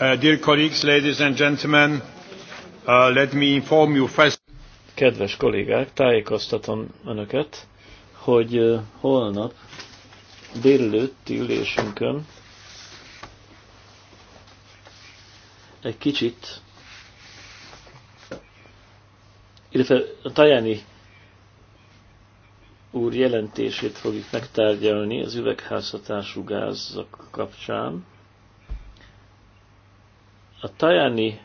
Uh, dear colleagues, ladies and gentlemen, uh, let me inform you first. Kedves kollégák, tájékoztatom Önöket, hogy uh, holnap délelőtti ülésünkön egy kicsit, illetve a Tajani úr jelentését fogjuk megtárgyalni az üvegházhatású gázok kapcsán. A Tajani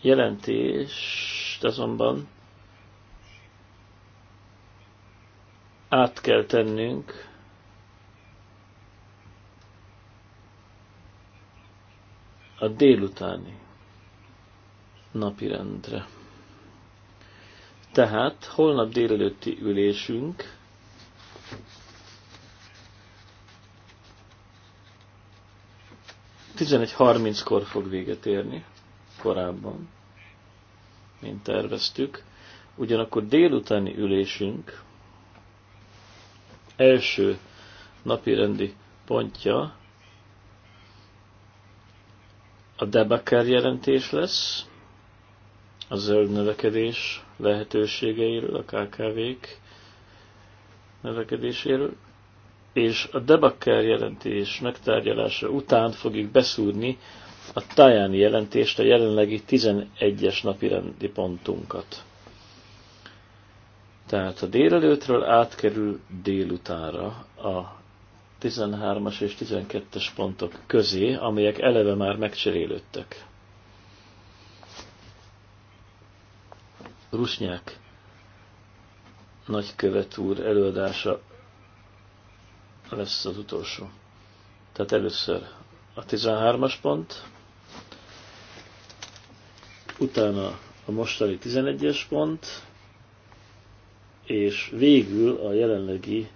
jelentést azonban át kell tennünk a délutáni napirendre. Tehát holnap délelőtti ülésünk 11.30-kor fog véget érni, korábban, mint terveztük. Ugyanakkor délutáni ülésünk első napirendi pontja a Debaker jelentés lesz, a zöld növekedés lehetőségeiről, a KKV-k növekedéséről és a Debakker jelentés megtárgyalása után fogjuk beszúrni a Tajani jelentést, a jelenlegi 11-es napi rendi pontunkat. Tehát a délelőtről átkerül délutára a 13-as és 12-es pontok közé, amelyek eleve már megcserélődtek. Rusnyák nagykövet úr előadása lesz az utolsó. Tehát először a 13-as pont, utána a mostani 11-es pont, és végül a jelenlegi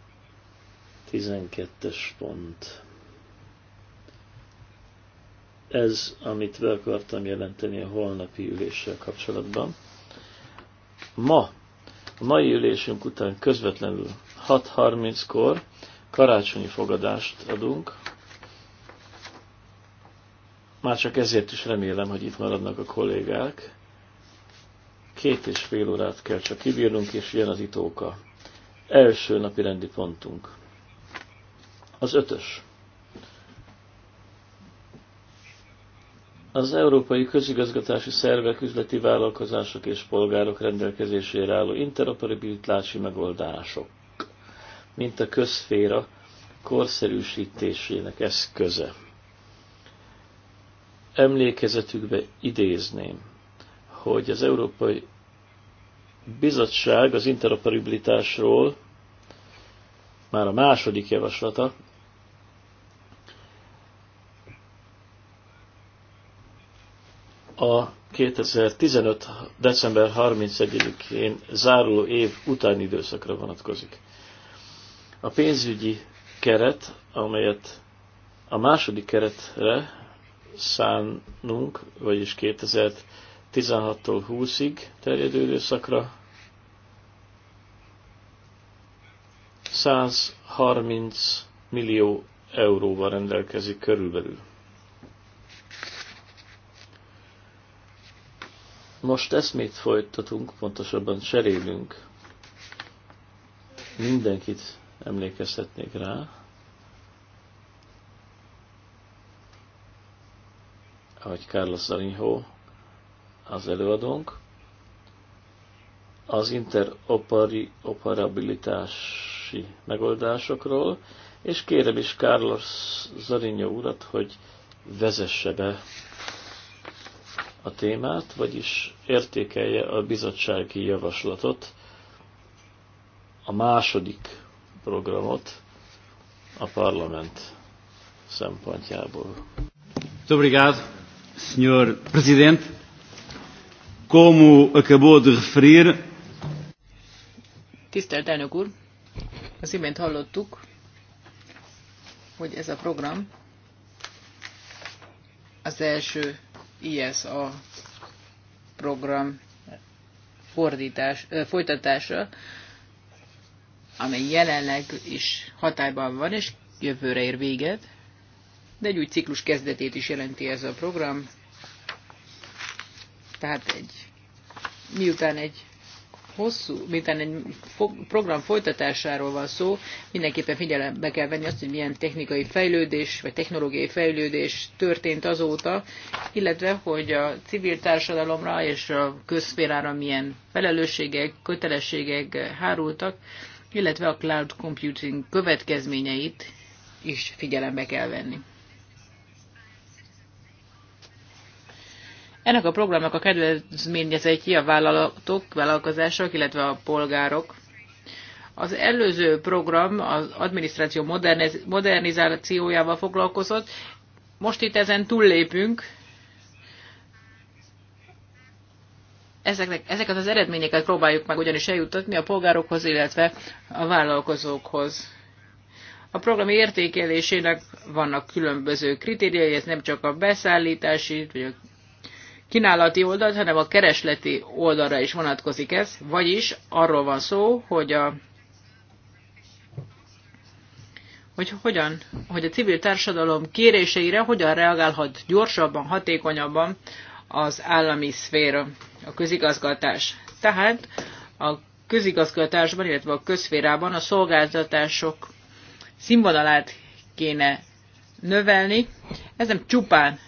12-es pont. Ez, amit be akartam jelenteni a holnapi üléssel kapcsolatban. Ma, a mai ülésünk után közvetlenül 6.30-kor karácsonyi fogadást adunk. Már csak ezért is remélem, hogy itt maradnak a kollégák. Két és fél órát kell csak kibírnunk, és jön az itóka. Első napi rendi pontunk. Az ötös. az európai közigazgatási szervek, üzleti vállalkozások és polgárok rendelkezésére álló interoperabilitási megoldások mint a közféra korszerűsítésének eszköze. Emlékezetükbe idézném, hogy az Európai Bizottság az interoperabilitásról már a második javaslata, a 2015. december 31-én záruló év utáni időszakra vonatkozik. A pénzügyi keret, amelyet a második keretre szánunk, vagyis 2016-tól 20-ig terjedő időszakra, 130 millió euróval rendelkezik körülbelül. Most eszmét folytatunk, pontosabban cserélünk mindenkit emlékeztetnék rá. Ahogy Carlos Zarinho az előadónk, az interoperabilitási megoldásokról, és kérem is Carlos Zarinho urat, hogy vezesse be a témát, vagyis értékelje a bizottsági javaslatot a második programot a parlament szempontjából. Obrigado, Sr. Presidente. Como acabou de referir, Tisztelt elnök úr! Az imént hallottuk, hogy ez a program az első ISA program fordítás, ö, folytatása amely jelenleg is hatályban van, és jövőre ér véget, de egy új ciklus kezdetét is jelenti ez a program. Tehát egy, miután egy hosszú, miután egy program folytatásáról van szó, mindenképpen figyelembe kell venni azt, hogy milyen technikai fejlődés, vagy technológiai fejlődés történt azóta, illetve, hogy a civil társadalomra és a közszférára milyen felelősségek, kötelességek hárultak illetve a cloud computing következményeit is figyelembe kell venni. Ennek a programnak a kedvezményezettjei a vállalatok, vállalkozások, illetve a polgárok. Az előző program az adminisztráció moderniz modernizációjával foglalkozott, most itt ezen túllépünk, ezeknek, ezeket az eredményeket próbáljuk meg ugyanis eljutatni a polgárokhoz, illetve a vállalkozókhoz. A program értékelésének vannak különböző kritériai, ez nem csak a beszállítási, vagy a kínálati oldalt, hanem a keresleti oldalra is vonatkozik ez, vagyis arról van szó, hogy a hogy hogyan, hogy a civil társadalom kéréseire hogyan reagálhat gyorsabban, hatékonyabban az állami szféra a közigazgatás. Tehát a közigazgatásban, illetve a közférában a szolgáltatások színvonalát kéne növelni. Ez nem csupán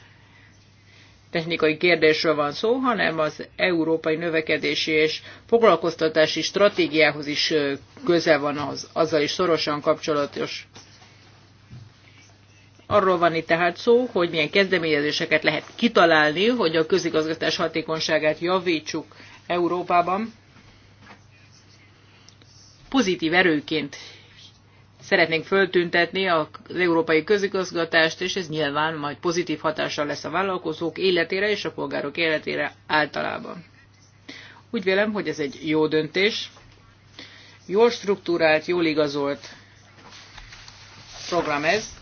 technikai kérdésről van szó, hanem az európai növekedési és foglalkoztatási stratégiához is köze van az, azzal is szorosan kapcsolatos Arról van itt tehát szó, hogy milyen kezdeményezéseket lehet kitalálni, hogy a közigazgatás hatékonyságát javítsuk Európában. Pozitív erőként szeretnénk föltüntetni az európai közigazgatást, és ez nyilván majd pozitív hatással lesz a vállalkozók életére és a polgárok életére általában. Úgy vélem, hogy ez egy jó döntés, jól struktúrált, jól igazolt program ez,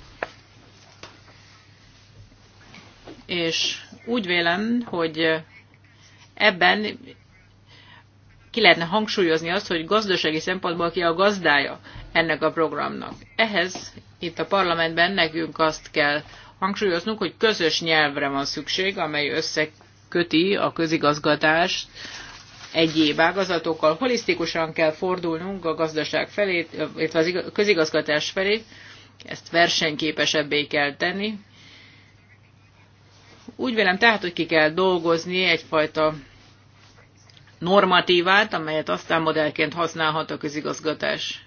és úgy vélem, hogy ebben ki lehetne hangsúlyozni azt, hogy gazdasági szempontból ki a gazdája ennek a programnak. Ehhez itt a parlamentben nekünk azt kell hangsúlyoznunk, hogy közös nyelvre van szükség, amely összeköti a közigazgatást egyéb ágazatokkal. Holisztikusan kell fordulnunk a gazdaság felé, illetve a közigazgatás felé, ezt versenyképesebbé kell tenni, úgy vélem tehát, hogy ki kell dolgozni egyfajta normatívát, amelyet aztán modellként használhat a közigazgatás.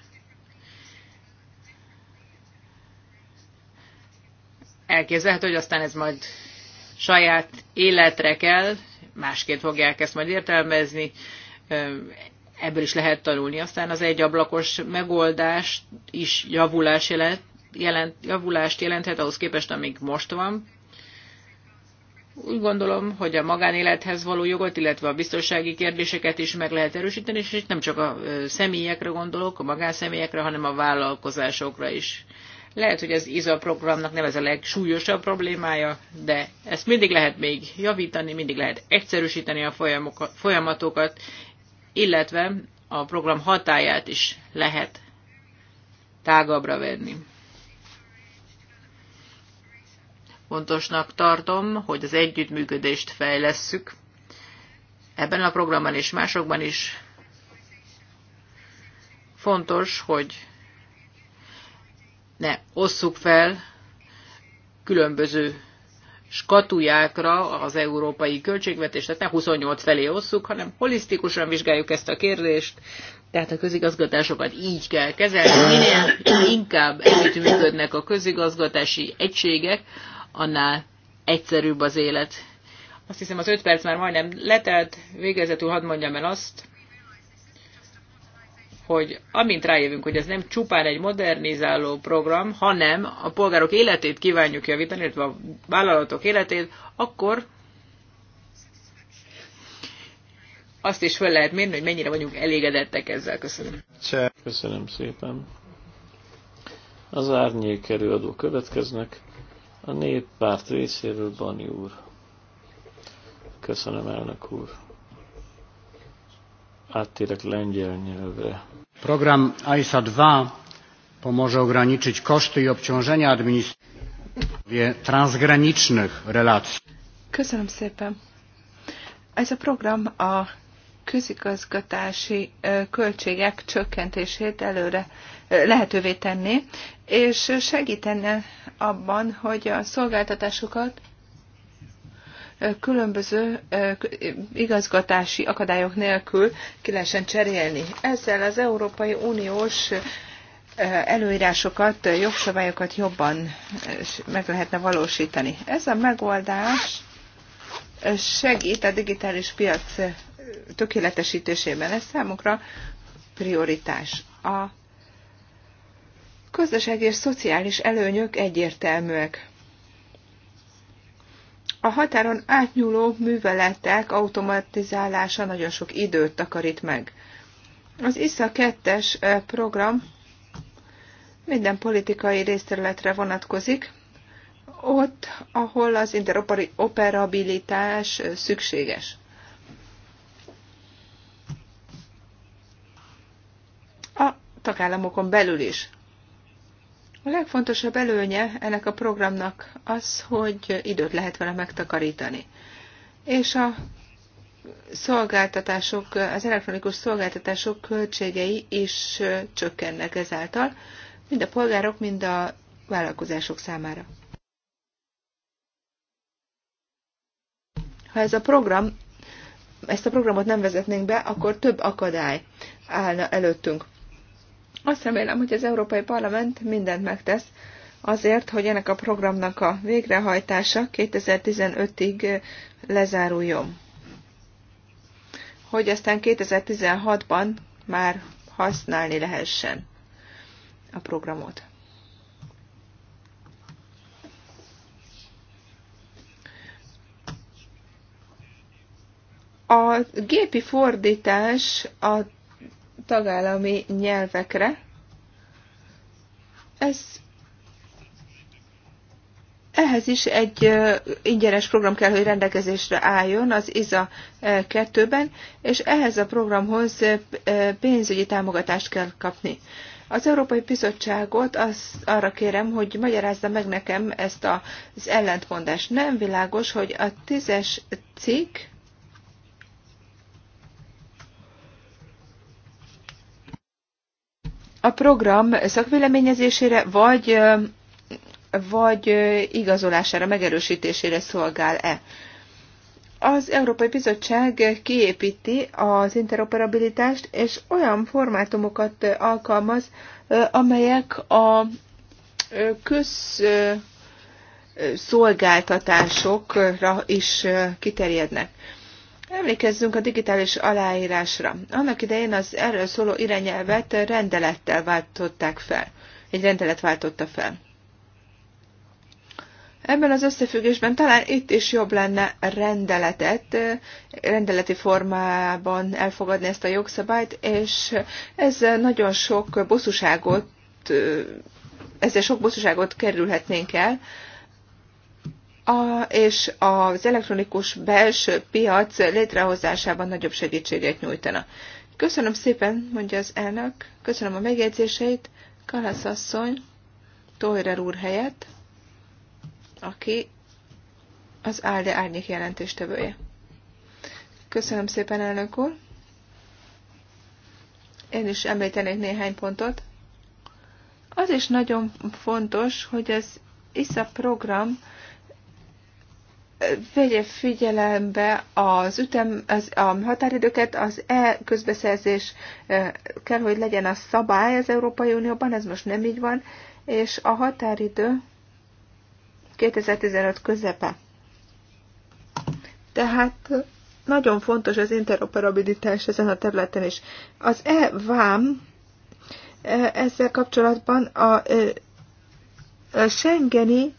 Elképzelhető, hogy aztán ez majd saját életre kell, másként fogják ezt majd értelmezni, ebből is lehet tanulni. Aztán az egyablakos megoldás is javulás jelent, jelent, javulást jelenthet ahhoz képest, amíg most van. Úgy gondolom, hogy a magánélethez való jogot, illetve a biztonsági kérdéseket is meg lehet erősíteni, és itt nem csak a személyekre gondolok, a magánszemélyekre, hanem a vállalkozásokra is. Lehet, hogy az ISA programnak nem ez a legsúlyosabb problémája, de ezt mindig lehet még javítani, mindig lehet egyszerűsíteni a folyamatokat, illetve a program hatáját is lehet tágabbra venni. Fontosnak tartom, hogy az együttműködést fejlesszük. Ebben a programban és másokban is fontos, hogy ne osszuk fel különböző skatujákra az európai költségvetést, tehát nem 28 felé osszuk, hanem holisztikusan vizsgáljuk ezt a kérdést, tehát a közigazgatásokat így kell kezelni, minél inkább együttműködnek a közigazgatási egységek, annál egyszerűbb az élet. Azt hiszem az öt perc már majdnem letelt, végezetül hadd mondjam el azt, hogy amint rájövünk, hogy ez nem csupán egy modernizáló program, hanem a polgárok életét kívánjuk javítani, illetve a vállalatok életét, akkor azt is fel lehet mérni, hogy mennyire vagyunk elégedettek ezzel. Köszönöm. Cseh. Köszönöm szépen. Az árnyék előadó következnek. A néppárt részéről Bani úr. Köszönöm, elnök úr. Áttérek lengyel nyelvre. Program ISA 2 pomoże ograniczyć koszty i obciążenia administracji transgranicznych relacji. Köszönöm szépen. Ez a program a közigazgatási költségek csökkentését előre lehetővé tenni, és segítene abban, hogy a szolgáltatásokat különböző igazgatási akadályok nélkül ki lehessen cserélni. Ezzel az Európai Uniós előírásokat, jogszabályokat jobban meg lehetne valósítani. Ez a megoldás segít a digitális piac tökéletesítésében. Ez számunkra prioritás. A gazdasági és szociális előnyök egyértelműek. A határon átnyúló műveletek automatizálása nagyon sok időt takarít meg. Az ISZA 2-es program minden politikai részterületre vonatkozik, ott, ahol az interoperabilitás szükséges. A tagállamokon belül is a legfontosabb előnye ennek a programnak az, hogy időt lehet vele megtakarítani. És a szolgáltatások, az elektronikus szolgáltatások költségei is csökkennek ezáltal, mind a polgárok, mind a vállalkozások számára. Ha ez a program, ezt a programot nem vezetnénk be, akkor több akadály állna előttünk. Azt remélem, hogy az Európai Parlament mindent megtesz azért, hogy ennek a programnak a végrehajtása 2015-ig eh, lezáruljon. Hogy aztán 2016-ban már használni lehessen a programot. A gépi fordítás a tagállami nyelvekre. Ez ehhez is egy ingyenes program kell, hogy rendelkezésre álljon az ISA 2-ben, és ehhez a programhoz pénzügyi támogatást kell kapni. Az Európai Bizottságot az, arra kérem, hogy magyarázza meg nekem ezt az ellentmondást. Nem világos, hogy a tízes cikk a program szakvéleményezésére vagy, vagy igazolására, megerősítésére szolgál-e. Az Európai Bizottság kiépíti az interoperabilitást, és olyan formátumokat alkalmaz, amelyek a közszolgáltatásokra is kiterjednek. Emlékezzünk a digitális aláírásra. Annak idején az erről szóló irányelvet rendelettel váltották fel. Egy rendelet váltotta fel. Ebben az összefüggésben talán itt is jobb lenne rendeletet, rendeleti formában elfogadni ezt a jogszabályt, és ez nagyon sok bosszúságot, ezzel sok bosszúságot kerülhetnénk el, a, és az elektronikus belső piac létrehozásában nagyobb segítséget nyújtana. Köszönöm szépen, mondja az elnök, köszönöm a megjegyzéseit, Kalasz asszony, Toyrer úr helyett, aki az ALDE árnyék jelentéstevője. Köszönöm szépen, elnök úr. Én is említenék néhány pontot. Az is nagyon fontos, hogy az ISZA program vegye figyelembe az ütem, az, a határidőket, az e-közbeszerzés e, kell, hogy legyen a szabály az Európai Unióban, ez most nem így van, és a határidő 2015 közepe. Tehát nagyon fontos az interoperabilitás ezen a területen is. Az e-vám e, ezzel kapcsolatban a e, Schengeni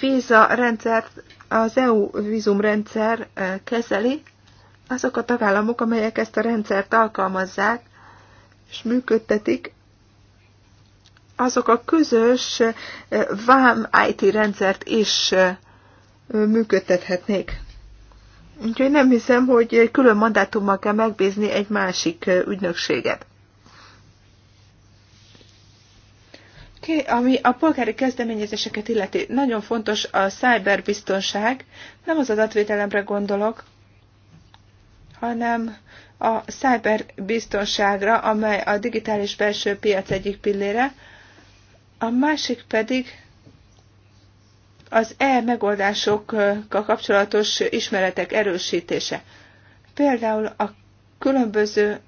víza rendszert az EU vízumrendszer eh, kezeli, azok a tagállamok, amelyek ezt a rendszert alkalmazzák és működtetik, azok a közös eh, VAM IT rendszert is eh, működtethetnék. Úgyhogy nem hiszem, hogy külön mandátummal kell megbízni egy másik ügynökséget. ami a polgári kezdeményezéseket illeti, nagyon fontos a szájberbiztonság. nem az adatvételemre gondolok, hanem a szájberbiztonságra, amely a digitális belső piac egyik pillére, a másik pedig az e-megoldásokkal kapcsolatos ismeretek erősítése. Például a különböző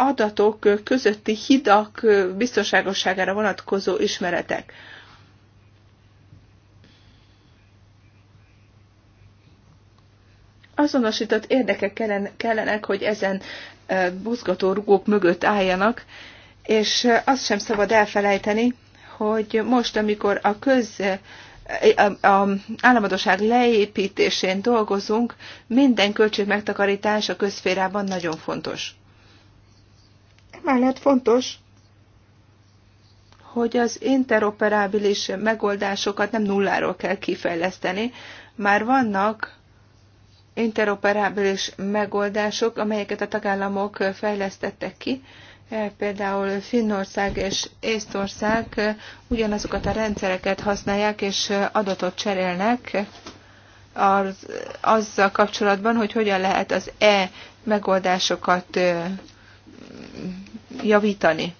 adatok közötti hidak biztonságosságára vonatkozó ismeretek. Azonosított érdekek kellenek, hogy ezen buzgató rugók mögött álljanak, és azt sem szabad elfelejteni, hogy most, amikor a köz a, államadóság leépítésén dolgozunk, minden költség a közférában nagyon fontos. Emellett fontos, hogy az interoperábilis megoldásokat nem nulláról kell kifejleszteni. Már vannak interoperábilis megoldások, amelyeket a tagállamok fejlesztettek ki. Például Finnország és Észtország ugyanazokat a rendszereket használják és adatot cserélnek az, azzal kapcsolatban, hogy hogyan lehet az e megoldásokat javítani.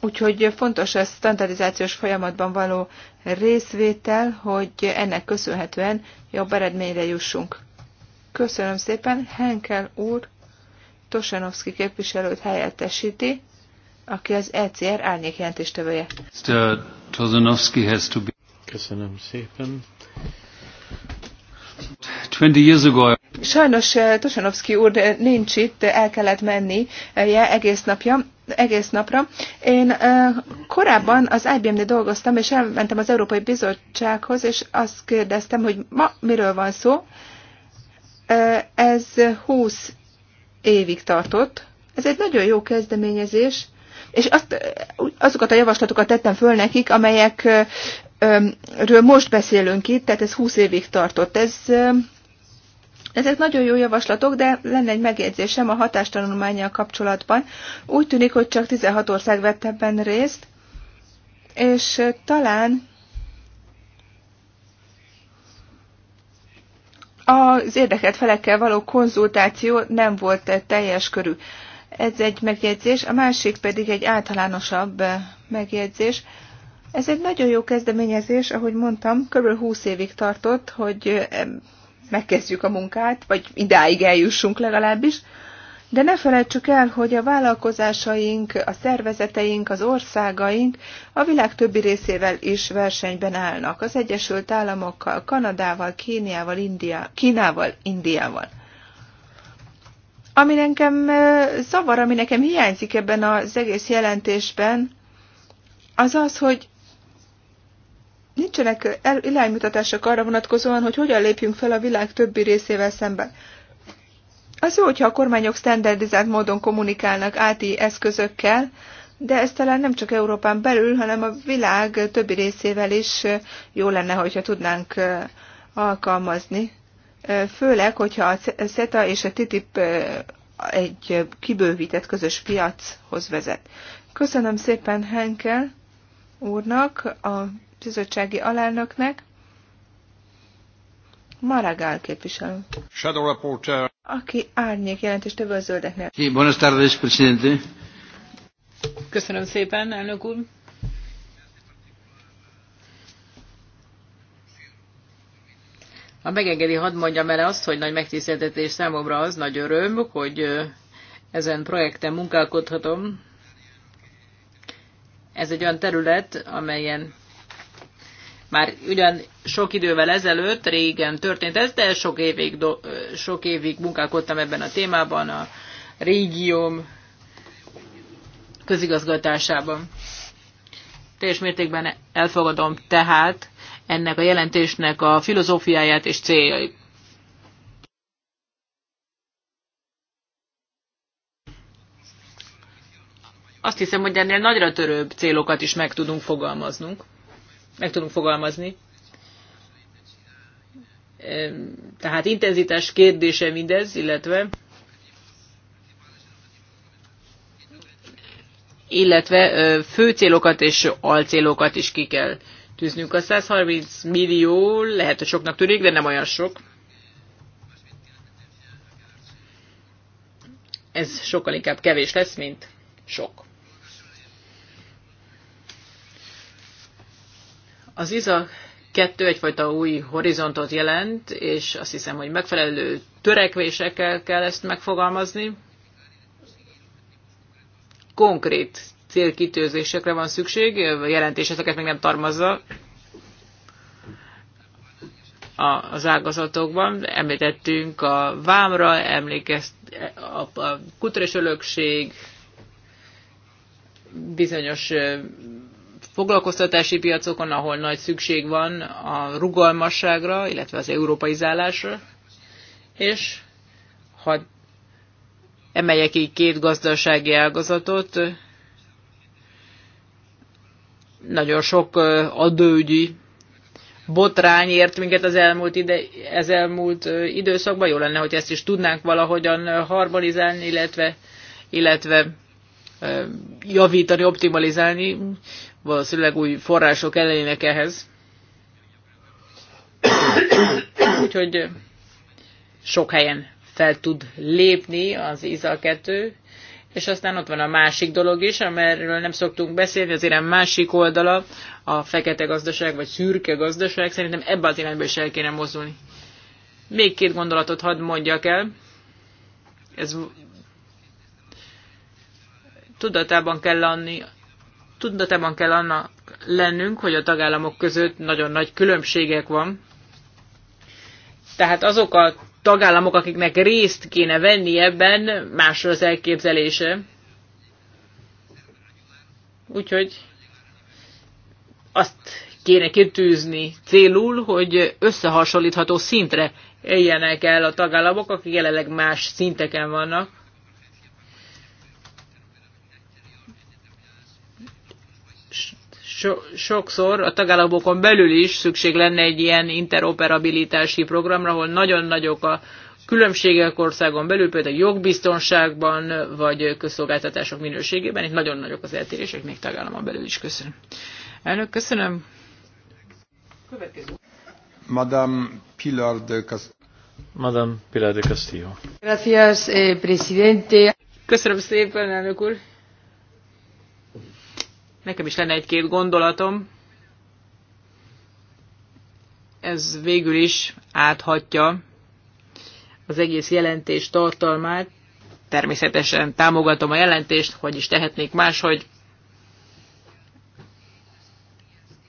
Úgyhogy fontos a standardizációs folyamatban való részvétel, hogy ennek köszönhetően jobb eredményre jussunk. Köszönöm szépen, Henkel úr Tosanovszki képviselőt helyettesíti, aki az ECR árnyékjelentéstevője. Köszönöm szépen. 20 years ago. Sajnos eh, Tosanovszki úr nincs itt, eh, el kellett menni mennie eh, egész napja, egész napra. Én korábban az IBM-nél dolgoztam, és elmentem az Európai Bizottsághoz, és azt kérdeztem, hogy ma miről van szó. Ez 20 évig tartott. Ez egy nagyon jó kezdeményezés, és azt, azokat a javaslatokat tettem föl nekik, amelyek ről most beszélünk itt, tehát ez 20 évig tartott. Ez, ezek nagyon jó javaslatok, de lenne egy megjegyzésem a hatástanulmányjal kapcsolatban. Úgy tűnik, hogy csak 16 ország vett ebben részt, és talán az érdekelt felekkel való konzultáció nem volt teljes körű. Ez egy megjegyzés, a másik pedig egy általánosabb megjegyzés. Ez egy nagyon jó kezdeményezés, ahogy mondtam, kb. 20 évig tartott, hogy megkezdjük a munkát, vagy idáig eljussunk legalábbis. De ne felejtsük el, hogy a vállalkozásaink, a szervezeteink, az országaink a világ többi részével is versenyben állnak. Az Egyesült Államokkal, Kanadával, Kíniával, India, Kínával, Indiával. Ami nekem zavar, ami nekem hiányzik ebben az egész jelentésben, az az, hogy nincsenek iránymutatások arra vonatkozóan, hogy hogyan lépjünk fel a világ többi részével szemben. Az jó, hogyha a kormányok standardizált módon kommunikálnak áti eszközökkel, de ez talán nem csak Európán belül, hanem a világ többi részével is jó lenne, hogyha tudnánk alkalmazni. Főleg, hogyha a CETA és a TTIP egy kibővített közös piachoz vezet. Köszönöm szépen Henkel úrnak a bizottsági alelnöknek, Maragall képviselő. Shadow Reporter. Aki árnyék jelentés több a zöldeknél. Sí, buenas tardes, presidente. Köszönöm szépen, elnök úr. Ha megengedi, hadd mondjam el azt, hogy nagy megtiszteltetés számomra az nagy öröm, hogy ezen projekten munkálkodhatom. Ez egy olyan terület, amelyen már ugyan sok idővel ezelőtt, régen történt ez, de sok évig, do, sok évig munkálkodtam ebben a témában, a régióm közigazgatásában. Teljes mértékben elfogadom tehát ennek a jelentésnek a filozófiáját és céljait. Azt hiszem, hogy ennél nagyra törőbb célokat is meg tudunk fogalmaznunk meg tudunk fogalmazni. Tehát intenzitás kérdése mindez, illetve illetve fő célokat és alcélokat is ki kell tűznünk. A 130 millió lehet, hogy soknak tűnik, de nem olyan sok. Ez sokkal inkább kevés lesz, mint sok. Az ISA 2 egyfajta új horizontot jelent, és azt hiszem, hogy megfelelő törekvésekkel kell ezt megfogalmazni. Konkrét célkitőzésekre van szükség, a jelentés ezeket még nem tarmazza az ágazatokban. Említettünk a vámra, emlékezt a, a kutrös bizonyos foglalkoztatási piacokon, ahol nagy szükség van a rugalmasságra, illetve az európai európaizálásra, és ha emeljek így két gazdasági ágazatot, nagyon sok adőgyi botrány ért minket az elmúlt, ide, ez elmúlt időszakban. Jó lenne, hogy ezt is tudnánk valahogyan harmonizálni, illetve, illetve javítani, optimalizálni valószínűleg új források elejének ehhez. Úgyhogy sok helyen fel tud lépni az ISA 2, és aztán ott van a másik dolog is, amelyről nem szoktunk beszélni, az a másik oldala, a fekete gazdaság, vagy szürke gazdaság, szerintem ebbe az irányba is el kéne mozdulni. Még két gondolatot hadd mondjak el. Ez tudatában kell lenni tudatában kell annak lennünk, hogy a tagállamok között nagyon nagy különbségek van. Tehát azok a tagállamok, akiknek részt kéne venni ebben, más az elképzelése. Úgyhogy azt kéne kitűzni célul, hogy összehasonlítható szintre éljenek el a tagállamok, akik jelenleg más szinteken vannak. so- sokszor a tagállamokon belül is szükség lenne egy ilyen interoperabilitási programra, ahol nagyon nagyok a különbségek országon belül, például jogbiztonságban, vagy közszolgáltatások minőségében. Itt nagyon nagyok az eltérések, még tagállamon belül is. Köszönöm. Elnök, köszönöm. Következő. Madame Pilar de Castillo. Madame Pilar de Castillo. Gracias, eh, presidente. Köszönöm szépen, elnök úr. Nekem is lenne egy-két gondolatom. Ez végül is áthatja az egész jelentés tartalmát. Természetesen támogatom a jelentést, hogy is tehetnék máshogy.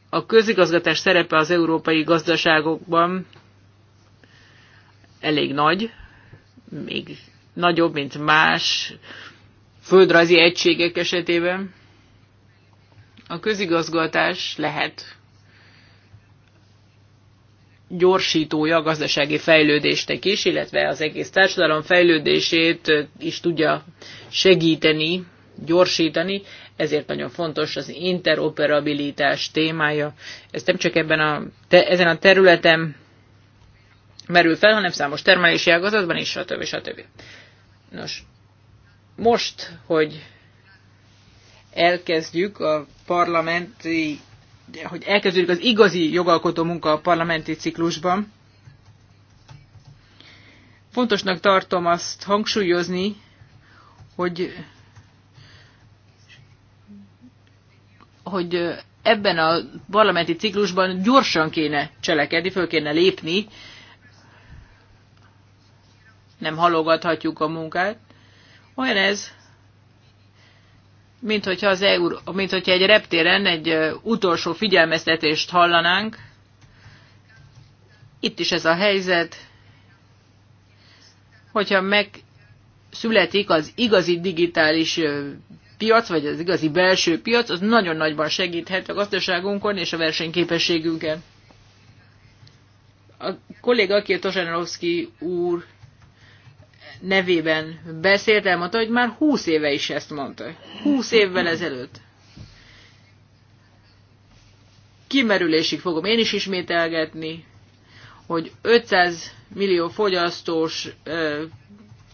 A közigazgatás szerepe az európai gazdaságokban elég nagy, még nagyobb, mint más földrajzi egységek esetében a közigazgatás lehet gyorsítója a gazdasági fejlődésnek is, illetve az egész társadalom fejlődését is tudja segíteni, gyorsítani, ezért nagyon fontos az interoperabilitás témája. Ez nem csak ebben a, te, ezen a területen merül fel, hanem számos termelési ágazatban is, stb. stb. Nos, most, hogy elkezdjük a parlamenti, hogy elkezdjük az igazi jogalkotó munka a parlamenti ciklusban. Fontosnak tartom azt hangsúlyozni, hogy hogy ebben a parlamenti ciklusban gyorsan kéne cselekedni, föl kéne lépni, nem halogathatjuk a munkát. Olyan ez, mint hogyha, az EU, mint hogyha egy reptéren egy utolsó figyelmeztetést hallanánk. Itt is ez a helyzet, hogyha megszületik az igazi digitális piac, vagy az igazi belső piac, az nagyon nagyban segíthet a gazdaságunkon és a versenyképességünkön. A kolléga, aki a Tozsanovszki úr nevében beszélt, elmondta, hogy már 20 éve is ezt mondta. 20 évvel ezelőtt. Kimerülésig fogom én is ismételgetni, hogy 500 millió fogyasztós ö,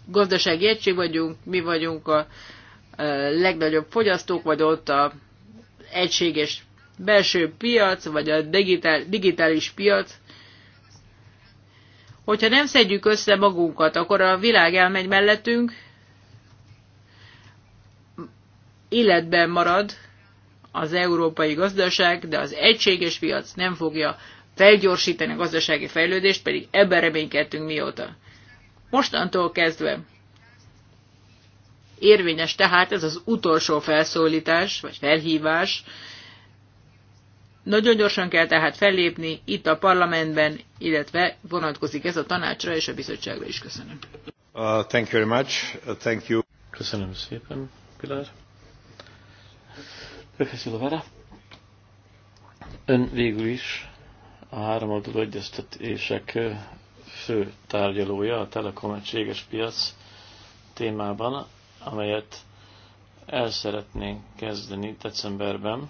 gazdasági egység vagyunk, mi vagyunk a ö, legnagyobb fogyasztók, vagy ott a egységes belső piac, vagy a digitál, digitális piac, Hogyha nem szedjük össze magunkat, akkor a világ elmegy mellettünk, illetben marad az európai gazdaság, de az egységes piac nem fogja felgyorsítani a gazdasági fejlődést, pedig ebben reménykedtünk mióta. Mostantól kezdve érvényes tehát ez az utolsó felszólítás, vagy felhívás, nagyon gyorsan kell tehát fellépni itt a parlamentben, illetve vonatkozik ez a tanácsra és a bizottságra is. Köszönöm. Uh, thank you very much. Uh, thank you. Köszönöm szépen, Pilar. Köszönöm, Vera. Ön végül is a háromoldalú egyeztetések uh, fő tárgyalója a Telekom egységes piac témában, amelyet el szeretnénk kezdeni decemberben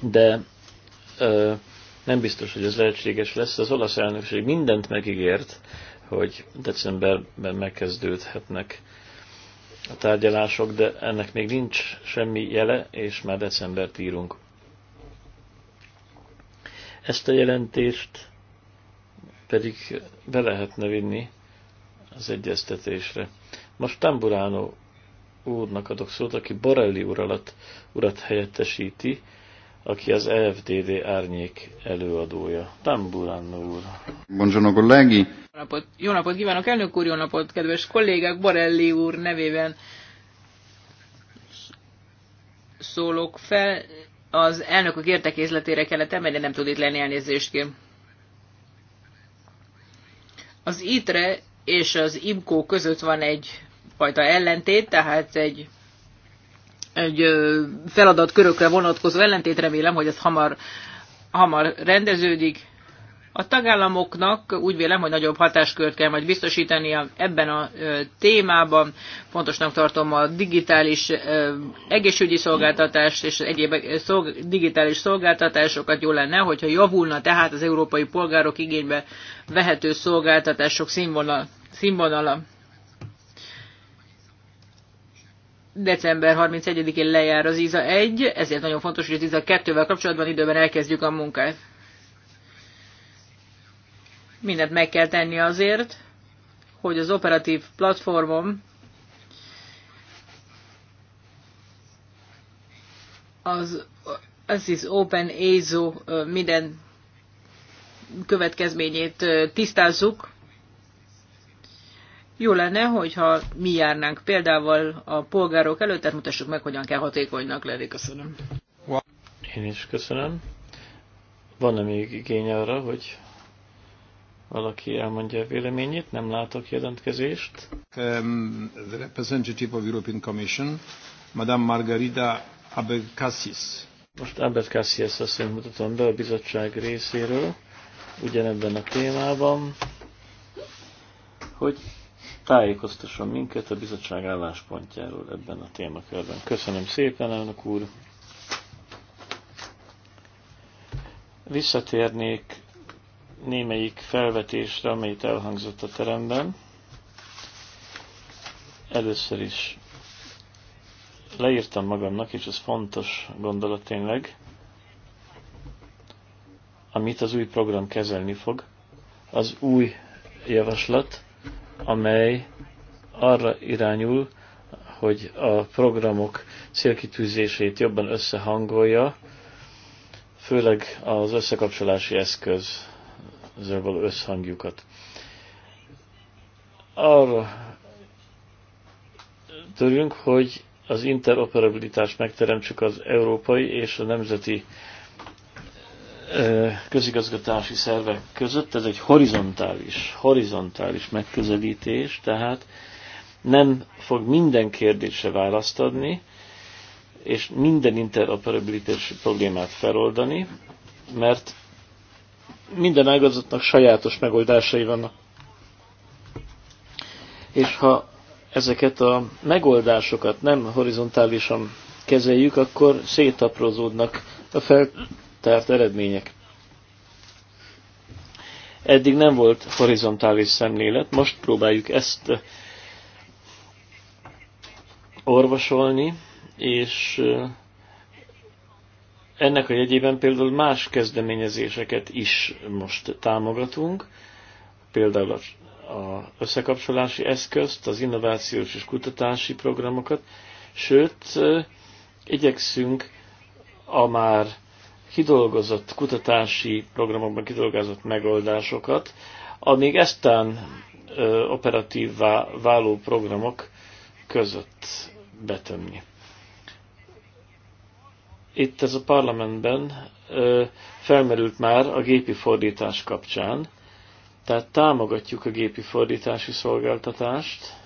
de ö, nem biztos, hogy ez lehetséges lesz. Az olasz elnökség mindent megígért, hogy decemberben megkezdődhetnek a tárgyalások, de ennek még nincs semmi jele, és már decembert írunk. Ezt a jelentést pedig be lehetne vinni az egyeztetésre. Most Tamburano úrnak adok szót, aki Borelli uralat, urat helyettesíti, aki az EFDD árnyék előadója. Tamburán úr. Buongiorno colleghi. Jó napot, jó napot kívánok, elnök úr, jó napot, kedves kollégák, Borelli úr nevében szólok fel. Az elnökök értekézletére kellett emelni, nem tud itt lenni, elnézést kér. Az ITRE és az IMCO között van egy, fajta ellentét, tehát egy egy feladat körökre vonatkozó ellentét, remélem, hogy ez hamar, hamar rendeződik. A tagállamoknak úgy vélem, hogy nagyobb hatáskört kell majd biztosítani ebben a témában. Fontosnak tartom a digitális egészségügyi szolgáltatást és egyéb digitális szolgáltatásokat. Jó lenne, hogyha javulna tehát az európai polgárok igénybe vehető szolgáltatások színvonala. színvonala. december 31-én lejár az IZA 1, ezért nagyon fontos, hogy az IZA 2-vel kapcsolatban időben elkezdjük a munkát. Mindent meg kell tenni azért, hogy az operatív platformom az, az is Open ASO minden következményét tisztázzuk, jó lenne, hogyha mi járnánk példával a polgárok előtt, tehát mutassuk meg, hogyan kell hatékonynak lenni. Köszönöm. Én is köszönöm. Van-e még igény arra, hogy valaki elmondja a véleményét? Nem látok jelentkezést. Um, the representative of European Commission, Madame Margarida Abelkassis. Most Abelkassis asszonyt mutatom be a bizottság részéről, ugyanebben a témában, hogy tájékoztasson minket a bizottság álláspontjáról ebben a témakörben. Köszönöm szépen, elnök úr! Visszatérnék némelyik felvetésre, amelyet elhangzott a teremben. Először is leírtam magamnak, és ez fontos gondolat tényleg, amit az új program kezelni fog. Az új javaslat amely arra irányul, hogy a programok célkitűzését jobban összehangolja, főleg az összekapcsolási eszköz való összhangjukat. Arra törünk, hogy az interoperabilitást megteremtsük az európai és a nemzeti közigazgatási szervek között, ez egy horizontális, horizontális megközelítés, tehát nem fog minden kérdésre választ adni, és minden interoperabilitás problémát feloldani, mert minden ágazatnak sajátos megoldásai vannak. És ha ezeket a megoldásokat nem horizontálisan kezeljük, akkor szétaprózódnak a fel eltárt eredmények. Eddig nem volt horizontális szemlélet, most próbáljuk ezt orvosolni, és eh, ennek a jegyében például más kezdeményezéseket is most támogatunk, például az összekapcsolási eszközt, az innovációs és kutatási programokat, sőt, eh, igyekszünk a már kidolgozott kutatási programokban kidolgozott megoldásokat, amíg eztán ö, operatívvá váló programok között betömni. Itt ez a parlamentben ö, felmerült már a gépi fordítás kapcsán, tehát támogatjuk a gépi fordítási szolgáltatást,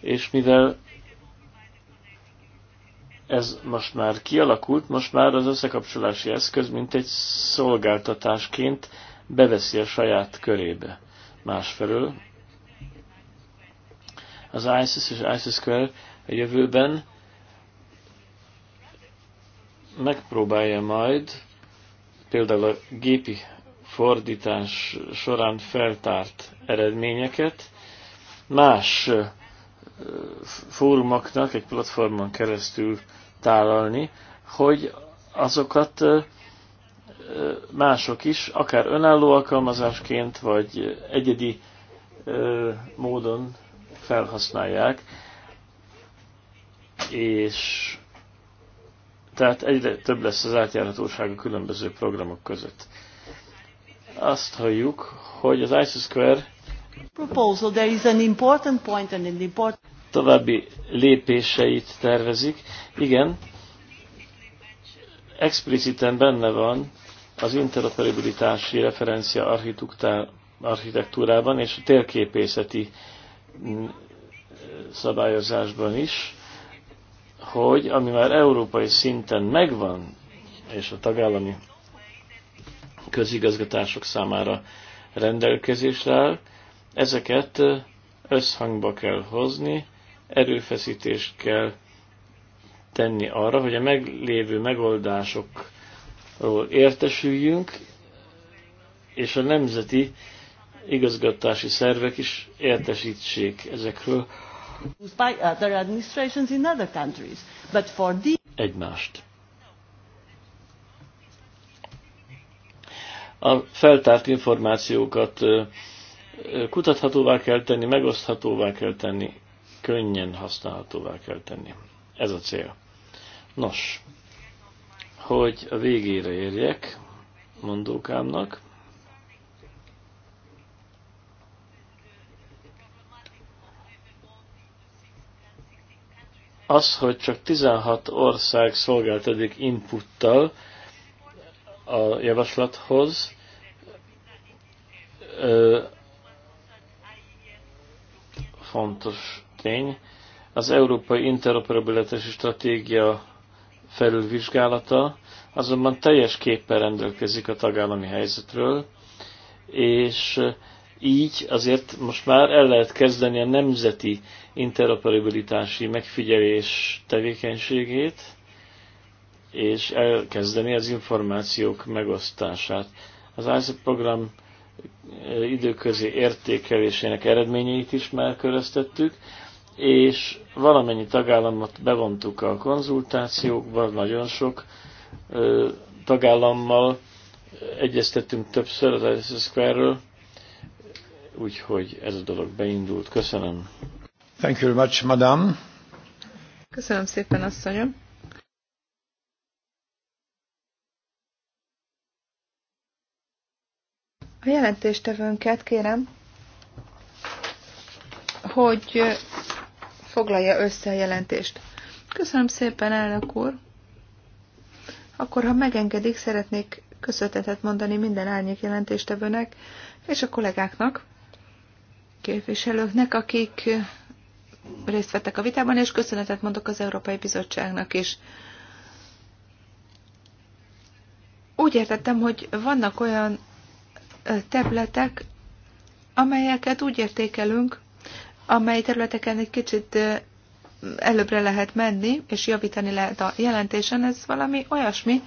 és mivel ez most már kialakult, most már az összekapcsolási eszköz, mint egy szolgáltatásként beveszi a saját körébe. Másfelől az ISIS és ISIS kör a jövőben megpróbálja majd például a gépi fordítás során feltárt eredményeket más fórumoknak egy platformon keresztül tálalni, hogy azokat mások is, akár önálló alkalmazásként, vagy egyedi módon felhasználják, és tehát egyre több lesz az átjárhatóság a különböző programok között. Azt halljuk, hogy az ISO Square proposal there is an important point and an important további lépéseit tervezik. Igen, expliciten benne van az interoperabilitási referencia architektúrában és a térképészeti mm, szabályozásban is, hogy ami már európai szinten megvan, és a tagállami közigazgatások számára rendelkezésre áll, ezeket összhangba kell hozni erőfeszítést kell tenni arra, hogy a meglévő megoldásokról értesüljünk, és a nemzeti igazgatási szervek is értesítsék ezekről egymást. A feltárt információkat kutathatóvá kell tenni, megoszthatóvá kell tenni, könnyen használhatóvá kell tenni. Ez a cél. Nos, hogy a végére érjek mondókámnak, az, hogy csak 16 ország szolgált eddig inputtal a javaslathoz, fontos tény, az Európai Interoperabilitási Stratégia felülvizsgálata azonban teljes képpel rendelkezik a tagállami helyzetről, és így azért most már el lehet kezdeni a nemzeti interoperabilitási megfigyelés tevékenységét, és elkezdeni az információk megosztását. Az ISAP program eh, időközi értékelésének eredményeit is már köröztettük, és valamennyi tagállamot bevontuk a konzultációkba, nagyon sok tagállammal egyeztettünk többször az Alice Square-ről, úgyhogy ez a dolog beindult. Köszönöm. Thank you very much, madam. Köszönöm szépen, asszonyom. A jelentéstevőnket kérem, hogy foglalja össze a jelentést. Köszönöm szépen, elnök úr! Akkor, ha megengedik, szeretnék köszönetet mondani minden árnyék jelentéstevőnek és a kollégáknak, képviselőknek, akik részt vettek a vitában, és köszönetet mondok az Európai Bizottságnak is. Úgy értettem, hogy vannak olyan területek, amelyeket úgy értékelünk, amely területeken egy kicsit előbbre lehet menni, és javítani lehet a jelentésen. Ez valami olyasmi,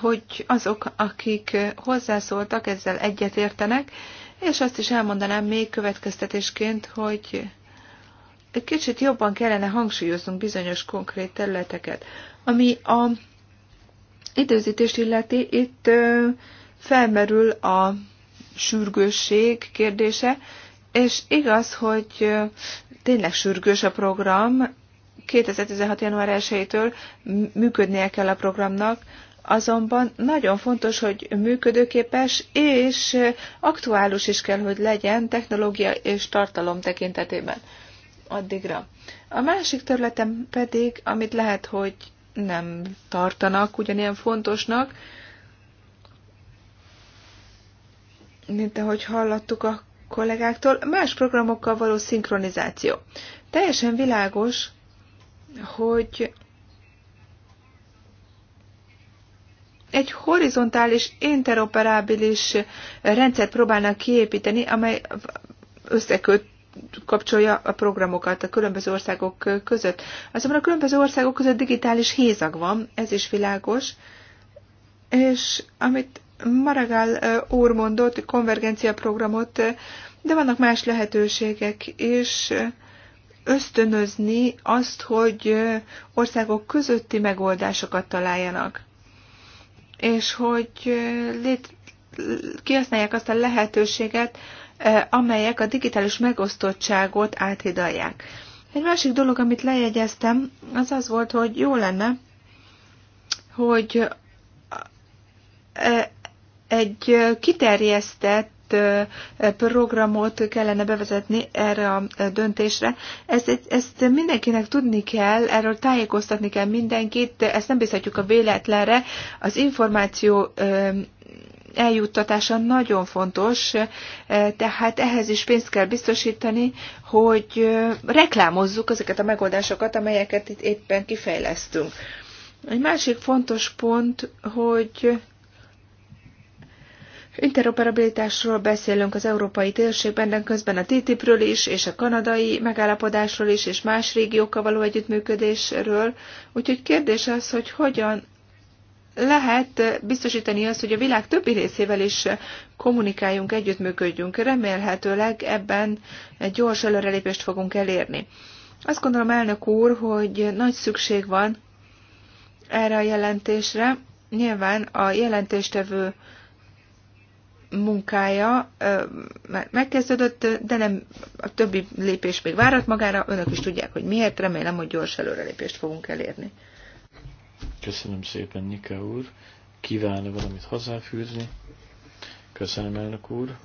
hogy azok, akik hozzászóltak, ezzel egyetértenek, és azt is elmondanám még következtetésként, hogy egy kicsit jobban kellene hangsúlyoznunk bizonyos konkrét területeket. Ami a időzítést illeti, itt felmerül a sürgősség kérdése, és igaz, hogy tényleg sürgős a program, 2016. január 1-től működnie kell a programnak, azonban nagyon fontos, hogy működőképes és aktuális is kell, hogy legyen technológia és tartalom tekintetében addigra. A másik területem pedig, amit lehet, hogy nem tartanak ugyanilyen fontosnak, mint ahogy hallottuk a kollégáktól, más programokkal való szinkronizáció. Teljesen világos, hogy egy horizontális, interoperábilis rendszert próbálnak kiépíteni, amely összeköt kapcsolja a programokat a különböző országok között. Azonban a különböző országok között digitális hézag van, ez is világos, és amit Maragall úr mondott, konvergencia programot, de vannak más lehetőségek is ösztönözni azt, hogy országok közötti megoldásokat találjanak, és hogy lét, kihasználják azt a lehetőséget, amelyek a digitális megosztottságot áthidalják. Egy másik dolog, amit lejegyeztem, az az volt, hogy jó lenne, hogy egy kiterjesztett programot kellene bevezetni erre a döntésre. Ezt, ezt mindenkinek tudni kell, erről tájékoztatni kell mindenkit, ezt nem bízhatjuk a véletlenre. Az információ eljuttatása nagyon fontos, tehát ehhez is pénzt kell biztosítani, hogy reklámozzuk ezeket a megoldásokat, amelyeket itt éppen kifejlesztünk. Egy másik fontos pont, hogy Interoperabilitásról beszélünk az európai térségben, de közben a TTIP-ről is, és a kanadai megállapodásról is, és más régiókkal való együttműködésről. Úgyhogy kérdés az, hogy hogyan lehet biztosítani azt, hogy a világ többi részével is kommunikáljunk, együttműködjünk. Remélhetőleg ebben egy gyors előrelépést fogunk elérni. Azt gondolom, elnök úr, hogy nagy szükség van erre a jelentésre. Nyilván a jelentéstevő munkája megkezdődött, de nem a többi lépés még várat magára. Önök is tudják, hogy miért. Remélem, hogy gyors előrelépést fogunk elérni. Köszönöm szépen, Nika úr. Kívánok valamit hozzáfűzni? Köszönöm, elnök úr.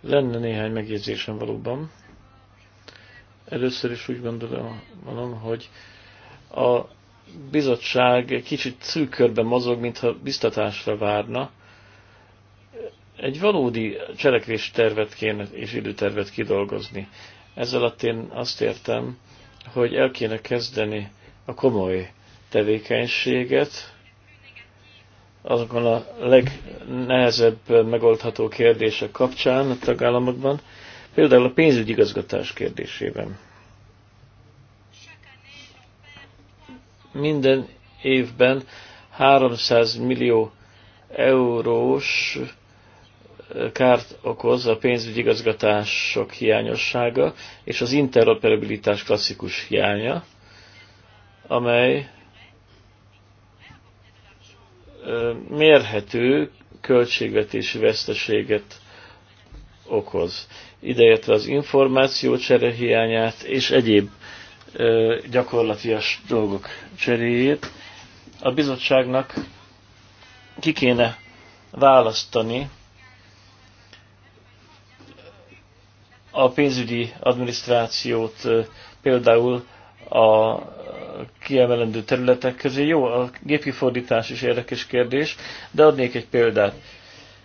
Lenne néhány megjegyzésem valóban. Először is úgy gondolom, hogy a bizottság kicsit szűk körben mozog, mintha biztatásra várna. Egy valódi cselekvés tervet kéne és időtervet kidolgozni. Ezzel alatt én azt értem, hogy el kéne kezdeni a komoly tevékenységet, azokon a legnehezebb megoldható kérdések kapcsán a tagállamokban, például a pénzügyi igazgatás kérdésében. minden évben 300 millió eurós kárt okoz a pénzügyi igazgatások hiányossága és az interoperabilitás klasszikus hiánya, amely mérhető költségvetési veszteséget okoz, ideértve az információcsere hiányát és egyéb gyakorlatias dolgok cseréjét. A bizottságnak ki kéne választani a pénzügyi adminisztrációt például a kiemelendő területek közé. Jó, a gépi fordítás is érdekes kérdés, de adnék egy példát.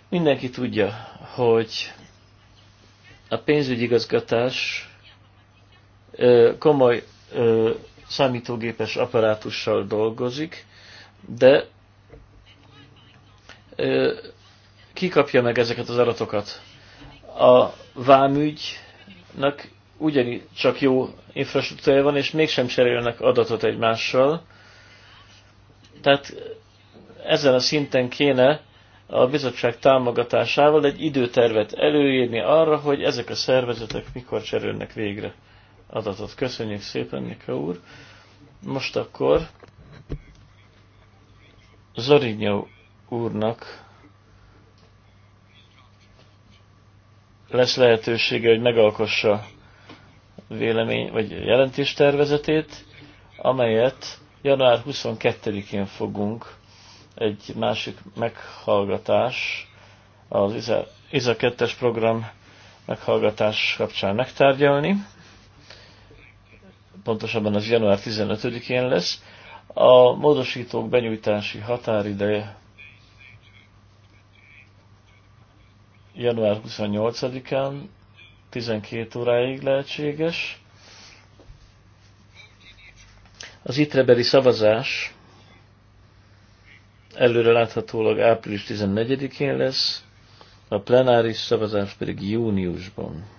Mindenki tudja, hogy a pénzügyi igazgatás komoly ö, számítógépes apparátussal dolgozik, de ö, ki kapja meg ezeket az adatokat? A vámügynek ugyanicsak jó infrastruktúrája van, és mégsem cserélnek adatot egymással. Tehát ezen a szinten kéne a bizottság támogatásával egy időtervet előírni arra, hogy ezek a szervezetek mikor cserélnek végre adatot. Köszönjük szépen, Nika úr. Most akkor Zorinyó úrnak lesz lehetősége, hogy megalkossa vélemény, vagy jelentéstervezetét, amelyet január 22-én fogunk egy másik meghallgatás, az IZA, 2-es program meghallgatás kapcsán megtárgyalni pontosabban az január 15-én lesz. A módosítók benyújtási határideje január 28-án 12 óráig lehetséges. Az itrebeli szavazás előre láthatólag április 14-én lesz, a plenáris szavazás pedig júniusban.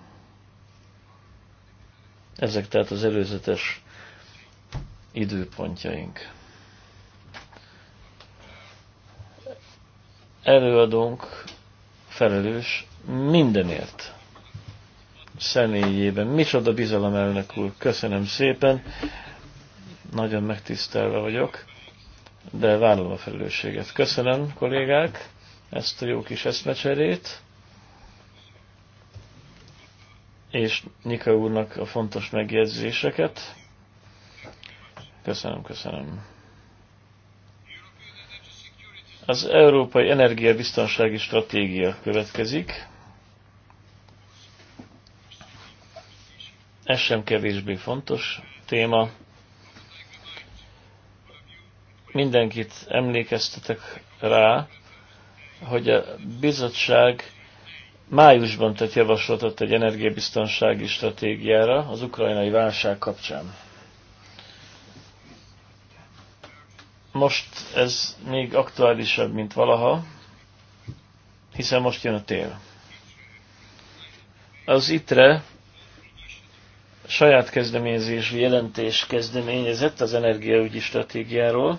Ezek tehát az előzetes időpontjaink. Előadónk felelős mindenért személyében. Micsoda bizalom elnök úr, köszönöm szépen, nagyon megtisztelve vagyok, de vállalom a felelősséget. Köszönöm, kollégák, ezt a jó kis eszmecserét és Nika úrnak a fontos megjegyzéseket. Köszönöm, köszönöm. Az Európai Energiabiztonsági Stratégia következik. Ez sem kevésbé fontos téma. Mindenkit emlékeztetek rá, hogy a bizottság májusban tett javaslatot egy energiabiztonsági stratégiára az ukrajnai válság kapcsán. Most ez még aktuálisabb, mint valaha, hiszen most jön a tél. Az ITRE saját kezdeményezésű jelentés kezdeményezett az energiaügyi stratégiáról,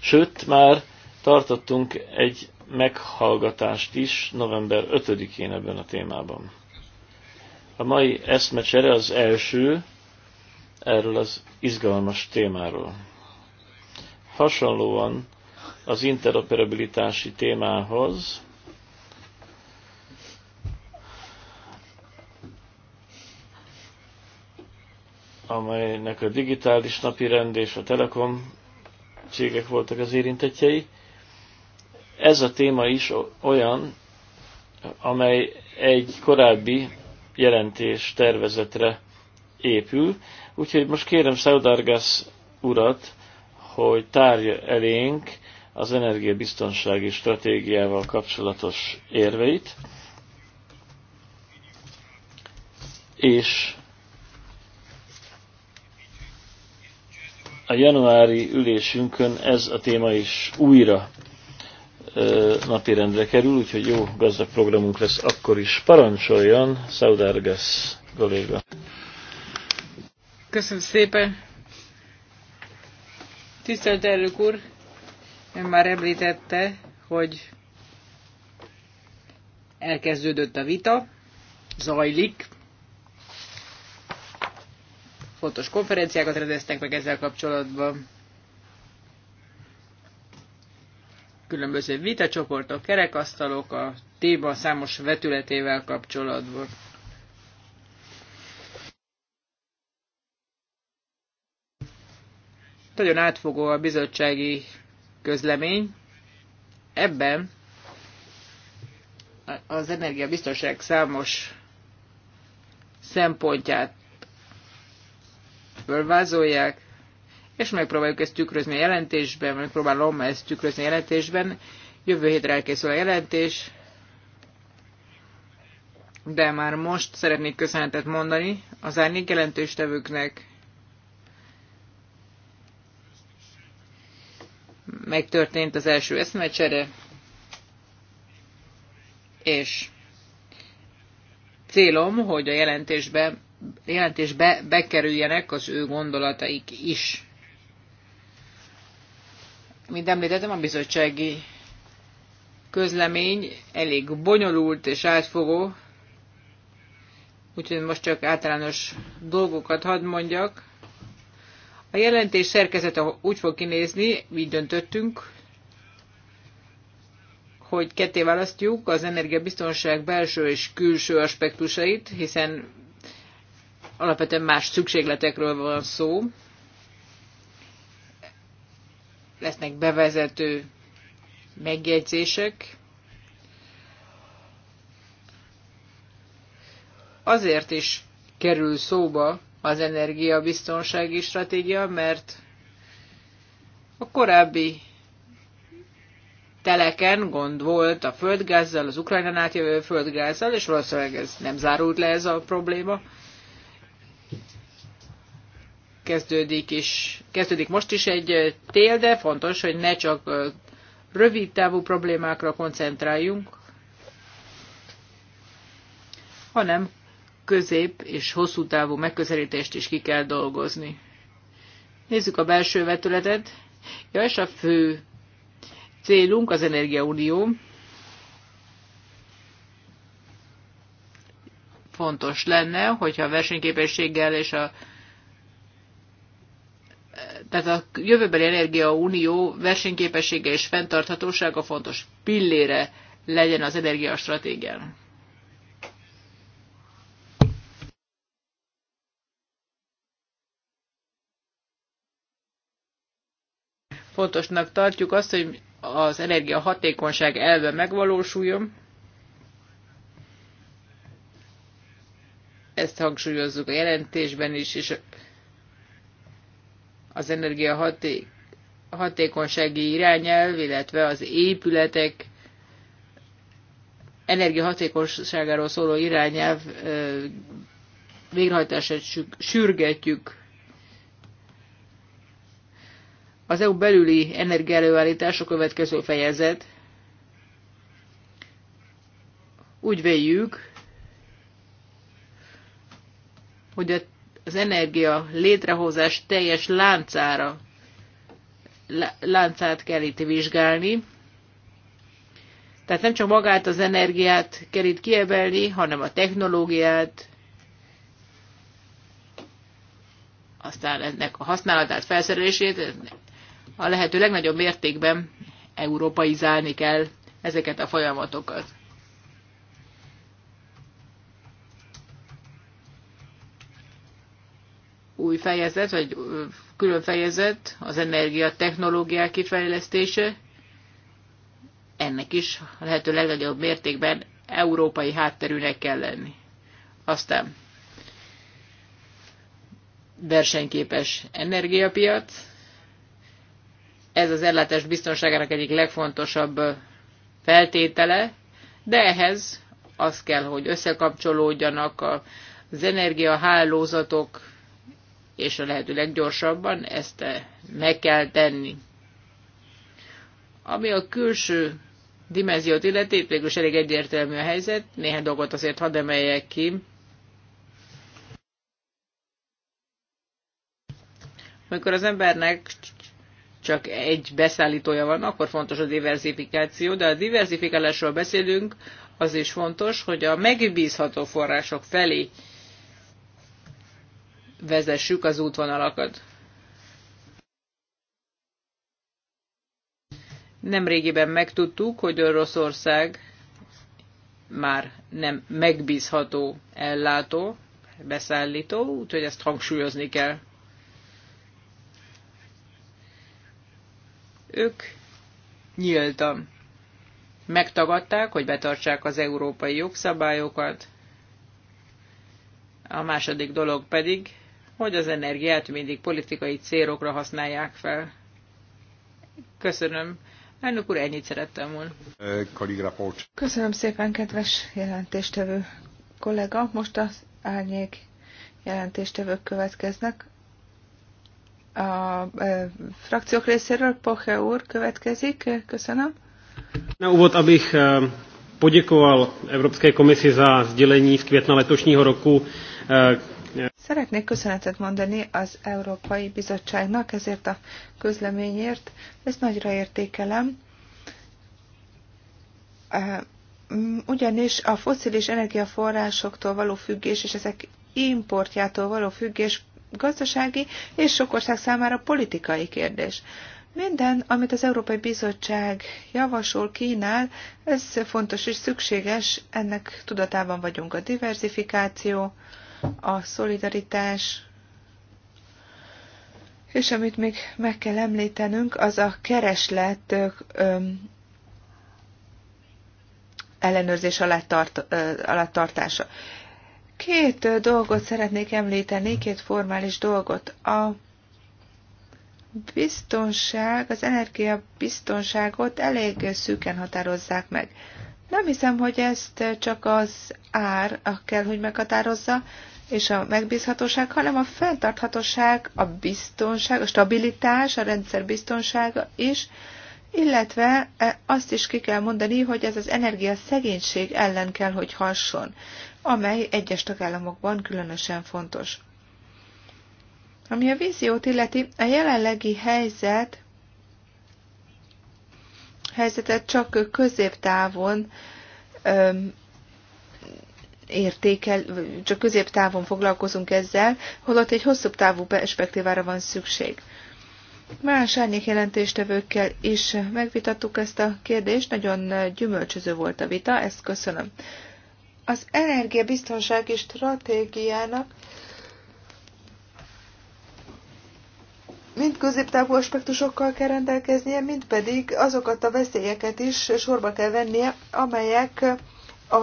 sőt, már tartottunk egy meghallgatást is november 5-én ebben a témában. A mai eszmecsere az első erről az izgalmas témáról. Hasonlóan az interoperabilitási témához amelynek a digitális napi rend és a telekom cégek voltak az érintetjei. Ez a téma is olyan, amely egy korábbi jelentés tervezetre épül, úgyhogy most kérem Szaudargász urat, hogy tárja elénk az energiabiztonsági stratégiával kapcsolatos érveit, és a januári ülésünkön ez a téma is újra napirendre kerül, úgyhogy jó gazdag programunk lesz akkor is. Parancsoljon, Szaudárgász kolléga. Köszönöm szépen. Tisztelt elnök úr, ön már említette, hogy elkezdődött a vita, zajlik. Fontos konferenciákat rendeztek meg ezzel kapcsolatban. különböző vitacsoportok, kerekasztalok a téma számos vetületével kapcsolatban. Nagyon átfogó a bizottsági közlemény. Ebben az energiabiztonság számos szempontját fölvázolják, és megpróbáljuk ezt tükrözni a jelentésben, megpróbálom ezt tükrözni a jelentésben. Jövő hétre elkészül a jelentés, de már most szeretnék köszönetet mondani az árnyék jelentőstevőknek. Megtörtént az első eszmecsere, és célom, hogy a jelentésbe, jelentésbe bekerüljenek az ő gondolataik is. Mint említettem, a bizottsági közlemény elég bonyolult és átfogó, úgyhogy most csak általános dolgokat hadd mondjak. A jelentés szerkezete úgy fog kinézni, így döntöttünk, hogy ketté választjuk az energiabiztonság belső és külső aspektusait, hiszen alapvetően más szükségletekről van szó, lesznek bevezető megjegyzések. Azért is kerül szóba az energiabiztonsági stratégia, mert a korábbi teleken gond volt a földgázzal, az Ukrajnán átjövő földgázzal, és valószínűleg ez nem zárult le ez a probléma kezdődik, is, kezdődik most is egy tél, de fontos, hogy ne csak rövid távú problémákra koncentráljunk, hanem közép és hosszú távú megközelítést is ki kell dolgozni. Nézzük a belső vetületet. Ja, és a fő célunk az energiaunió. Fontos lenne, hogyha a versenyképességgel és a tehát a jövőbeli energiaunió versenyképessége és fenntarthatósága fontos pillére legyen az energiastratégián. Fontosnak tartjuk azt, hogy az energia hatékonyság elve megvalósuljon. Ezt hangsúlyozzuk a jelentésben is, és az energia haték, hatékonysági irányelv, illetve az épületek energiahatékonyságáról szóló irányelv végrehajtását sürgetjük. Az EU belüli energiaelőállítás a következő fejezet. Úgy véljük, hogy a az energia létrehozás teljes láncára, láncát kell itt vizsgálni. Tehát nem csak magát az energiát kell itt kiemelni, hanem a technológiát, aztán ennek a használatát, felszerelését a lehető legnagyobb mértékben európaizálni kell ezeket a folyamatokat. új fejezet, vagy külön fejezet, az energiatechnológiák kifejlesztése. Ennek is lehető legnagyobb mértékben európai hátterűnek kell lenni. Aztán versenyképes energiapiac. Ez az ellátás biztonságának egyik legfontosabb feltétele, de ehhez az kell, hogy összekapcsolódjanak az energiahálózatok, és a lehető leggyorsabban ezt meg kell tenni. Ami a külső dimenziót illeti, végül elég egyértelmű a helyzet, néhány dolgot azért hadd emeljek ki. Amikor az embernek csak egy beszállítója van, akkor fontos a diversifikáció, de a diversifikálásról beszélünk, az is fontos, hogy a megbízható források felé vezessük az útvonalakat. Nemrégiben megtudtuk, hogy Oroszország már nem megbízható ellátó, beszállító, úgyhogy ezt hangsúlyozni kell. Ők nyíltan megtagadták, hogy betartsák az európai jogszabályokat. A második dolog pedig hogy az energiát mindig politikai célokra használják fel. Köszönöm. Elnök úr, ennyit szerettem volna. Köszönöm szépen, kedves jelentéstevő kollega. Most az árnyék jelentéstevők következnek. A e, frakciók részéről Poche úr következik. Köszönöm. Na úvod, abych e, poděkoval Evropské komisi za sdělení z května letošního roku e, Szeretnék köszönetet mondani az Európai Bizottságnak ezért a közleményért. Ezt nagyra értékelem. Ugyanis a foszilis energiaforrásoktól való függés és ezek importjától való függés gazdasági és sok ország számára politikai kérdés. Minden, amit az Európai Bizottság javasol, kínál, ez fontos és szükséges, ennek tudatában vagyunk a diversifikáció, a szolidaritás, és amit még meg kell említenünk, az a kereslet ö, ellenőrzés alá, tart, ö, alá tartása. Két dolgot szeretnék említeni, két formális dolgot. A biztonság, az energiabiztonságot elég szűken határozzák meg. Nem hiszem, hogy ezt csak az ár kell, hogy meghatározza, és a megbízhatóság, hanem a fenntarthatóság, a biztonság, a stabilitás, a rendszer biztonsága is, illetve e, azt is ki kell mondani, hogy ez az energia szegénység ellen kell, hogy hasson, amely egyes tagállamokban különösen fontos. Ami a víziót illeti, a jelenlegi helyzet helyzetet csak középtávon értékel, csak középtávon foglalkozunk ezzel, holott egy hosszabb távú perspektívára van szükség. Más árnyékjelentéstevőkkel is megvitattuk ezt a kérdést, nagyon gyümölcsöző volt a vita, ezt köszönöm. Az energiabiztonsági stratégiának mind középtávú aspektusokkal kell rendelkeznie, mind pedig azokat a veszélyeket is sorba kell vennie, amelyek a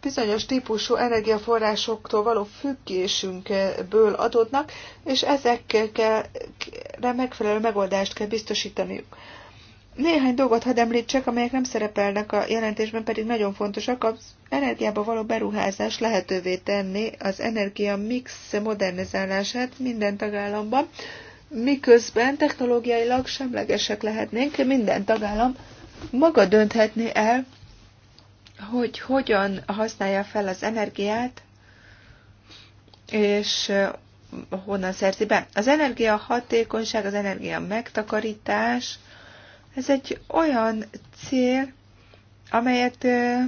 bizonyos típusú energiaforrásoktól való függésünkből adódnak, és ezekre megfelelő megoldást kell biztosítaniuk. Néhány dolgot hadd említsek, amelyek nem szerepelnek a jelentésben, pedig nagyon fontosak. Az energiába való beruházás lehetővé tenni az energia mix modernizálását minden tagállamban, miközben technológiailag semlegesek lehetnénk, minden tagállam maga dönthetné el, hogy hogyan használja fel az energiát, és eh, honnan szerzi be. Az energia hatékonyság, az energia megtakarítás, ez egy olyan cél, amelyet eh,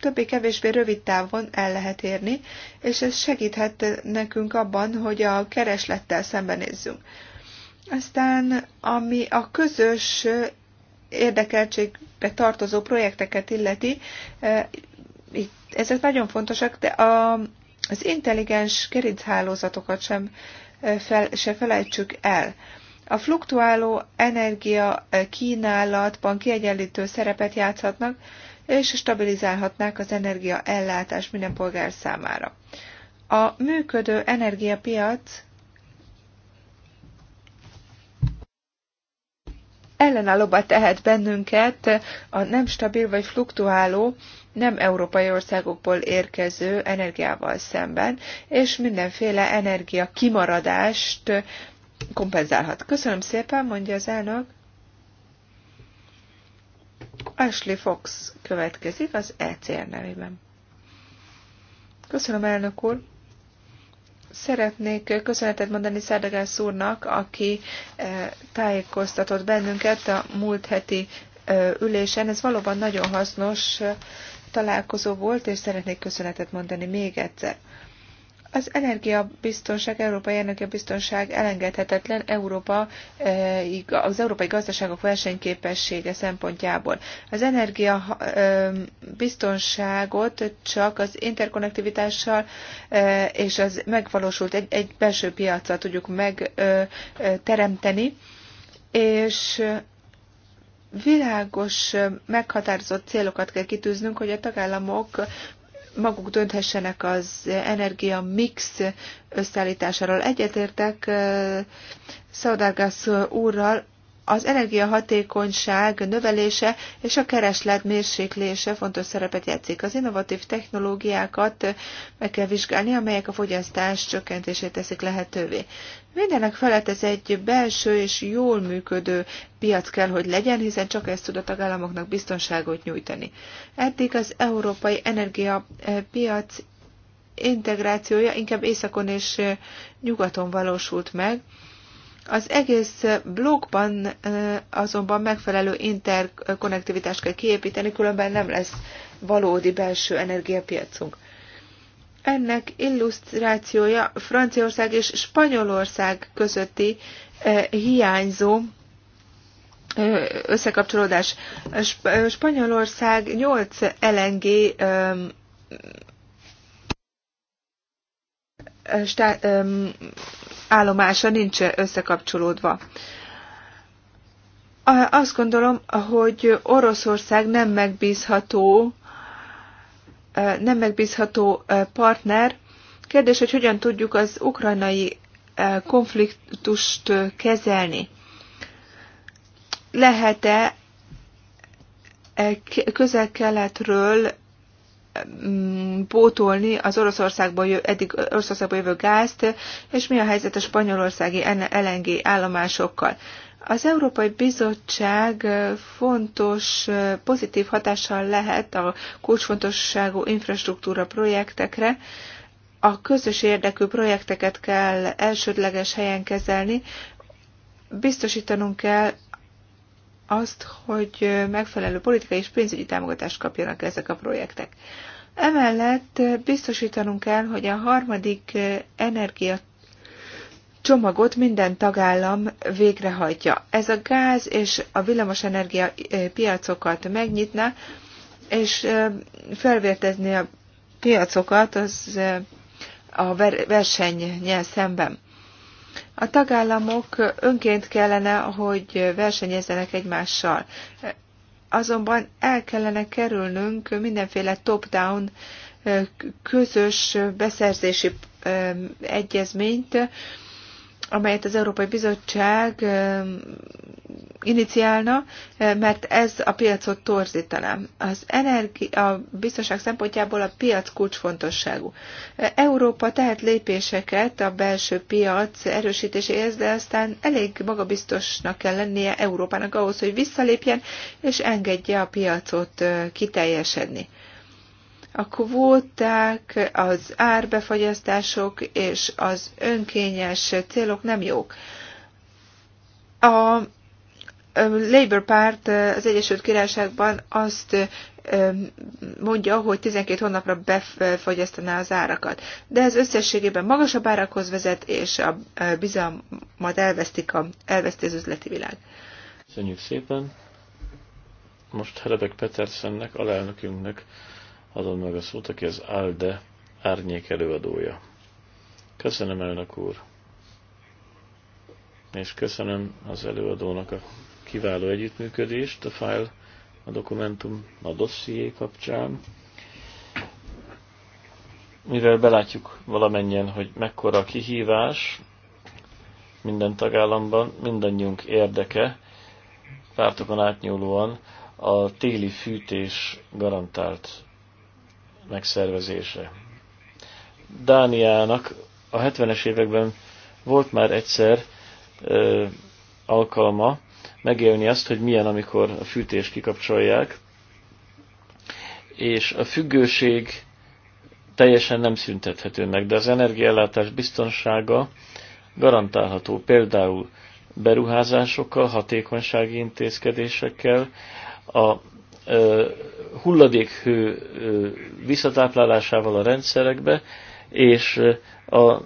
többé-kevésbé rövid távon el lehet érni, és ez segíthet nekünk abban, hogy a kereslettel szembenézzünk. Aztán, ami a közös érdekeltségbe tartozó projekteket illeti, eh, ezek nagyon fontosak, de a, az intelligens gerinchálózatokat sem eh, fel, se felejtsük el. A fluktuáló energia eh, kínálatban kiegyenlítő szerepet játszhatnak, és stabilizálhatnák az ellátás minden polgár számára. A működő energiapiac ellenállóba tehet bennünket a nem stabil vagy fluktuáló, nem európai országokból érkező energiával szemben, és mindenféle energia kimaradást kompenzálhat. Köszönöm szépen, mondja az elnök. Ashley Fox következik az ECR nevében. Köszönöm, elnök úr. Szeretnék köszönetet mondani Szerdegász úrnak, aki eh, tájékoztatott bennünket a múlt heti eh, ülésen. Ez valóban nagyon hasznos eh, találkozó volt, és szeretnék köszönetet mondani még egyszer. Az energiabiztonság, európai energiabiztonság elengedhetetlen Európa, e, az európai gazdaságok versenyképessége szempontjából. Az energia e, biztonságot csak az interkonnektivitással e, és az megvalósult egy, egy belső piacsal tudjuk megteremteni, és világos, meghatározott célokat kell kitűznünk, hogy a tagállamok maguk dönthessenek az energia mix összeállításáról. Egyetértek Szaudárgász úrral, az energiahatékonyság növelése és a kereslet mérséklése fontos szerepet játszik. Az innovatív technológiákat meg kell vizsgálni, amelyek a fogyasztás csökkentését teszik lehetővé. Mindenek felett ez egy belső és jól működő piac kell, hogy legyen, hiszen csak ez tud a tagállamoknak biztonságot nyújtani. Eddig az európai energiapiac eh, integrációja inkább északon és eh, nyugaton valósult meg. Az egész blokkban eh, azonban megfelelő interkonnektivitást kell kiépíteni, különben nem lesz valódi belső energiapiacunk. Ennek illusztrációja Franciaország és Spanyolország közötti eh, hiányzó eh, összekapcsolódás. Eh, Spanyolország 8 LNG állomása nincs összekapcsolódva. Azt gondolom, hogy Oroszország nem megbízható nem megbízható partner. Kérdés, hogy hogyan tudjuk az ukrajnai konfliktust kezelni. Lehet-e közel-keletről pótolni az Oroszországba, eddig Oroszországból jövő gázt, és mi a helyzet a spanyolországi LNG állomásokkal. Az Európai Bizottság fontos, pozitív hatással lehet a kulcsfontosságú infrastruktúra projektekre. A közös érdekű projekteket kell elsődleges helyen kezelni. Biztosítanunk kell azt, hogy megfelelő politikai és pénzügyi támogatást kapjanak ezek a projektek. Emellett biztosítanunk kell, hogy a harmadik energia csomagot minden tagállam végrehajtja. Ez a gáz és a villamosenergia piacokat megnyitná, és felvértezni a piacokat az a versenynyel szemben. A tagállamok önként kellene, hogy versenyezzenek egymással. Azonban el kellene kerülnünk mindenféle top-down közös beszerzési egyezményt, amelyet az Európai Bizottság iniciálna, mert ez a piacot torzítaná. Az energi, a biztonság szempontjából a piac kulcsfontosságú. Európa tehet lépéseket a belső piac erősítéséhez, de aztán elég magabiztosnak kell lennie Európának ahhoz, hogy visszalépjen és engedje a piacot kiteljesedni a kvóták, az árbefagyasztások és az önkényes célok nem jók. A Labour párt az Egyesült Királyságban azt mondja, hogy 12 hónapra befagyasztaná az árakat. De ez összességében magasabb árakhoz vezet, és a bizalmat elvesztik a, elveszti az üzleti világ. Köszönjük szépen! Most Helebek Petersennek, alelnökünknek adom meg a szót, aki az ALDE árnyék előadója. Köszönöm, elnök úr! És köszönöm az előadónak a kiváló együttműködést a fájl a dokumentum, a dosszié kapcsán. Mivel belátjuk valamennyien, hogy mekkora a kihívás minden tagállamban, mindannyiunk érdeke, pártokon átnyúlóan a téli fűtés garantált megszervezése. Dániának a 70-es években volt már egyszer ö, alkalma megélni azt, hogy milyen, amikor a fűtést kikapcsolják, és a függőség teljesen nem szüntethető meg, de az energiállátás biztonsága garantálható például beruházásokkal, hatékonysági intézkedésekkel, a hulladékhő visszatáplálásával a rendszerekbe, és a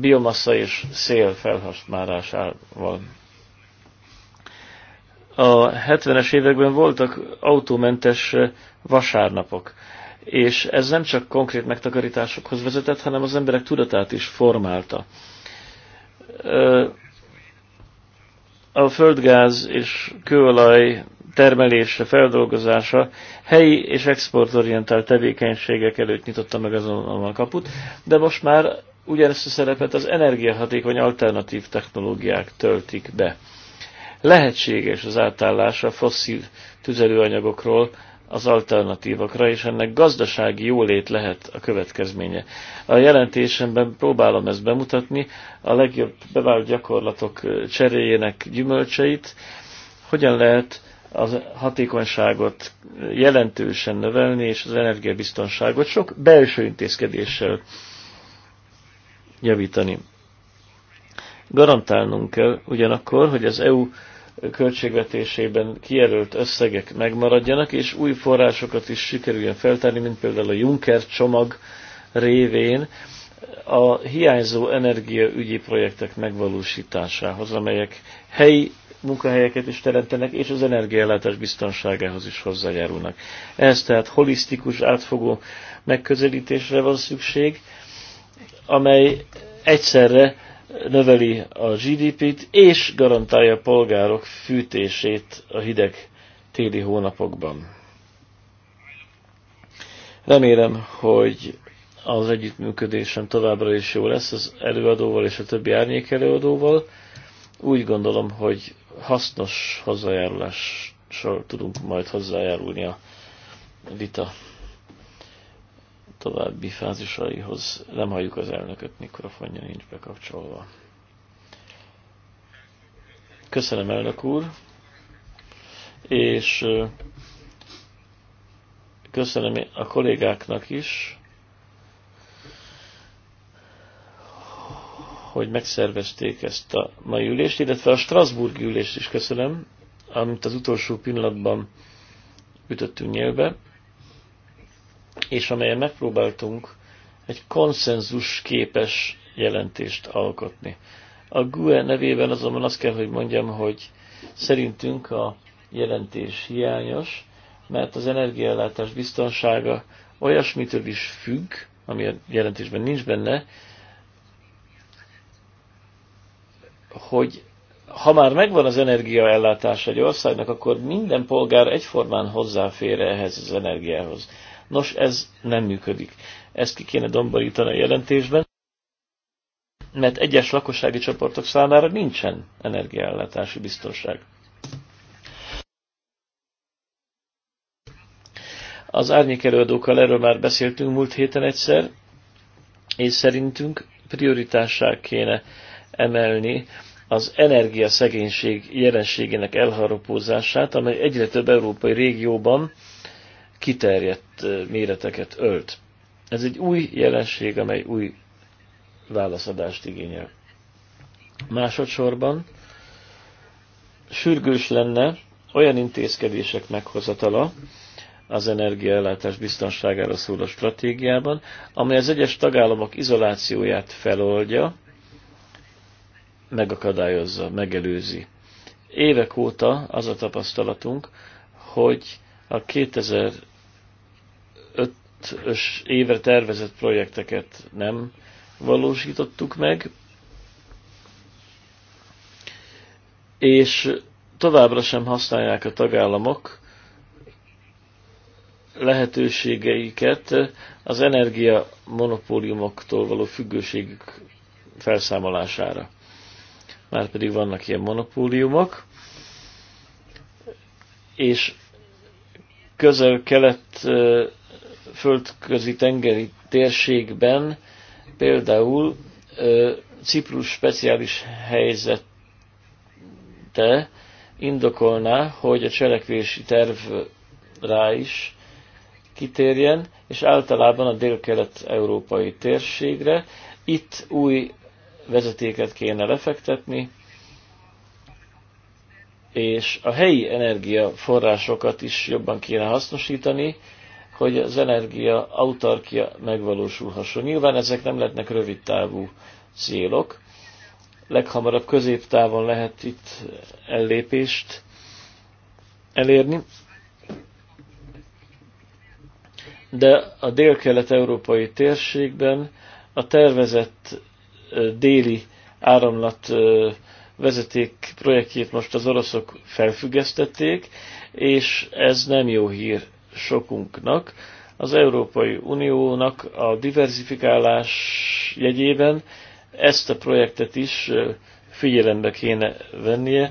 biomassa és szél felhasználásával. A 70-es években voltak autómentes vasárnapok, és ez nem csak konkrét megtakarításokhoz vezetett, hanem az emberek tudatát is formálta. A földgáz és kőolaj termelése, feldolgozása, helyi és exportorientált tevékenységek előtt nyitotta meg azonnal a kaput, de most már ugyanezt a szerepet az energiahatékony alternatív technológiák töltik be. Lehetséges az átállása fosszív fosszil tüzelőanyagokról az alternatívakra, és ennek gazdasági jólét lehet a következménye. A jelentésemben próbálom ezt bemutatni, a legjobb bevált gyakorlatok cseréjének gyümölcseit, hogyan lehet az hatékonyságot jelentősen növelni, és az energiabiztonságot sok belső intézkedéssel javítani. Garantálnunk kell ugyanakkor, hogy az EU költségvetésében kijelölt összegek megmaradjanak, és új forrásokat is sikerüljön feltárni, mint például a Juncker csomag révén a hiányzó energiaügyi projektek megvalósításához, amelyek helyi munkahelyeket is teremtenek, és az energiállátás biztonságához is hozzájárulnak. Ez tehát holisztikus, átfogó megközelítésre van szükség, amely egyszerre növeli a GDP-t, és garantálja a polgárok fűtését a hideg téli hónapokban. Remélem, hogy az együttműködésem továbbra is jó lesz az előadóval és a többi árnyék előadóval. Úgy gondolom, hogy hasznos hozzájárulással tudunk majd hozzájárulni a vita további fázisaihoz. Nem halljuk az elnököt, mikrofonja nincs bekapcsolva. Köszönöm, elnök úr, és köszönöm a kollégáknak is, hogy megszervezték ezt a mai ülést, illetve a Strasburgi ülést is köszönöm, amit az utolsó pillanatban ütöttünk nyelbe, és amelyen megpróbáltunk egy konszenzus képes jelentést alkotni. A GUE nevében azonban azt kell, hogy mondjam, hogy szerintünk a jelentés hiányos, mert az energiállátás biztonsága olyasmitől is függ, ami a jelentésben nincs benne, hogy ha már megvan az energiaellátás egy országnak, akkor minden polgár egyformán hozzáfér ehhez az energiához. Nos, ez nem működik. Ezt ki kéne domborítani a jelentésben, mert egyes lakossági csoportok számára nincsen energiaellátási biztonság. Az árnyékelőadókkal erről már beszéltünk múlt héten egyszer, és szerintünk prioritássá kéne emelni az energiaszegénység jelenségének elharapózását, amely egyre több európai régióban kiterjedt méreteket ölt. Ez egy új jelenség, amely új válaszadást igényel. Másodszorban sürgős lenne olyan intézkedések meghozatala az energiaellátás biztonságára szóló stratégiában, amely az egyes tagállamok izolációját feloldja, megakadályozza, megelőzi. Évek óta az a tapasztalatunk, hogy a 2005-ös évre tervezett projekteket nem valósítottuk meg, és továbbra sem használják a tagállamok lehetőségeiket az energia monopóliumoktól való függőségük felszámolására már pedig vannak ilyen monopóliumok, és közel-kelet földközi tengeri térségben például Ciprus speciális helyzete indokolná, hogy a cselekvési terv rá is kitérjen, és általában a délkelet-európai térségre. Itt új vezetéket kéne lefektetni, és a helyi energiaforrásokat is jobban kéne hasznosítani, hogy az energia autarkia megvalósulhasson. Nyilván ezek nem lehetnek rövid távú célok. Leghamarabb középtávon lehet itt ellépést elérni. De a dél-kelet-európai térségben a tervezett déli áramlat vezeték projektjét most az oroszok felfüggesztették, és ez nem jó hír sokunknak. Az Európai Uniónak a diversifikálás jegyében ezt a projektet is figyelembe kéne vennie,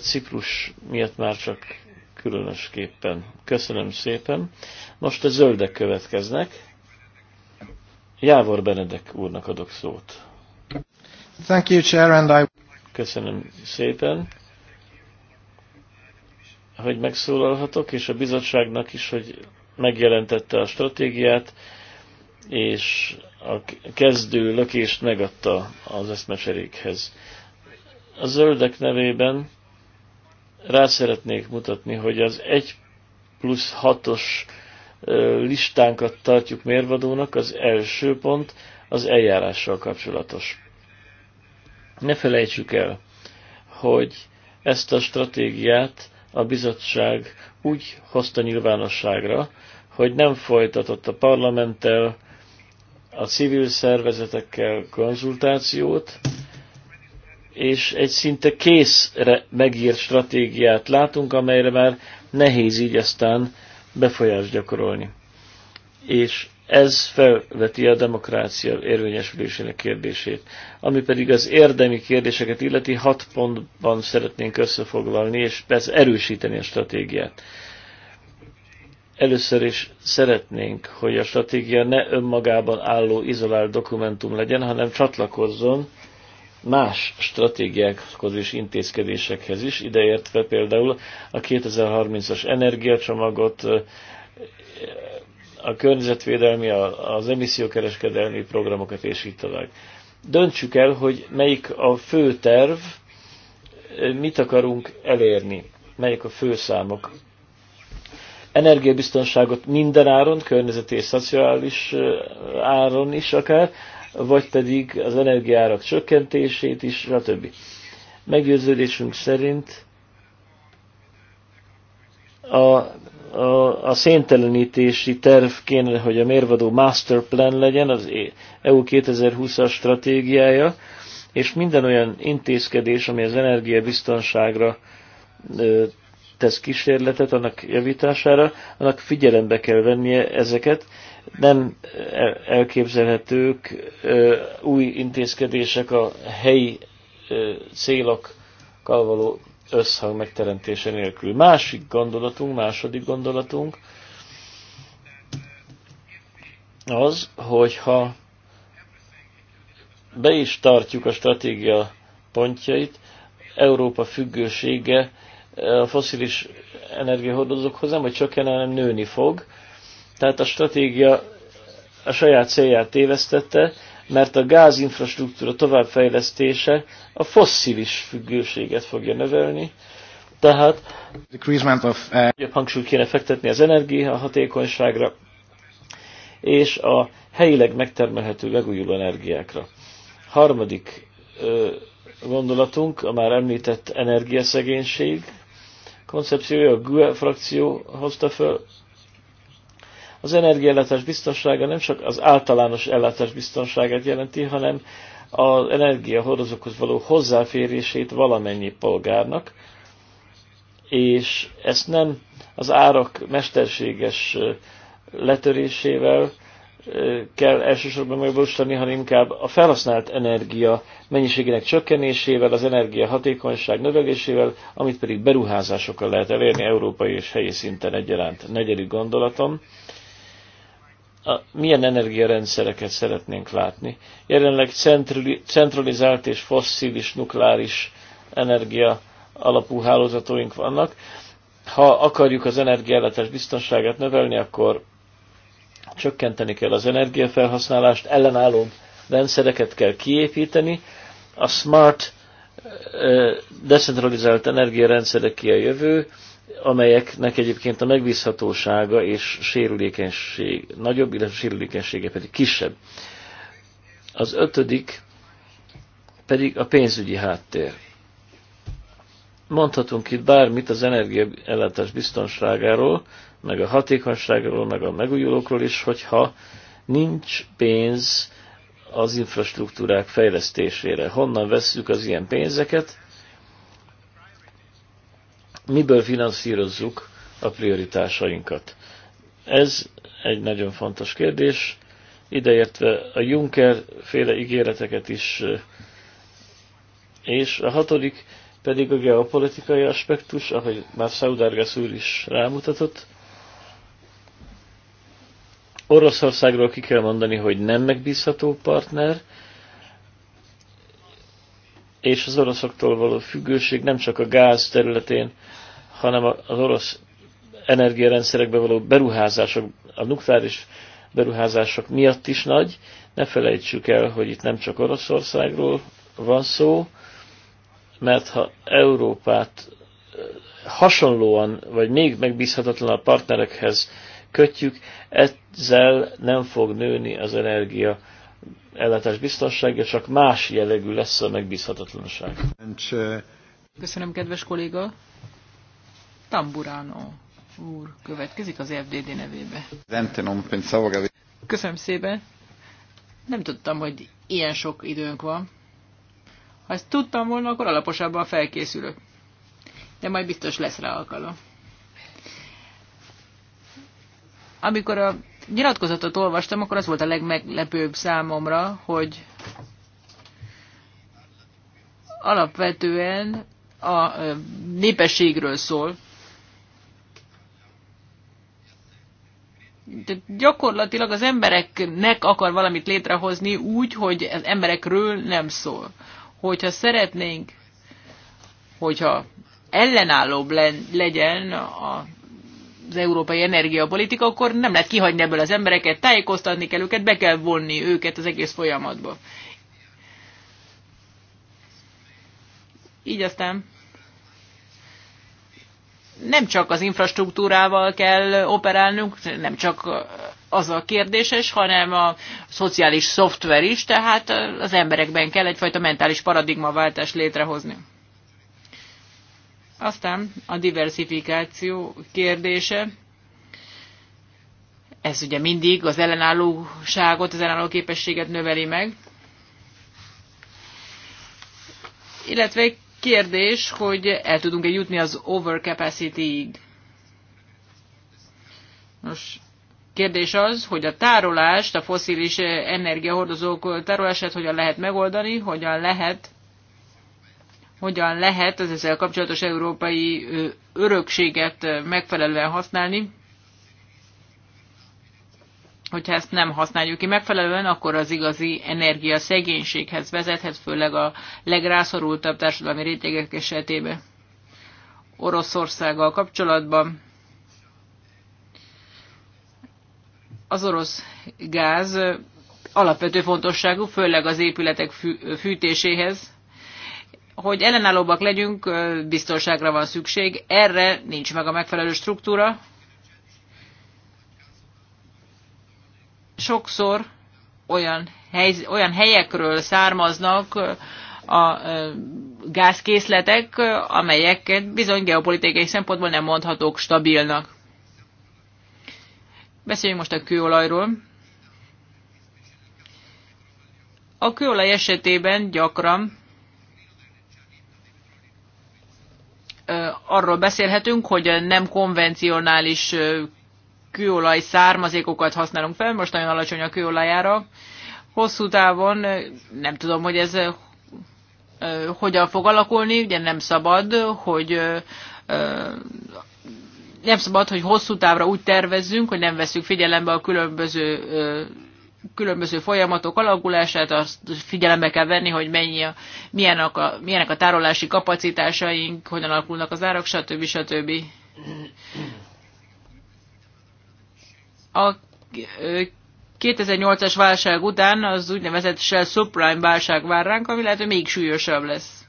Ciprus miatt már csak különösképpen. Köszönöm szépen. Most a zöldek következnek. Jávor Benedek úrnak adok szót. Thank you, Chair, and I... Köszönöm szépen, hogy megszólalhatok, és a bizottságnak is, hogy megjelentette a stratégiát, és a kezdő lökést megadta az eszmecserékhez. A zöldek nevében rá szeretnék mutatni, hogy az 1 plusz 6-os listánkat tartjuk mérvadónak, az első pont az eljárással kapcsolatos. Ne felejtsük el, hogy ezt a stratégiát a bizottság úgy hozta nyilvánosságra, hogy nem folytatott a parlamenttel, a civil szervezetekkel konzultációt, és egy szinte készre megírt stratégiát látunk, amelyre már nehéz így aztán befolyást gyakorolni. És ez felveti a demokrácia érvényesülésének kérdését. Ami pedig az érdemi kérdéseket illeti, hat pontban szeretnénk összefoglalni, és persze erősíteni a stratégiát. Először is szeretnénk, hogy a stratégia ne önmagában álló, izolált dokumentum legyen, hanem csatlakozzon más stratégiákhoz és intézkedésekhez is, ideértve például a 2030-as energiacsomagot, a környezetvédelmi, az emissziókereskedelmi programokat és így tovább. Döntsük el, hogy melyik a fő terv, mit akarunk elérni, melyik a fő számok. Energiabiztonságot minden áron, környezeti és szociális áron is akár, vagy pedig az energiárak csökkentését is, stb. Meggyőződésünk szerint a, a, a széntelenítési terv kéne, hogy a mérvadó master plan legyen, az EU 2020-as stratégiája, és minden olyan intézkedés, ami az energiabiztonságra ö, tesz kísérletet, annak javítására, annak figyelembe kell vennie ezeket, nem elképzelhetők új intézkedések a helyi célokkal való összhang megteremtése nélkül. Másik gondolatunk, második gondolatunk az, hogyha be is tartjuk a stratégia pontjait, Európa függősége a foszilis energiahordozókhoz nem, hogy csökken, hanem nőni fog, tehát a stratégia a saját célját tévesztette, mert a gázinfrastruktúra továbbfejlesztése a fosszilis függőséget fogja növelni, tehát of, uh... nagyobb hangsúlyt kéne fektetni az energia hatékonyságra és a helyileg megtermelhető megújuló energiákra. Harmadik ö, gondolatunk a már említett energiaszegénység koncepciója, a GUE frakció hozta föl az energiállátás biztonsága nem csak az általános ellátás biztonságát jelenti, hanem az energiahordozókhoz való hozzáférését valamennyi polgárnak, és ezt nem az árak mesterséges letörésével kell elsősorban megvalósítani, hanem inkább a felhasznált energia mennyiségének csökkenésével, az energia hatékonyság növelésével, amit pedig beruházásokkal lehet elérni európai és helyi szinten egyaránt. Negyedik gondolatom, a, milyen energiarendszereket szeretnénk látni. Jelenleg centralizált és fosszilis nukleáris energia alapú hálózataink vannak. Ha akarjuk az energiállátás biztonságát növelni, akkor csökkenteni kell az energiafelhasználást, ellenálló rendszereket kell kiépíteni. A smart, decentralizált energiarendszerek ki a jövő, amelyeknek egyébként a megbízhatósága és sérülékenység nagyobb, illetve sérülékenysége pedig kisebb. Az ötödik pedig a pénzügyi háttér. Mondhatunk itt bármit az energiaellátás biztonságáról, meg a hatékonyságról, meg a megújulókról is, hogyha nincs pénz az infrastruktúrák fejlesztésére. Honnan vesszük az ilyen pénzeket? miből finanszírozzuk a prioritásainkat. Ez egy nagyon fontos kérdés, ideértve a Juncker féle ígéreteket is, és a hatodik pedig a geopolitikai aspektus, ahogy már Szaudárgász úr is rámutatott. Oroszországról ki kell mondani, hogy nem megbízható partner, és az oroszoktól való függőség nem csak a gáz területén, hanem az orosz energiarendszerekbe való beruházások, a nukleáris beruházások miatt is nagy. Ne felejtsük el, hogy itt nem csak Oroszországról van szó, mert ha Európát eh, hasonlóan, vagy még megbízhatatlanabb partnerekhez kötjük, ezzel nem fog nőni az energia ellátás biztonsága, csak más jellegű lesz a megbízhatatlanság. Eh, Köszönöm, kedves kolléga! Tamburano úr következik az FDD nevébe. Köszönöm szépen. Nem tudtam, hogy ilyen sok időnk van. Ha ezt tudtam volna, akkor alaposabban felkészülök. De majd biztos lesz rá alkalom. Amikor a nyilatkozatot olvastam, akkor az volt a legmeglepőbb számomra, hogy alapvetően a népességről szól, de gyakorlatilag az embereknek akar valamit létrehozni úgy, hogy az emberekről nem szól. Hogyha szeretnénk, hogyha ellenállóbb legyen a az európai energiapolitika, akkor nem lehet kihagyni ebből az embereket, tájékoztatni kell őket, be kell vonni őket az egész folyamatba. Így aztán nem csak az infrastruktúrával kell operálnunk, nem csak az a kérdéses, hanem a szociális szoftver is, tehát az emberekben kell egyfajta mentális paradigmaváltást létrehozni. Aztán a diversifikáció kérdése. Ez ugye mindig az ellenállóságot, az ellenálló képességet növeli meg. Illetve Kérdés, hogy el tudunk-e jutni az overcapacity-ig. Nos, kérdés az, hogy a tárolást, a foszilis energiahordozók tárolását hogyan lehet megoldani, hogyan lehet hogyan lehet az ezzel kapcsolatos európai örökséget megfelelően használni hogyha ezt nem használjuk ki megfelelően, akkor az igazi energia szegénységhez vezethet, főleg a legrászorultabb társadalmi rétegek esetében. Oroszországgal kapcsolatban az orosz gáz alapvető fontosságú, főleg az épületek fűtéséhez. Hogy ellenállóbbak legyünk, biztonságra van szükség, erre nincs meg a megfelelő struktúra, sokszor olyan, hely, olyan helyekről származnak a gázkészletek, amelyeket bizony geopolitikai szempontból nem mondhatók stabilnak. Beszéljünk most a kőolajról. A kőolaj esetében gyakran arról beszélhetünk, hogy nem konvencionális kőolaj származékokat használunk fel, most nagyon alacsony a kőolajára. Hosszú távon nem tudom, hogy ez hogyan fog alakulni, ugye nem szabad, hogy nem szabad, hogy hosszú távra úgy tervezzünk, hogy nem veszük figyelembe a különböző különböző folyamatok alakulását, azt figyelembe kell venni, hogy mennyi a, milyenek, a, milyenek a tárolási kapacitásaink, hogyan alakulnak az árak, stb. stb. A 2008-as válság után az úgynevezett Shell subprime válság vár ránk, ami lehet, hogy még súlyosabb lesz.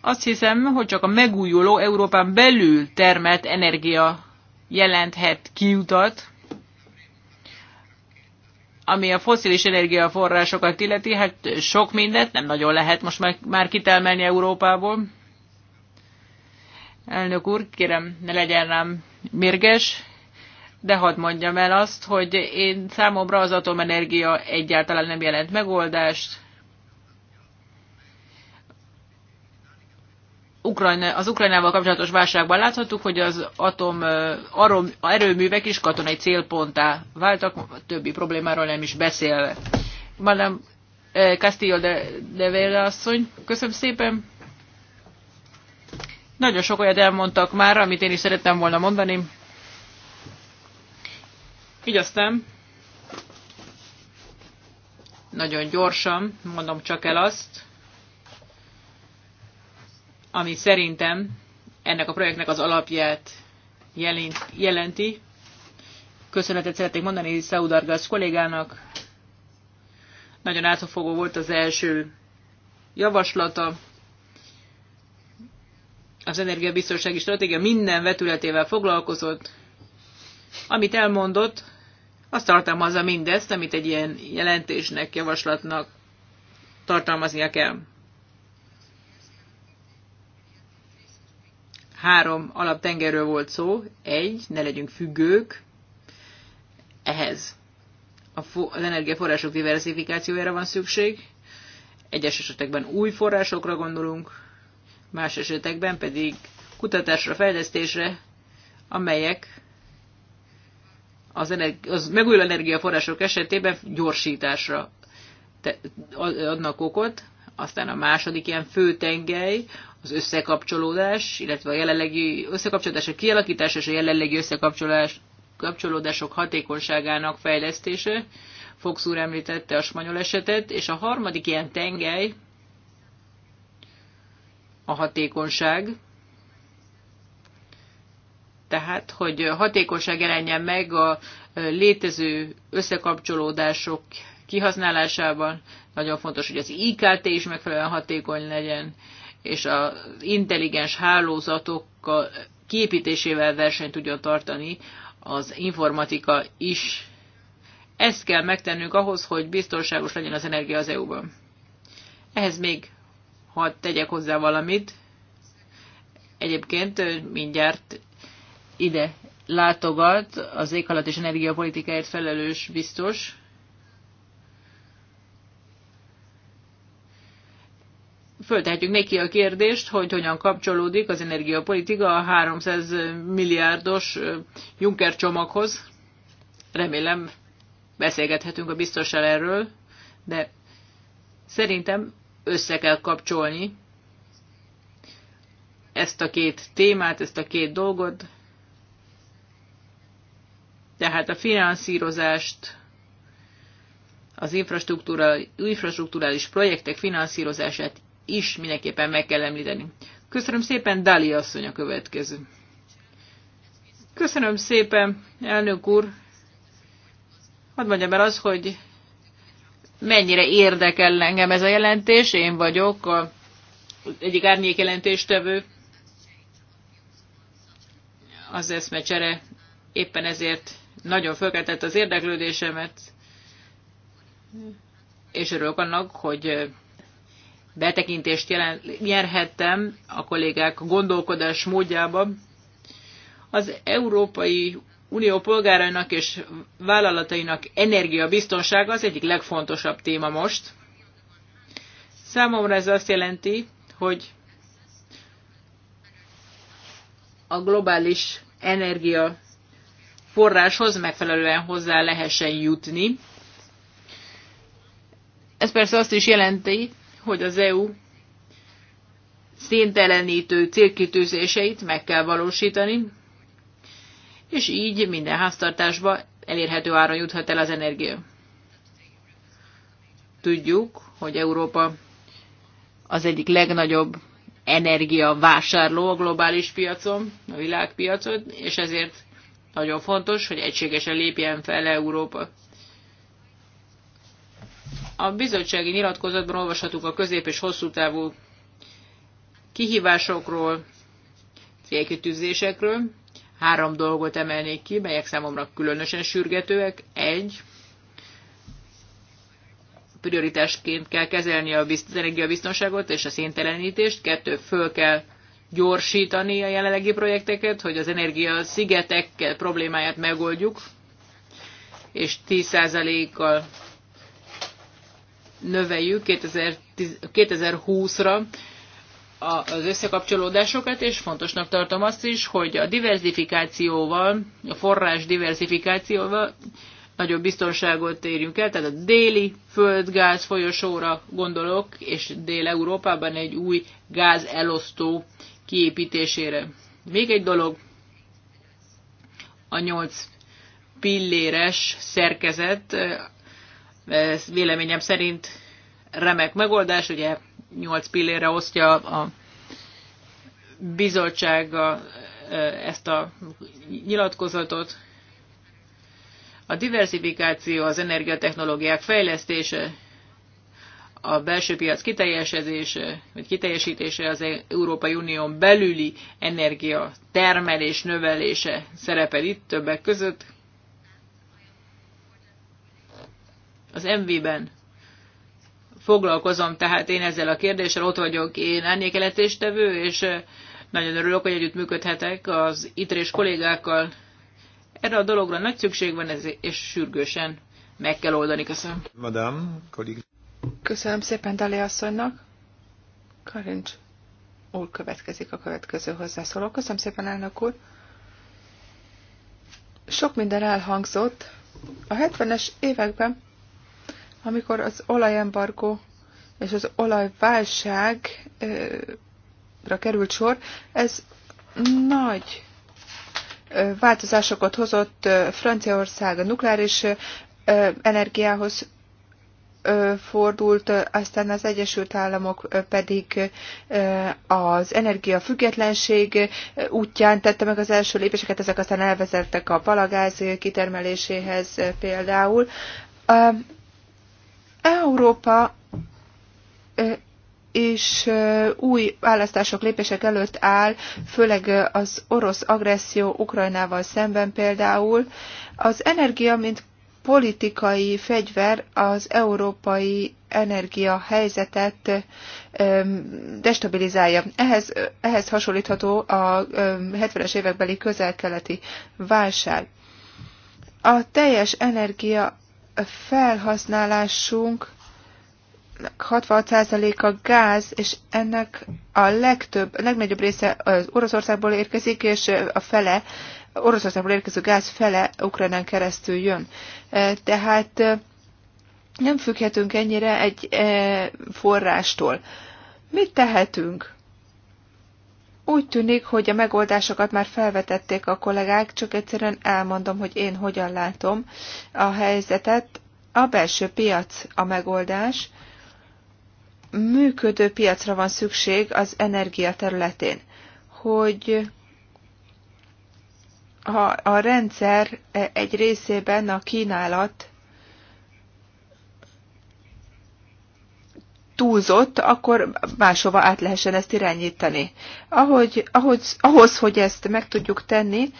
Azt hiszem, hogy csak a megújuló Európán belül termelt energia jelenthet kiutat, ami a foszilis energiaforrásokat illeti, hát sok mindent nem nagyon lehet most már, már kitelmelni Európából. Elnök úr, kérem, ne legyen rám mérges de hadd mondjam el azt, hogy én számomra az atomenergia egyáltalán nem jelent megoldást. Ukrajna, az Ukrajnával kapcsolatos válságban láthattuk, hogy az atom arom, erőművek is katonai célponttá váltak, a többi problémáról nem is beszélve. Madame Castillo de, de Vélde asszony, köszönöm szépen. Nagyon sok olyat elmondtak már, amit én is szerettem volna mondani. Így aztán nagyon gyorsan mondom csak el azt, ami szerintem ennek a projektnek az alapját jelenti. Köszönetet szeretnék mondani Szaudargasz kollégának. Nagyon átfogó volt az első javaslata. Az energiabiztonsági stratégia minden vetületével foglalkozott. Amit elmondott, azt tartalmazza mindezt, amit egy ilyen jelentésnek, javaslatnak tartalmaznia kell. Három alaptengerről volt szó, egy, ne legyünk függők, ehhez az energiaforrások diversifikációjára van szükség, egyes esetekben új forrásokra gondolunk, más esetekben pedig kutatásra, fejlesztésre, amelyek az, energi- az megújuló energiaforrások esetében gyorsításra adnak okot. Aztán a második ilyen fő tengely az összekapcsolódás, illetve a jelenlegi összekapcsolódás, a kialakítás és a jelenlegi összekapcsolódás kapcsolódások hatékonyságának fejlesztése. Fox úr említette a spanyol esetet, és a harmadik ilyen tengely a hatékonyság, tehát hogy hatékonyság jelenjen meg a létező összekapcsolódások kihasználásában. Nagyon fontos, hogy az IKT is megfelelően hatékony legyen, és az intelligens hálózatok kiépítésével versenyt tudjon tartani az informatika is. Ezt kell megtennünk ahhoz, hogy biztonságos legyen az energia az EU-ban. Ehhez még, ha tegyek hozzá valamit, egyébként mindjárt ide látogat az éghalat és energiapolitikáért felelős biztos. Föltehetjük neki a kérdést, hogy hogyan kapcsolódik az energiapolitika a 300 milliárdos Juncker csomaghoz. Remélem beszélgethetünk a biztossal erről, de szerintem össze kell kapcsolni ezt a két témát, ezt a két dolgot, tehát a finanszírozást, az infrastruktúrális projektek finanszírozását is mindenképpen meg kell említeni. Köszönöm szépen, Dali asszony a következő. Köszönöm szépen, elnök úr. Hadd mondjam el az, hogy mennyire érdekel engem ez a jelentés. Én vagyok a egyik árnyék jelentéstevő. Az eszmecsere éppen ezért nagyon fölkeltett az érdeklődésemet, és örülök annak, hogy betekintést jelen, nyerhettem a kollégák gondolkodás módjába. Az Európai Unió polgárainak és vállalatainak energiabiztonsága az egyik legfontosabb téma most. Számomra ez azt jelenti, hogy a globális energia forráshoz megfelelően hozzá lehessen jutni. Ez persze azt is jelenti, hogy az EU széntelenítő célkitűzéseit meg kell valósítani, és így minden háztartásba elérhető áron juthat el az energia. Tudjuk, hogy Európa az egyik legnagyobb energiavásárló a globális piacon, a világpiacon, és ezért nagyon fontos, hogy egységesen lépjen fel Európa. A bizottsági nyilatkozatban olvashatunk a közép- és hosszú távú kihívásokról, célkitűzésekről. Három dolgot emelnék ki, melyek számomra különösen sürgetőek. Egy, prioritásként kell kezelni a energiabiztonságot és a széntelenítést, kettő, föl kell gyorsítani a jelenlegi projekteket, hogy az energia szigetekkel problémáját megoldjuk, és 10%-kal növeljük 2020-ra az összekapcsolódásokat, és fontosnak tartom azt is, hogy a diversifikációval, a forrás diversifikációval nagyobb biztonságot érjünk el, tehát a déli földgáz folyosóra gondolok, és Dél-Európában egy új gázelosztó kiépítésére. Még egy dolog, a nyolc pilléres szerkezet eh, ez véleményem szerint remek megoldás, ugye nyolc pillére osztja a bizottság eh, ezt a nyilatkozatot. A diversifikáció, az energiatechnológiák fejlesztése, a belső piac kiteljesedése, vagy kiteljesítése az Európai Unión belüli energia termelés növelése szerepel itt többek között. Az MV-ben foglalkozom, tehát én ezzel a kérdéssel ott vagyok, én árnyékeletéstevő, és eh, nagyon örülök, hogy együtt működhetek az itrés kollégákkal. Erre a dologra nagy szükség van, és sürgősen meg kell oldani. Köszönöm. Madame, Köszönöm szépen Dali asszonynak. Karincs úr következik a következő hozzászóló. Köszönöm szépen, elnök úr. Sok minden elhangzott. A 70-es években, amikor az olajembargó és az olajválságra került sor, ez nagy változásokat hozott Franciaország a nukleáris energiához fordult, aztán az Egyesült Államok pedig az energiafüggetlenség útján tette meg az első lépéseket, ezek aztán elvezettek a palagáz kitermeléséhez például. Európa és új választások lépések előtt áll, főleg az orosz agresszió Ukrajnával szemben például. Az energia, mint politikai fegyver az európai energia helyzetet destabilizálja. Ehhez, ehhez hasonlítható a 70-es évekbeli közel-keleti válság. A teljes energia felhasználásunk 66%-a gáz, és ennek a legtöbb, legnagyobb része az Oroszországból érkezik, és a fele Oroszországból érkező gáz fele Ukrajnán keresztül jön. E, tehát e, nem függhetünk ennyire egy e, forrástól. Mit tehetünk? Úgy tűnik, hogy a megoldásokat már felvetették a kollégák, csak egyszerűen elmondom, hogy én hogyan látom a helyzetet. A belső piac a megoldás. Működő piacra van szükség az energia területén, hogy ha a rendszer e, egy részében a kínálat túlzott, akkor máshova át lehessen ezt irányítani. Ahogy, ahogy, ahhoz, hogy ezt meg tudjuk tenni,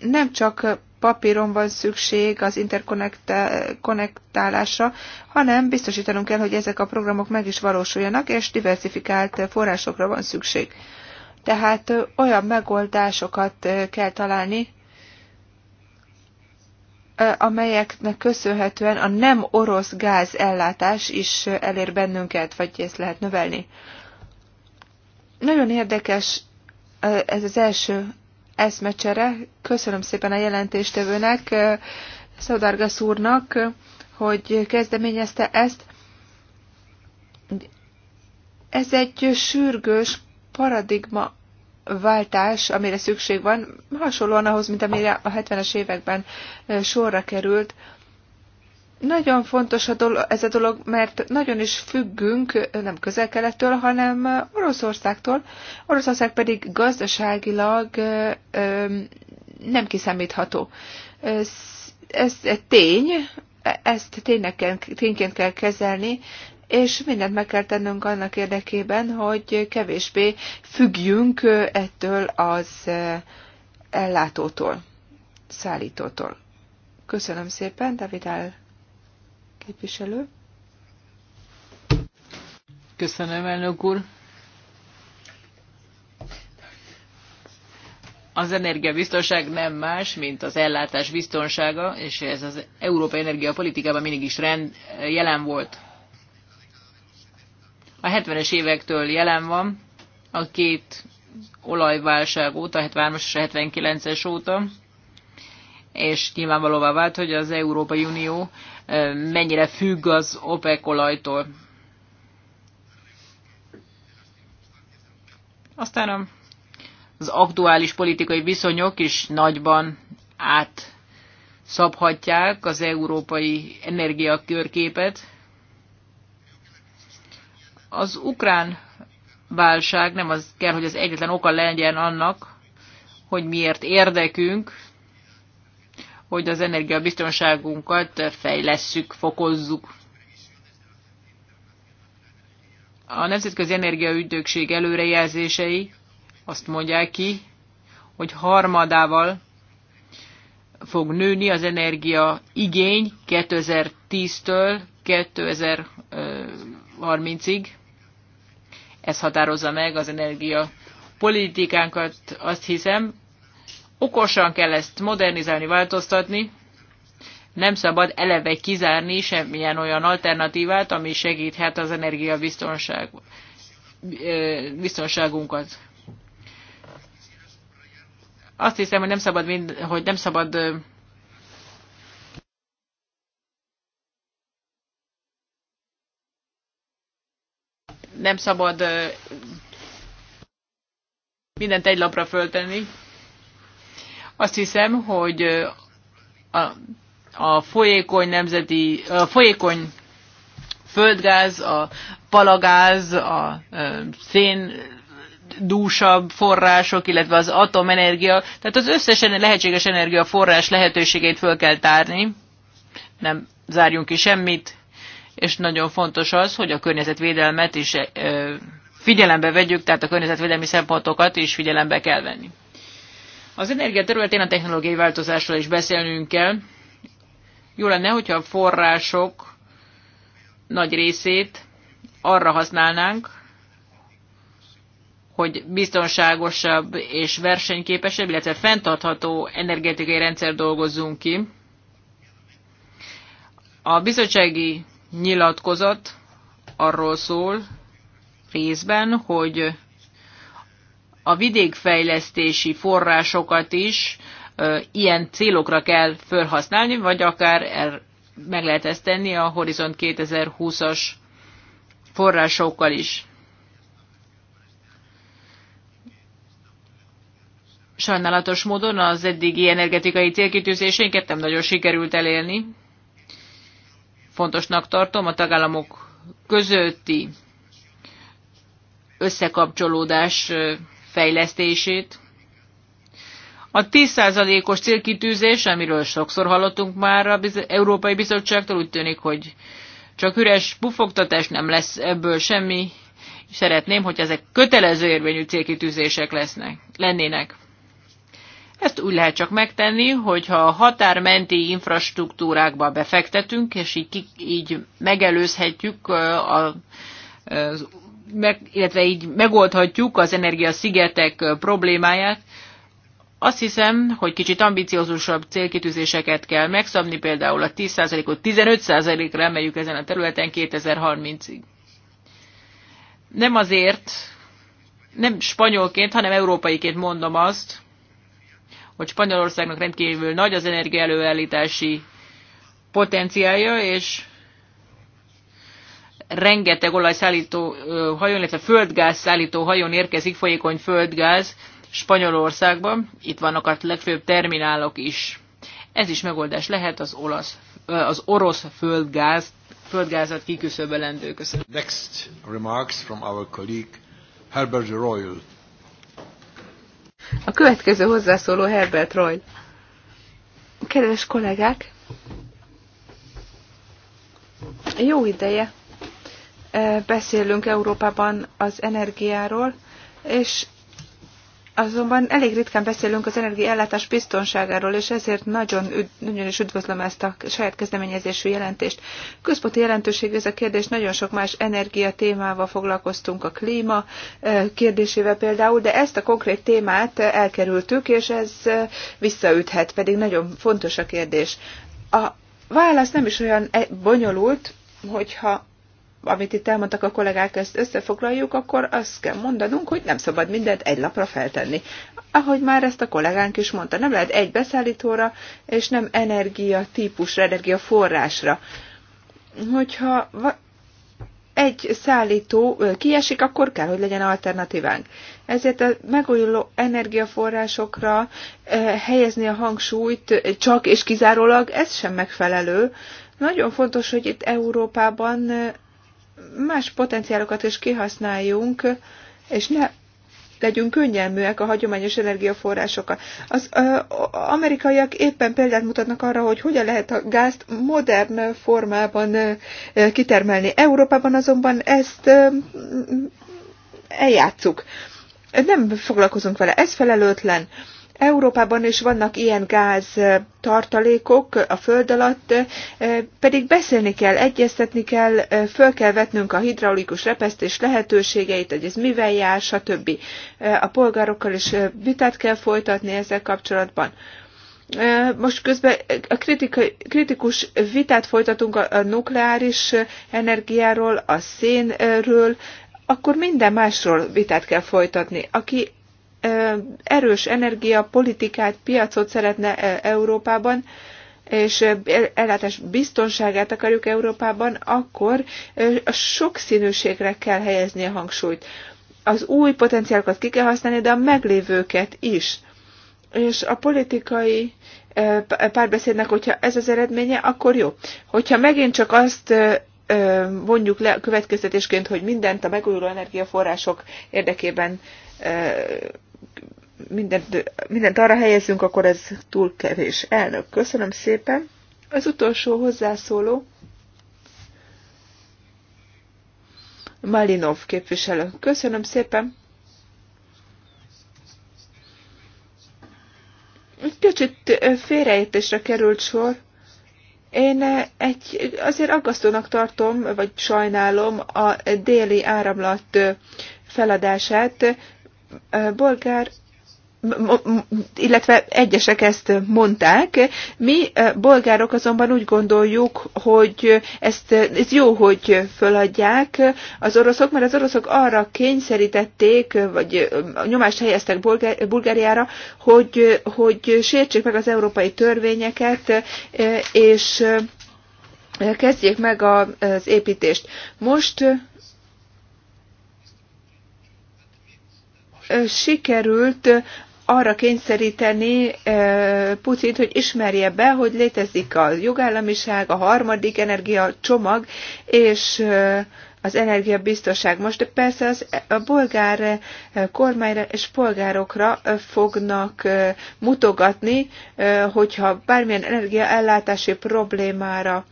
nem csak papíron van szükség az interkonnektálásra, hanem biztosítanunk kell, hogy ezek a programok meg is valósuljanak, és diversifikált forrásokra van szükség. Tehát olyan megoldásokat kell találni, amelyeknek köszönhetően a nem orosz gáz ellátás is elér bennünket, vagy ezt lehet növelni. Nagyon érdekes ez az első eszmecsere. Köszönöm szépen a jelentéstevőnek, Szaudargasz úrnak, hogy kezdeményezte ezt. Ez egy sürgős paradigma váltás, amire szükség van, hasonlóan ahhoz, mint amire a 70-es években sorra került. Nagyon fontos a dolog, ez a dolog, mert nagyon is függünk nem közel-kelettől, hanem Oroszországtól. Oroszország pedig gazdaságilag nem kiszámítható. Ez, ez egy tény, e-, ezt tényként kell kezelni, és mindent meg kell tennünk annak érdekében, hogy kevésbé függjünk ettől az ellátótól, szállítótól. Köszönöm szépen, David Áll képviselő. Köszönöm, elnök úr. az energiabiztonság nem más, mint az ellátás biztonsága, és ez az európai energiapolitikában mindig is rend, jelen volt a 70-es évektől jelen van, a két olajválság óta, 73-as és 79-es óta, és nyilvánvalóvá vált, hogy az Európai Unió mennyire függ az OPEC olajtól. Aztán az aktuális politikai viszonyok is nagyban átszabhatják az európai energiakörképet, az ukrán válság nem az kell, hogy az egyetlen oka legyen annak, hogy miért érdekünk, hogy az energiabiztonságunkat fejlesszük, fokozzuk. A Nemzetközi Energiaügynökség előrejelzései azt mondják ki, hogy harmadával fog nőni az energia igény 2010-től 2030-ig ez határozza meg az energia politikánkat, azt hiszem. Okosan kell ezt modernizálni, változtatni. Nem szabad eleve kizárni semmilyen olyan alternatívát, ami segíthet az energiabiztonság biztonságunkat. Azt hiszem, hogy nem szabad, mind, hogy nem szabad nem szabad mindent egy lapra föltenni. Azt hiszem, hogy a, a folyékony nemzeti, a folyékony földgáz, a palagáz, a szén dúsabb források, illetve az atomenergia, tehát az összes lehetséges energiaforrás lehetőségét föl kell tárni, nem zárjunk ki semmit, és nagyon fontos az, hogy a környezetvédelmet is figyelembe vegyük, tehát a környezetvédelmi szempontokat is figyelembe kell venni. Az energia területén a technológiai változásról is beszélnünk kell. Jó lenne, hogyha a források nagy részét arra használnánk, hogy biztonságosabb és versenyképesebb, illetve fenntartható energetikai rendszer dolgozzunk ki. A bizottsági nyilatkozat arról szól részben, hogy a vidékfejlesztési forrásokat is ilyen célokra kell felhasználni, vagy akár er, meg lehet ezt tenni a Horizont 2020-as forrásokkal is. Sajnálatos módon az eddigi energetikai célkitűzéseinket nem nagyon sikerült elérni. Fontosnak tartom a tagállamok közötti összekapcsolódás fejlesztését. A 10%-os célkitűzés, amiről sokszor hallottunk már az Európai Bizottságtól, úgy tűnik, hogy csak üres bufogtatás nem lesz ebből semmi. Szeretném, hogy ezek kötelező érvényű célkitűzések lesznek, lennének. Ezt úgy lehet csak megtenni, hogyha a határmenti infrastruktúrákba befektetünk, és így, így megelőzhetjük, a, meg, illetve így megoldhatjuk az energiaszigetek problémáját. Azt hiszem, hogy kicsit ambiciózusabb célkitűzéseket kell megszabni, például a 10%-ot 15%-ra emeljük ezen a területen 2030-ig. Nem azért, nem spanyolként, hanem európaiként mondom azt, hogy Spanyolországnak rendkívül nagy az energiaelőállítási potenciálja, és rengeteg olajszállító hajón, illetve földgáz szállító hajón érkezik folyékony földgáz Spanyolországban. Itt vannak a legfőbb terminálok is. Ez is megoldás lehet az, olasz, az orosz földgáz, földgázat kiküszöbölendő. Köszönöm. Next remarks from our colleague Herbert Royal. A következő hozzászóló Herbert Roy. Kedves kollégák, jó ideje eh, beszélünk Európában az energiáról, és Azonban elég ritkán beszélünk az energiaellátás biztonságáról, és ezért nagyon, nagyon is üdvözlöm ezt a saját kezdeményezésű jelentést. Központi jelentőségű ez a kérdés, nagyon sok más energia témával foglalkoztunk, a klíma kérdésével például, de ezt a konkrét témát elkerültük, és ez visszaüthet, pedig nagyon fontos a kérdés. A válasz nem is olyan e- bonyolult, hogyha amit itt elmondtak a kollégák, ezt összefoglaljuk, akkor azt kell mondanunk, hogy nem szabad mindent egy lapra feltenni. Ahogy már ezt a kollégánk is mondta, nem lehet egy beszállítóra, és nem energia típusra, energia forrásra. Hogyha egy szállító kiesik, akkor kell, hogy legyen alternatívánk. Ezért a megújuló energiaforrásokra helyezni a hangsúlyt csak és kizárólag, ez sem megfelelő. Nagyon fontos, hogy itt Európában más potenciálokat is kihasználjunk, és ne legyünk könnyelműek a hagyományos energiaforrásokkal. Az ö, amerikaiak éppen példát mutatnak arra, hogy hogyan lehet a gázt modern formában ö, kitermelni. Európában azonban ezt ö, eljátszuk. Nem foglalkozunk vele, ez felelőtlen. Ö, Európában is vannak ilyen gáz tartalékok a föld alatt, pedig beszélni kell, egyeztetni kell, föl kell vetnünk a hidraulikus repesztés lehetőségeit, hogy ez mivel jár, stb. A polgárokkal is vitát kell folytatni ezzel kapcsolatban. Most közben a kritikus vitát folytatunk a, a nukleáris energiáról, a szénről, akkor minden másról vitát kell folytatni. Aki erős energiapolitikát, piacot szeretne Európában, és ellátás biztonságát akarjuk Európában, akkor a sokszínűségre kell helyezni a hangsúlyt. Az új potenciálokat ki kell használni, de a meglévőket is. És a politikai párbeszédnek, hogyha ez az eredménye, akkor jó. Hogyha megint csak azt vonjuk le következtetésként, hogy mindent a megújuló energiaforrások érdekében mindent, mindent arra helyezünk, akkor ez túl kevés. Elnök, köszönöm szépen. Az utolsó hozzászóló. Malinov képviselő. Köszönöm szépen. Kicsit félreértésre került sor. Én egy, azért aggasztónak tartom, vagy sajnálom a déli áramlat feladását bolgár illetve egyesek ezt mondták. Mi bolgárok azonban úgy gondoljuk, hogy ezt, ez jó, hogy föladják az oroszok, mert az oroszok arra kényszerítették, vagy nyomást helyeztek Bulgáriára, hogy, hogy sértsék meg az európai törvényeket, és kezdjék meg az építést. Most sikerült arra kényszeríteni Putyint, hogy ismerje be, hogy létezik a jogállamiság, a harmadik energiacsomag, és az energiabiztonság. Most persze az, a bolgár kormányra és polgárokra fognak mutogatni, hogyha bármilyen energiaellátási problémára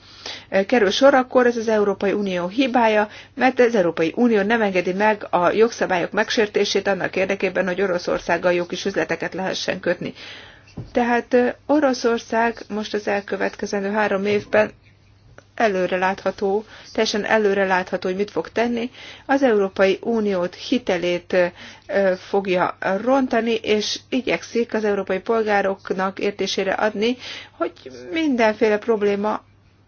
kerül sor, akkor ez az Európai Unió hibája, mert az Európai Unió nem engedi meg a jogszabályok megsértését annak érdekében, hogy Oroszországgal jó kis üzleteket lehessen kötni. Tehát Oroszország most az elkövetkezendő három évben előrelátható, teljesen előrelátható, hogy mit fog tenni. Az Európai Uniót hitelét fogja rontani, és igyekszik az európai polgároknak értésére adni, hogy mindenféle probléma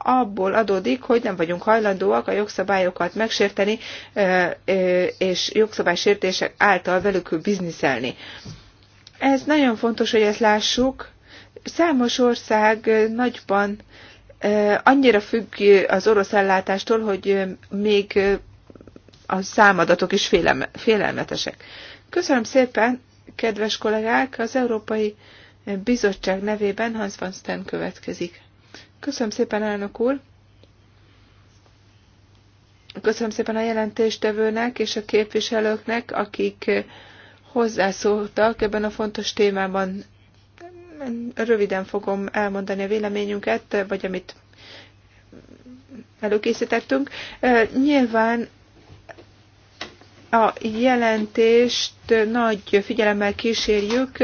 abból adódik, hogy nem vagyunk hajlandóak a jogszabályokat megsérteni, és jogszabálysértések által velük bizniszelni. Ez nagyon fontos, hogy ezt lássuk. Számos ország nagyban annyira függ az orosz ellátástól, hogy még a számadatok is félelmetesek. Köszönöm szépen, kedves kollégák, az Európai Bizottság nevében Hans van Sten következik. Köszönöm szépen, elnök úr! Köszönöm szépen a jelentéstevőnek és a képviselőknek, akik hozzászóltak ebben a fontos témában. Röviden fogom elmondani a véleményünket, vagy amit előkészítettünk. Nyilván a jelentést nagy figyelemmel kísérjük,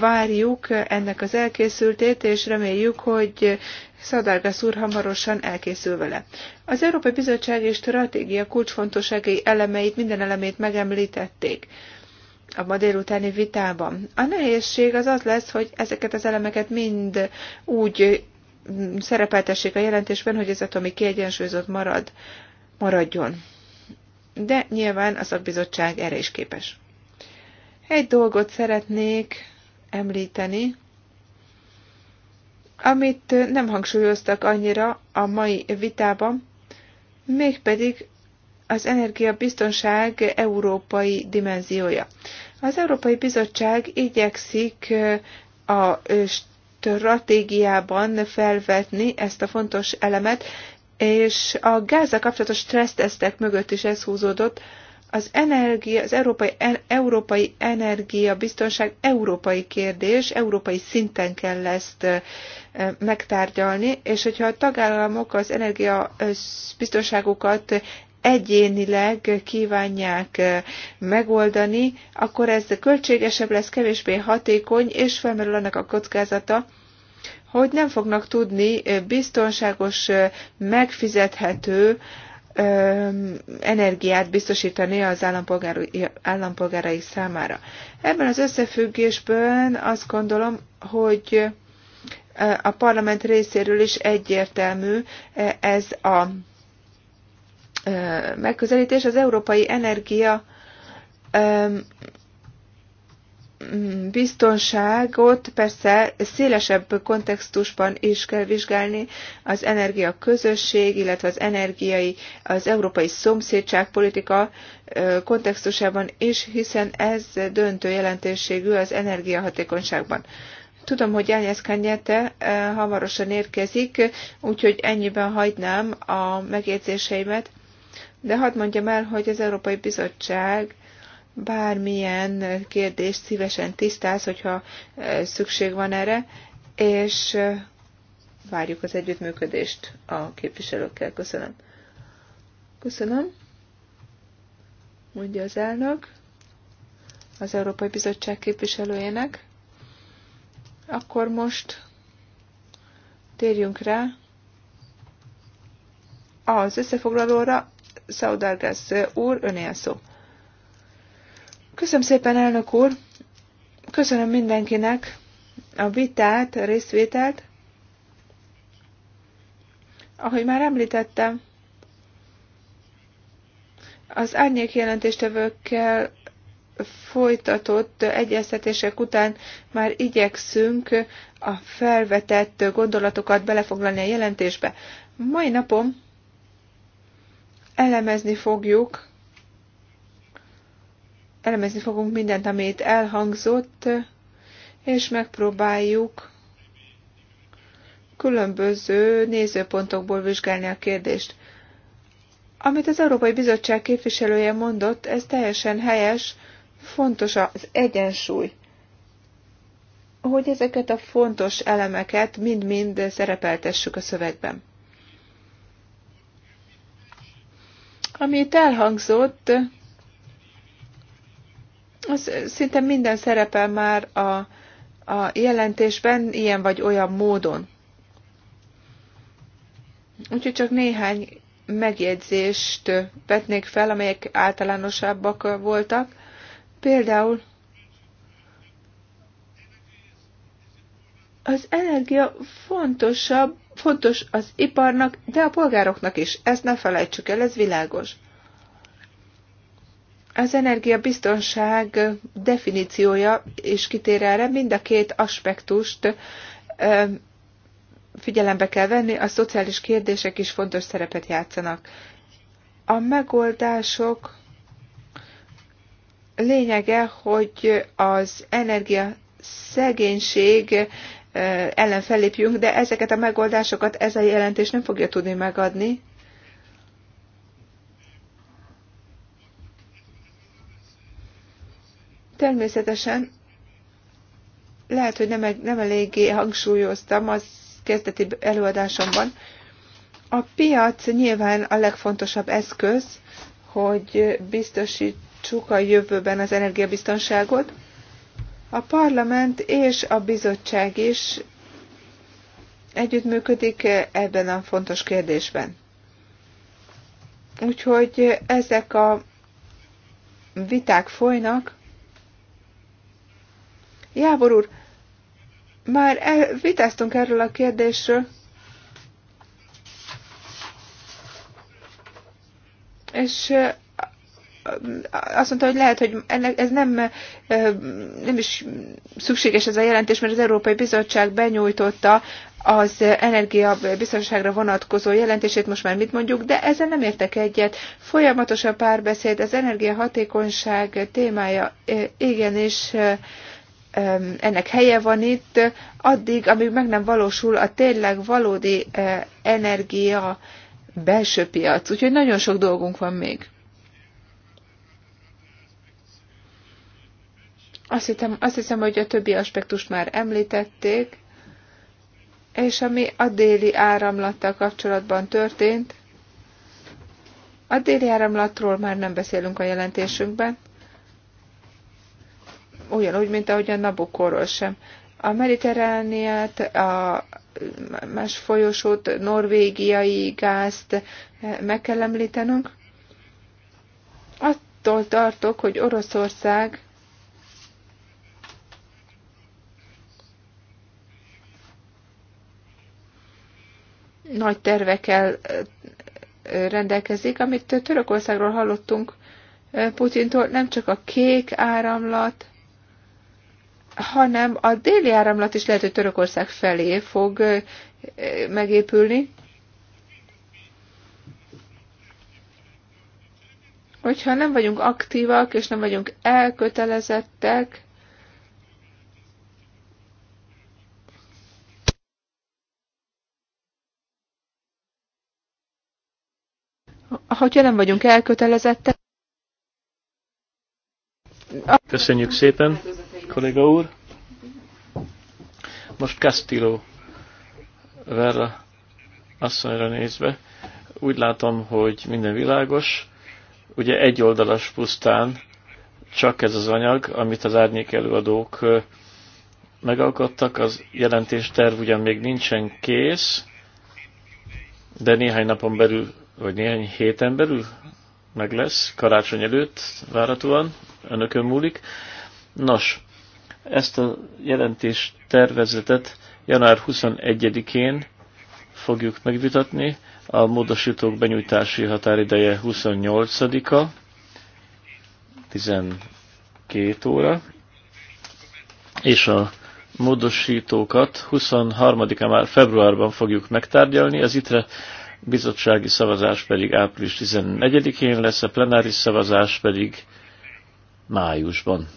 várjuk ennek az elkészültét, és reméljük, hogy Szadárgász úr hamarosan elkészül vele. Az Európai Bizottság és Stratégia kulcsfontossági elemeit, minden elemét megemlítették a ma délutáni vitában. A nehézség az az lesz, hogy ezeket az elemeket mind úgy mm, szerepeltessék a jelentésben, hogy ez a Tomi kiegyensúlyozott marad, maradjon. De nyilván a szakbizottság erre is képes. Egy dolgot szeretnék említeni, amit nem hangsúlyoztak annyira a mai vitában, mégpedig az energiabiztonság európai dimenziója. Az Európai Bizottság igyekszik a stratégiában felvetni ezt a fontos elemet, és a gázzal kapcsolatos stressztesztek mögött is ez húzódott, az, energia, az európai, en, európai energiabiztonság európai kérdés, európai szinten kell ezt megtárgyalni, és hogyha a tagállamok az energiabiztonságukat egyénileg kívánják eh, megoldani, akkor ez költségesebb lesz, kevésbé hatékony, és felmerül annak a kockázata, hogy nem fognak tudni eh, biztonságos, eh, megfizethető energiát biztosítani az állampolgárai számára. Ebben az összefüggésben azt gondolom, hogy a parlament részéről is egyértelmű ez a megközelítés. Az európai energia biztonságot persze szélesebb kontextusban is kell vizsgálni, az energia közösség, illetve az energiai, az európai szomszédság politika kontextusában is, hiszen ez döntő jelentőségű az energiahatékonyságban. Tudom, hogy Ányász Kanyete hamarosan érkezik, úgyhogy ennyiben hagynám a megjegyzéseimet. De hadd mondjam el, hogy az Európai Bizottság bármilyen kérdést szívesen tisztáz, hogyha e, szükség van erre, és e, várjuk az együttműködést a képviselőkkel. Köszönöm. Köszönöm, mondja az elnök az Európai Bizottság képviselőjének. Akkor most térjünk rá az összefoglalóra, Saudargas úr, a szó. Köszönöm szépen, elnök úr! Köszönöm mindenkinek a vitát, a részvételt. Ahogy már említettem, az árnyék jelentéstevőkkel folytatott egyeztetések után már igyekszünk a felvetett gondolatokat belefoglalni a jelentésbe. Mai napom elemezni fogjuk, elemezni fogunk mindent, amit elhangzott, és megpróbáljuk különböző nézőpontokból vizsgálni a kérdést. Amit az Európai Bizottság képviselője mondott, ez teljesen helyes, fontos az egyensúly. Hogy ezeket a fontos elemeket mind-mind szerepeltessük a szövegben. amit elhangzott, az szinte minden szerepel már a, a jelentésben, ilyen vagy olyan módon. Úgyhogy csak néhány megjegyzést vetnék fel, amelyek általánosabbak voltak. Például Az energia fontosabb, fontos az iparnak, de a polgároknak is. Ezt ne felejtsük el, ez világos. Az energia biztonság definíciója és kitér erre, mind a két aspektust figyelembe kell venni, a szociális kérdések is fontos szerepet játszanak. A megoldások lényege, hogy az energia szegénység ellen fellépjünk, de ezeket a megoldásokat ez a jelentés nem fogja tudni megadni. Természetesen lehet, hogy nem, e- nem eléggé hangsúlyoztam az kezdeti előadásomban. A piac nyilván a legfontosabb eszköz, hogy biztosítsuk a jövőben az energiabiztonságot. A parlament és a bizottság is együttműködik ebben a fontos kérdésben. Úgyhogy ezek a viták folynak. Jábor úr, már el, vitáztunk erről a kérdésről, és azt mondta, hogy lehet, hogy ennek, ez nem, nem is szükséges ez a jelentés, mert az Európai Bizottság benyújtotta az energiabiztonságra vonatkozó jelentését most már mit mondjuk, de ezzel nem értek egyet. Folyamatos a párbeszéd, az energiahatékonyság témája igenis ennek helye van itt, addig, amíg meg nem valósul a tényleg valódi energia belső piac. Úgyhogy nagyon sok dolgunk van még. Azt hiszem, azt hiszem, hogy a többi aspektust már említették, és ami a déli áramlattal kapcsolatban történt, a déli áramlatról már nem beszélünk a jelentésünkben, ugyanúgy, mint ahogy a Nabukóról sem. A Mediterrániát, a más folyosót, norvégiai gázt meg kell említenünk. Attól tartok, hogy Oroszország nagy tervekkel rendelkezik, amit Törökországról hallottunk Putyintól, nem csak a kék áramlat, hanem a déli áramlat is lehet, hogy Törökország felé fog megépülni. Hogyha nem vagyunk aktívak, és nem vagyunk elkötelezettek, Ha nem vagyunk elkötelezettek, Köszönjük szépen, kolléga úr. Most Castillo Verra asszonyra nézve, úgy látom, hogy minden világos. Ugye egy oldalas pusztán csak ez az anyag, amit az árnyék előadók megalkottak, az jelentésterv ugyan még nincsen kész, de néhány napon belül vagy néhány héten belül meg lesz, karácsony előtt váratóan, önökön múlik. Nos, ezt a jelentés tervezetet január 21-én fogjuk megvitatni, a módosítók benyújtási határideje 28-a, 12 óra, és a módosítókat 23-án már februárban fogjuk megtárgyalni, az ITRE bizottsági szavazás pedig április 14-én lesz, a plenáris szavazás pedig májusban.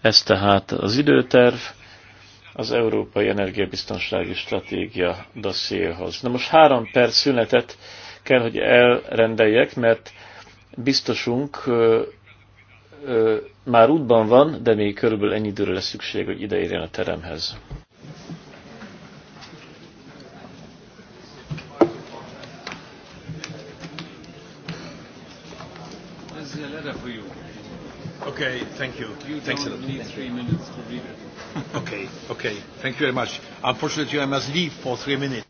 Ez tehát az időterv az Európai Energiabiztonsági Stratégia dossziéhoz. Na most három perc szünetet kell, hogy elrendeljek, mert biztosunk ö, ö, már útban van, de még körülbelül ennyi időre lesz szükség, hogy ideérjen a teremhez. Thank you. you Thanks a lot. Need three minutes to read it. okay, okay. Thank you very much. Unfortunately, I must leave for three minutes.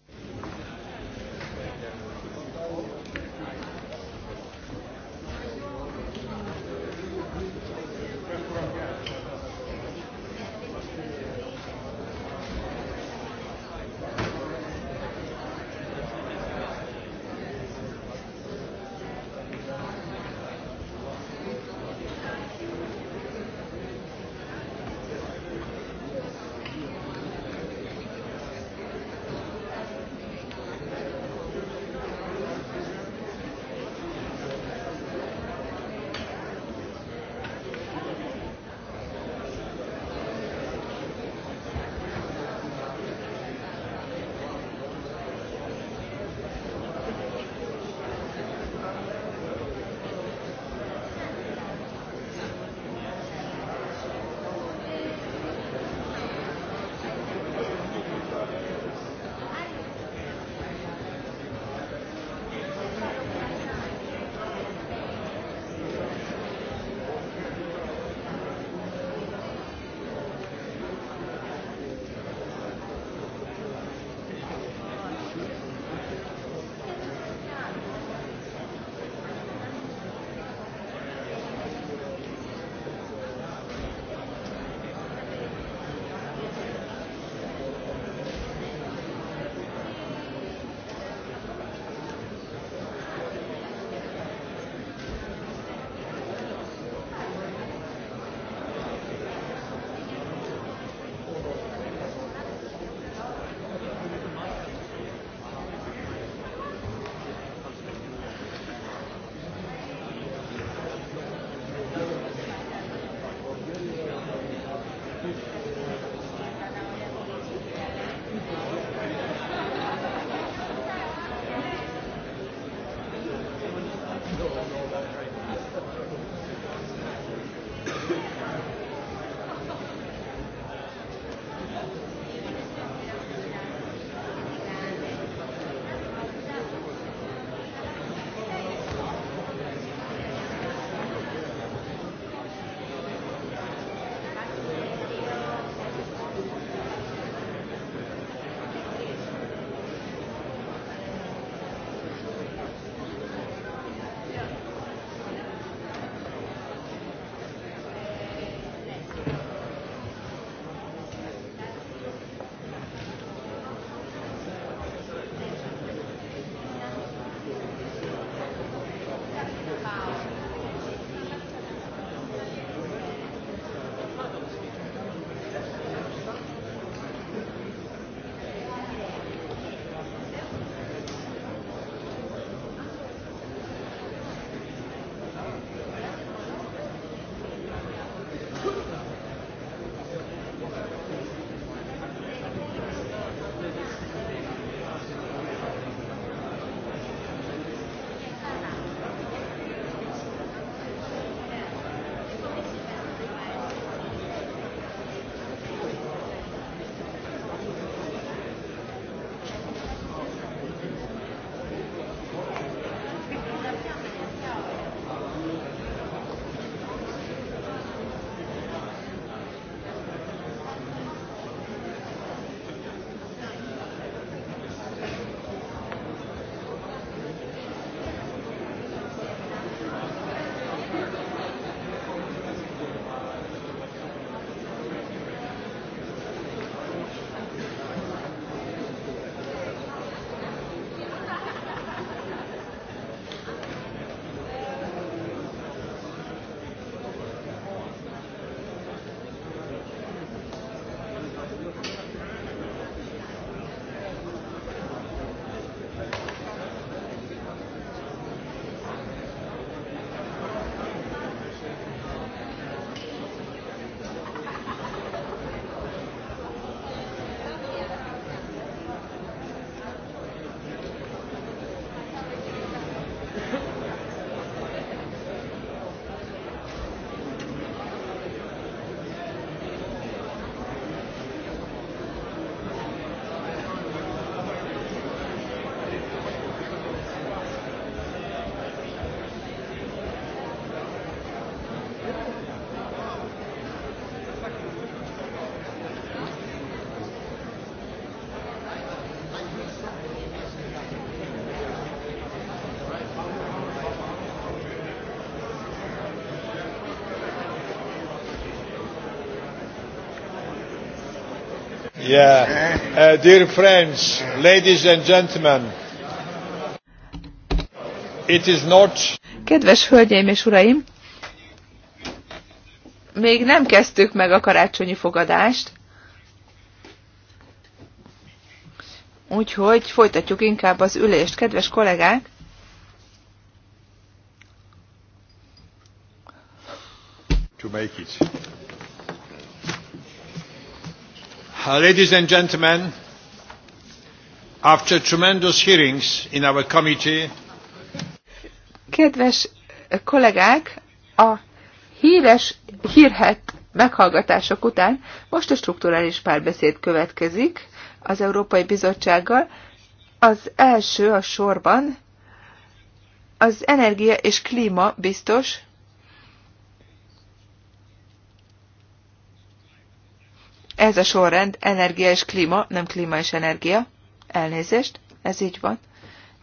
Yeah. Uh, dear friends, ladies and gentlemen, it is not... Kedves hölgyeim és uraim, még nem kezdtük meg a karácsonyi fogadást, úgyhogy folytatjuk inkább az ülést. Kedves kollégák, to make it. Uh, ladies and gentlemen, after tremendous hearings in our committee, Kedves kollégák, a híres, hírhet meghallgatások után most a strukturális párbeszéd következik az Európai Bizottsággal. Az első a sorban az energia és klíma biztos, ez a sorrend energia és klíma, nem klíma és energia. Elnézést, ez így van.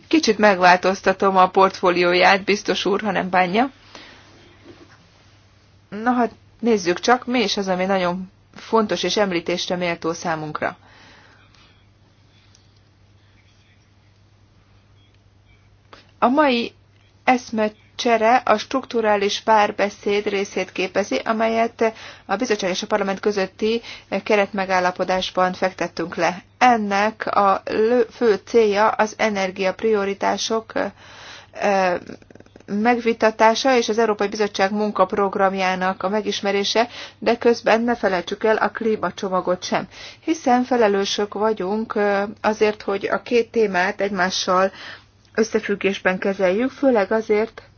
Kicsit megváltoztatom a portfólióját, biztos úr, ha nem bánja. Na hát nézzük csak, mi is az, ami nagyon fontos és említésre méltó számunkra. A mai eszmet csere a strukturális párbeszéd részét képezi, amelyet a bizottság és a parlament közötti keretmegállapodásban fektettünk le. Ennek a fő célja az energiaprioritások megvitatása és az Európai Bizottság munkaprogramjának a megismerése, de közben ne felejtsük el a klímacsomagot sem, hiszen felelősök vagyunk azért, hogy a két témát egymással összefüggésben kezeljük, főleg azért,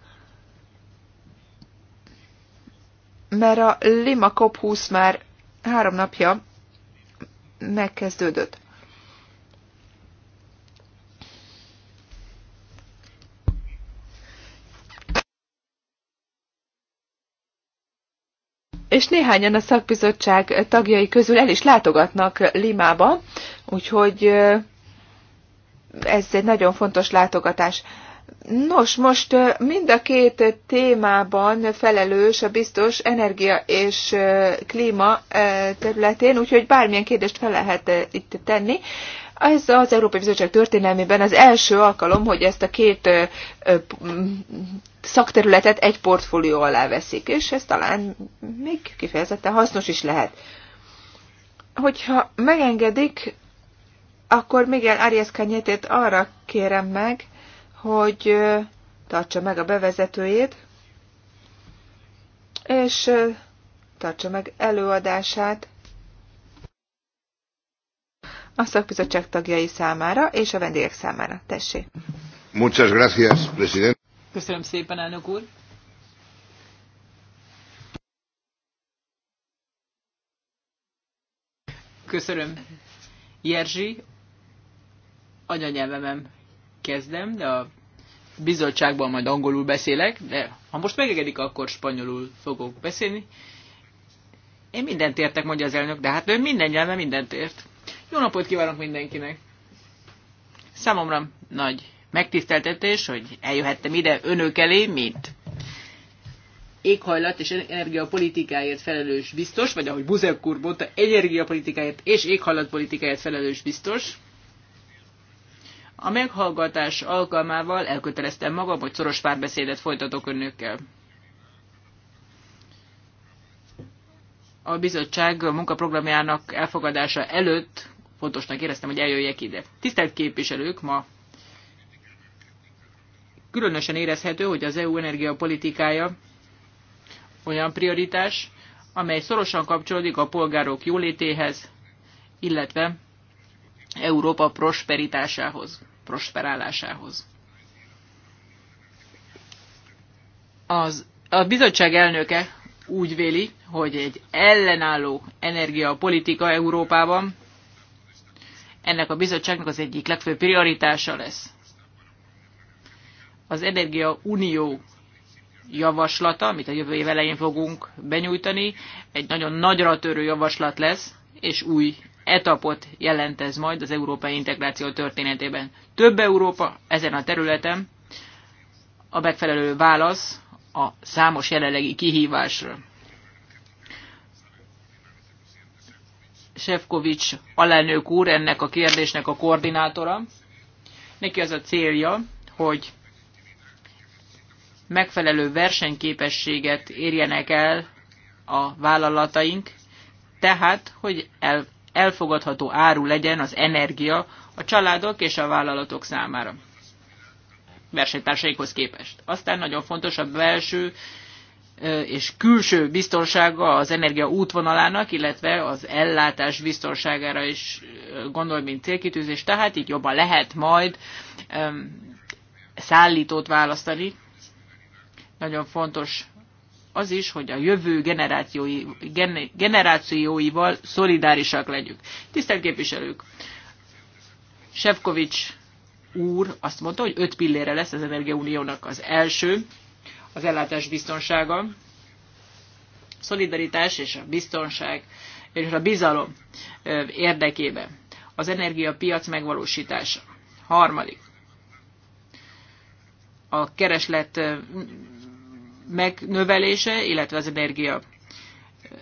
mert a Lima COP20 már három napja megkezdődött. és néhányan a szakbizottság tagjai közül el is látogatnak Limába, úgyhogy ez egy nagyon fontos látogatás. Nos, most mind a két témában felelős a biztos energia és klíma területén, úgyhogy bármilyen kérdést fel lehet itt tenni. Ez az Európai Bizottság történelmében az első alkalom, hogy ezt a két szakterületet egy portfólió alá veszik, és ez talán még kifejezetten hasznos is lehet. Hogyha megengedik, akkor Miguel Arias Kanyetét arra kérem meg, hogy tartsa meg a bevezetőjét, és tartsa meg előadását a szakbizottság tagjai számára és a vendégek számára. Tessék! Muchas gracias, president. Köszönöm szépen, elnök úr! Köszönöm, Jerzy, anyanyelvemem kezdem, de a bizottságban majd angolul beszélek, de ha most megegedik, akkor spanyolul fogok beszélni. Én mindent értek, mondja az elnök, de hát ő minden nyelven mindent ért. Jó napot kívánok mindenkinek! Számomra nagy megtiszteltetés, hogy eljöhettem ide önök elé, mint éghajlat és energiapolitikáért felelős biztos, vagy ahogy Buzek úr mondta, energiapolitikáért és éghajlatpolitikáért felelős biztos. A meghallgatás alkalmával elköteleztem magam, hogy szoros párbeszédet folytatok önökkel. A bizottság munkaprogramjának elfogadása előtt fontosnak éreztem, hogy eljöjjek ide. Tisztelt képviselők, ma különösen érezhető, hogy az EU energiapolitikája olyan prioritás, amely szorosan kapcsolódik a polgárok jólétéhez, illetve Európa prosperitásához prosperálásához. Az, a bizottság elnöke úgy véli, hogy egy ellenálló energiapolitika Európában ennek a bizottságnak az egyik legfőbb prioritása lesz. Az Energia Unió javaslata, amit a jövő év elején fogunk benyújtani, egy nagyon nagyra törő javaslat lesz, és új etapot jelent ez majd az európai integráció történetében. Több Európa ezen a területen a megfelelő válasz a számos jelenlegi kihívásra. Sefcovics alelnök úr ennek a kérdésnek a koordinátora. Neki az a célja, hogy megfelelő versenyképességet érjenek el a vállalataink, tehát, hogy el elfogadható áru legyen az energia a családok és a vállalatok számára versenytársaikhoz képest. Aztán nagyon fontos a belső és külső biztonsága az energia útvonalának, illetve az ellátás biztonságára is gondol, mint célkitűzés, tehát így jobban lehet majd szállítót választani. Nagyon fontos az is, hogy a jövő generációi, gen, generációival szolidárisak legyünk. Tisztelt képviselők! Sefcovics úr azt mondta, hogy öt pillére lesz az Energiauniónak az első, az ellátás biztonsága, szolidaritás és a biztonság és a bizalom érdekében. Az energiapiac megvalósítása. Harmadik. A kereslet megnövelése, illetve az energia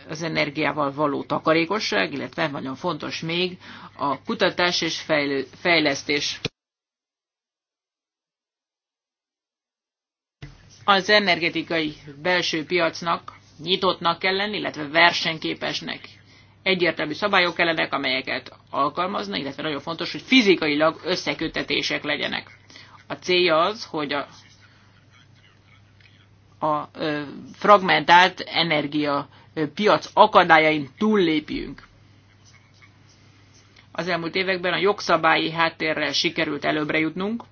az energiával való takarékosság, illetve nagyon fontos még a kutatás és fejlesztés. Az energetikai belső piacnak nyitottnak kell lenni, illetve versenyképesnek. Egyértelmű szabályok kellenek, amelyeket alkalmazna, illetve nagyon fontos, hogy fizikailag összekötetések legyenek. A célja az, hogy a a fragmentált energia piac akadályain túllépjünk. Az elmúlt években a jogszabályi háttérrel sikerült előbbre jutnunk.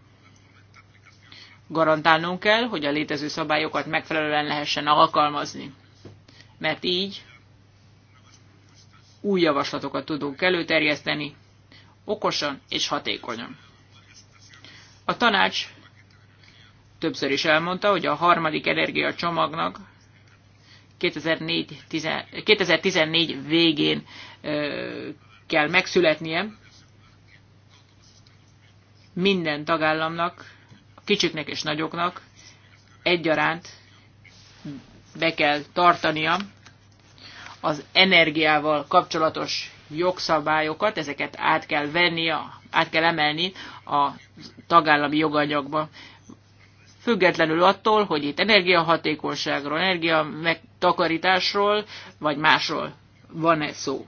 Garantálnunk kell, hogy a létező szabályokat megfelelően lehessen alkalmazni. Mert így új javaslatokat tudunk előterjeszteni, okosan és hatékonyan. A tanács többször is elmondta, hogy a harmadik energiacsomagnak 2004, 2014 végén kell megszületnie minden tagállamnak, kicsiknek és nagyoknak egyaránt be kell tartania az energiával kapcsolatos jogszabályokat, ezeket át kell venni, át kell emelni a tagállami joganyagba függetlenül attól, hogy itt energiahatékonyságról, energia megtakarításról, vagy másról van-e szó.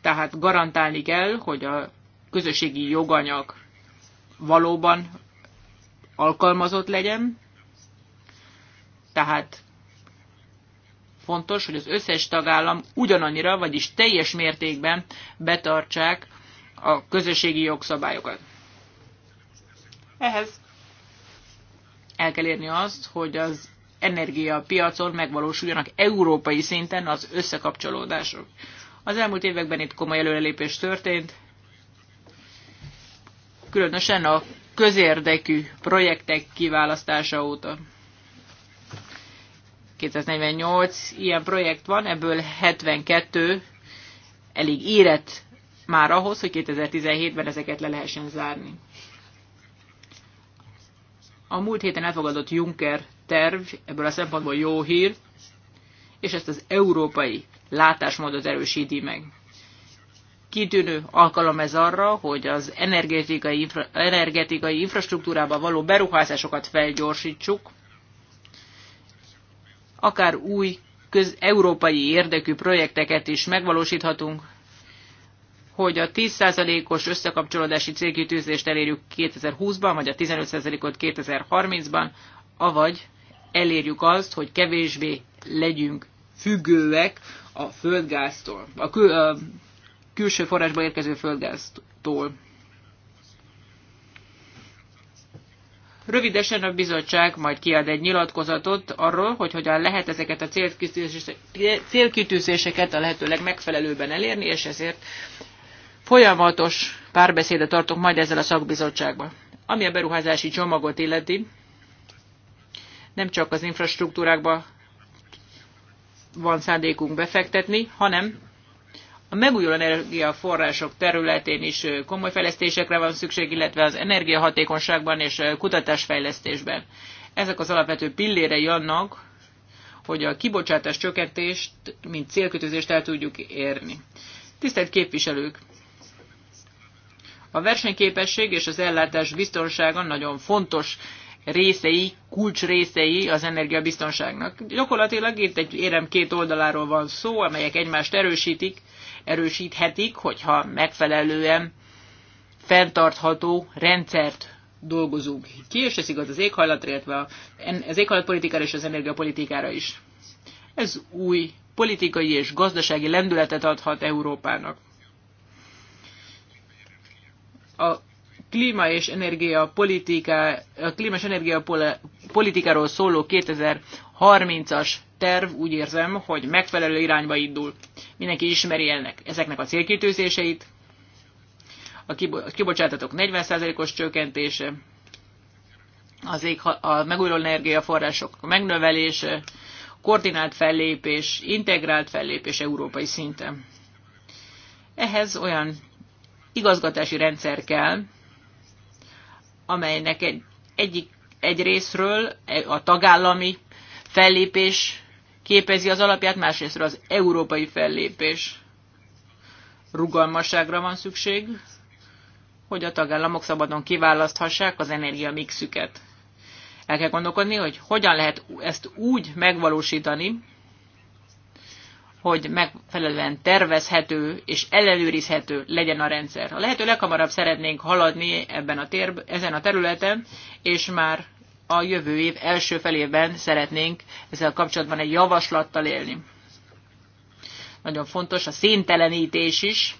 Tehát garantálni kell, hogy a közösségi joganyag valóban alkalmazott legyen, tehát fontos, hogy az összes tagállam ugyanannyira, vagyis teljes mértékben betartsák a közösségi jogszabályokat. Ehhez el kell érni azt, hogy az energiapiacon megvalósuljanak európai szinten az összekapcsolódások. Az elmúlt években itt komoly előrelépés történt, különösen a közérdekű projektek kiválasztása óta. 2048 ilyen projekt van, ebből 72 elég érett már ahhoz, hogy 2017-ben ezeket le lehessen zárni. A múlt héten elfogadott Juncker terv ebből a szempontból jó hír, és ezt az európai látásmódot erősíti meg. Kitűnő alkalom ez arra, hogy az energetikai, infra, energetikai infrastruktúrába való beruházásokat felgyorsítsuk, akár új köz, európai érdekű projekteket is megvalósíthatunk, hogy a 10%-os összekapcsolódási célkitűzést elérjük 2020-ban, vagy a 15%-ot 2030-ban, avagy elérjük azt, hogy kevésbé legyünk függőek a földgáztól, a, kül, a külső forrásba érkező földgáztól. Rövidesen a bizottság majd kiad egy nyilatkozatot arról, hogy hogyan lehet ezeket a célkitűzéseket a lehető legmegfelelőbben elérni, és ezért Folyamatos párbeszédet tartok majd ezzel a szakbizottságban. Ami a beruházási csomagot illeti, nem csak az infrastruktúrákba van szándékunk befektetni, hanem a megújuló energiaforrások területén is komoly fejlesztésekre van szükség, illetve az energiahatékonyságban és kutatásfejlesztésben. Ezek az alapvető pillérei annak, hogy a kibocsátás csökkentést, mint célkötözést el tudjuk érni. Tisztelt képviselők! A versenyképesség és az ellátás biztonsága nagyon fontos részei, kulcs részei az energiabiztonságnak. Gyakorlatilag itt egy érem két oldaláról van szó, amelyek egymást erősítik, erősíthetik, hogyha megfelelően fenntartható rendszert dolgozunk ki, és ez igaz az éghajlatra, illetve az éghajlatpolitikára és az energiapolitikára is. Ez új politikai és gazdasági lendületet adhat Európának a klíma és energia politiká, a klíma és energia politikáról szóló 2030-as terv úgy érzem, hogy megfelelő irányba indul. Mindenki ismeri ennek, ezeknek a célkitűzéseit, a kibocsátatok 40%-os csökkentése, az ég, a megújuló energiaforrások megnövelése, koordinált fellépés, integrált fellépés európai szinten. Ehhez olyan igazgatási rendszer kell, amelynek egy, egyik, egy részről a tagállami fellépés képezi az alapját, másrésztről az európai fellépés rugalmasságra van szükség, hogy a tagállamok szabadon kiválaszthassák az energiamixüket. El kell gondolkodni, hogy hogyan lehet ezt úgy megvalósítani, hogy megfelelően tervezhető és ellenőrizhető legyen a rendszer. A lehető leghamarabb szeretnénk haladni ebben a tér, ezen a területen, és már a jövő év első felében szeretnénk ezzel kapcsolatban egy javaslattal élni. Nagyon fontos a szintelenítés is.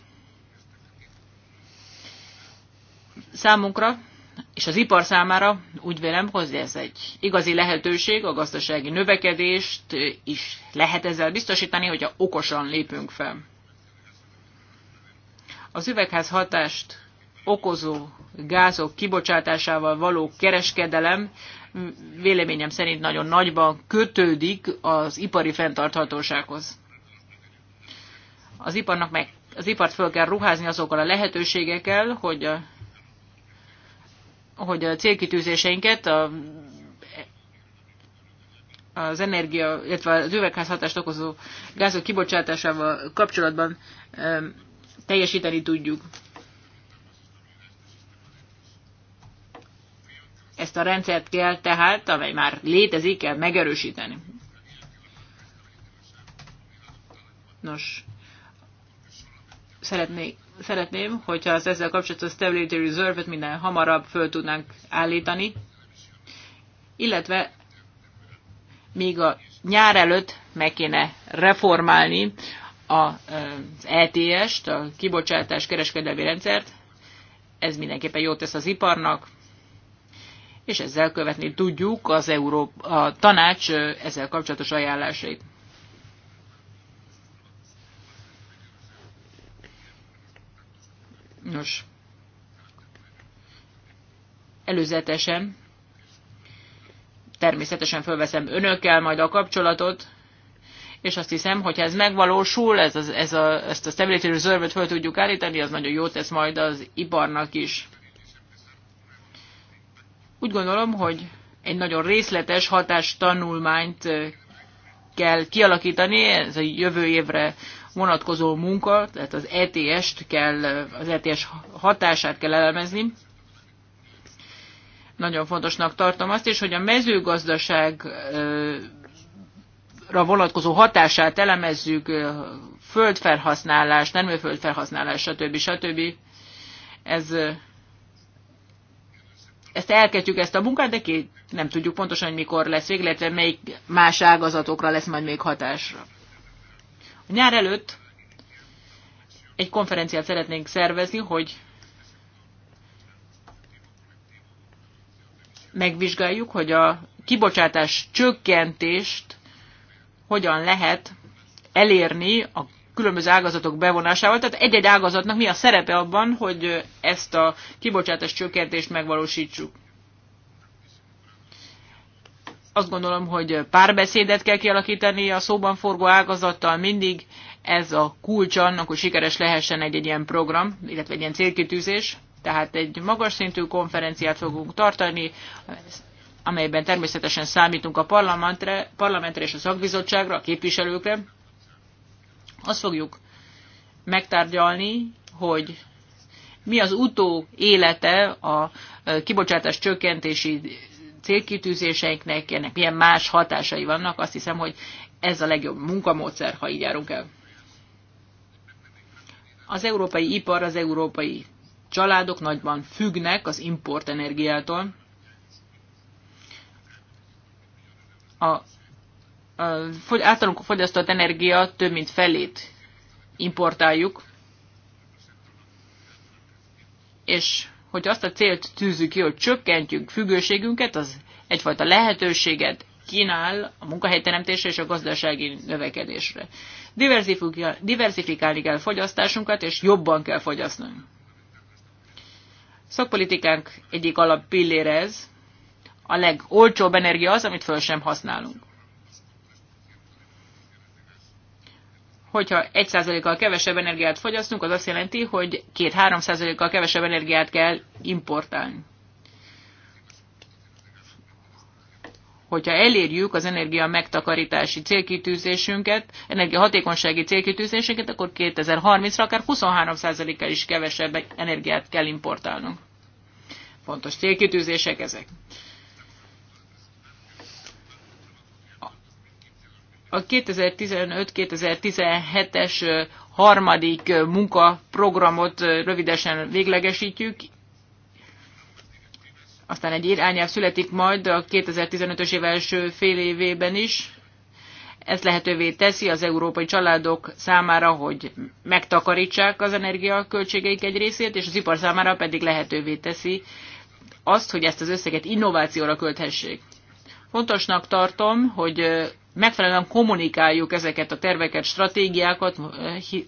Számunkra és az ipar számára úgy vélem, hogy ez egy igazi lehetőség, a gazdasági növekedést is lehet ezzel biztosítani, hogyha okosan lépünk fel. Az üvegház hatást okozó gázok kibocsátásával való kereskedelem véleményem szerint nagyon nagyban kötődik az ipari fenntarthatósághoz. Az iparnak meg az ipart föl kell ruházni azokkal a lehetőségekkel, hogy a hogy a célkitűzéseinket a, az energia, illetve az üvegházhatást okozó gázok kibocsátásával kapcsolatban e, teljesíteni tudjuk. Ezt a rendszert kell tehát, amely már létezik, kell megerősíteni. Nos, szeretnék szeretném, hogyha az ezzel kapcsolatos Stability Reserve-et minden hamarabb föl tudnánk állítani, illetve még a nyár előtt meg kéne reformálni az ETS-t, a kibocsátás kereskedelmi rendszert. Ez mindenképpen jót tesz az iparnak, és ezzel követni tudjuk az Európa, a tanács ezzel kapcsolatos ajánlásait. Nos, előzetesen, természetesen fölveszem önökkel majd a kapcsolatot, és azt hiszem, hogy ez megvalósul, ez, az, ez a, ezt a Stability Reserve-et föl tudjuk állítani, az nagyon jót tesz majd az iparnak is. Úgy gondolom, hogy egy nagyon részletes hatástanulmányt kell kialakítani, ez a jövő évre vonatkozó munka, tehát az ETS-t kell, az ETS hatását kell elemezni. Nagyon fontosnak tartom azt is, hogy a mezőgazdaságra vonatkozó hatását elemezzük, földfelhasználás, termőföldfelhasználás, stb. stb. Ez ezt elkezdjük ezt a munkát, de ki nem tudjuk pontosan, hogy mikor lesz végletve, melyik más ágazatokra lesz majd még hatásra. A nyár előtt egy konferenciát szeretnénk szervezni, hogy megvizsgáljuk, hogy a kibocsátás csökkentést hogyan lehet elérni a különböző ágazatok bevonásával. Tehát egy-egy ágazatnak mi a szerepe abban, hogy ezt a kibocsátás csökkentést megvalósítsuk azt gondolom, hogy párbeszédet kell kialakítani a szóban forgó ágazattal mindig. Ez a kulcs annak, hogy sikeres lehessen egy, egy ilyen program, illetve egy ilyen célkitűzés. Tehát egy magas szintű konferenciát fogunk tartani, amelyben természetesen számítunk a parlamentre, parlamentre és a szakbizottságra, a képviselőkre. Azt fogjuk megtárgyalni, hogy mi az utó élete a kibocsátás csökkentési célkitűzéseinknek, ennek milyen más hatásai vannak, azt hiszem, hogy ez a legjobb munkamódszer, ha így járunk el. Az európai ipar, az európai családok nagyban függnek az import energiától. A, a általunk fogyasztott energia több mint felét importáljuk, és hogy azt a célt tűzzük ki, hogy csökkentjük függőségünket, az egyfajta lehetőséget kínál a munkahelyteremtésre és a gazdasági növekedésre. Diversifikálni kell fogyasztásunkat, és jobban kell fogyasztanunk. Szakpolitikánk egyik alap pillére ez, a legolcsóbb energia az, amit föl sem használunk. hogyha 1%-kal kevesebb energiát fogyasztunk, az azt jelenti, hogy 2-3%-kal kevesebb energiát kell importálni. Hogyha elérjük az energia megtakarítási célkitűzésünket, hatékonysági célkitűzésünket, akkor 2030-ra akár 23%-kal is kevesebb energiát kell importálnunk. Fontos célkitűzések ezek. A 2015-2017-es harmadik munkaprogramot rövidesen véglegesítjük, aztán egy irányelv születik majd a 2015-ös év első fél évében is. Ez lehetővé teszi az európai családok számára, hogy megtakarítsák az energiaköltségeik egy részét, és az ipar számára pedig lehetővé teszi azt, hogy ezt az összeget innovációra költhessék. Fontosnak tartom, hogy megfelelően kommunikáljuk ezeket a terveket, stratégiákat,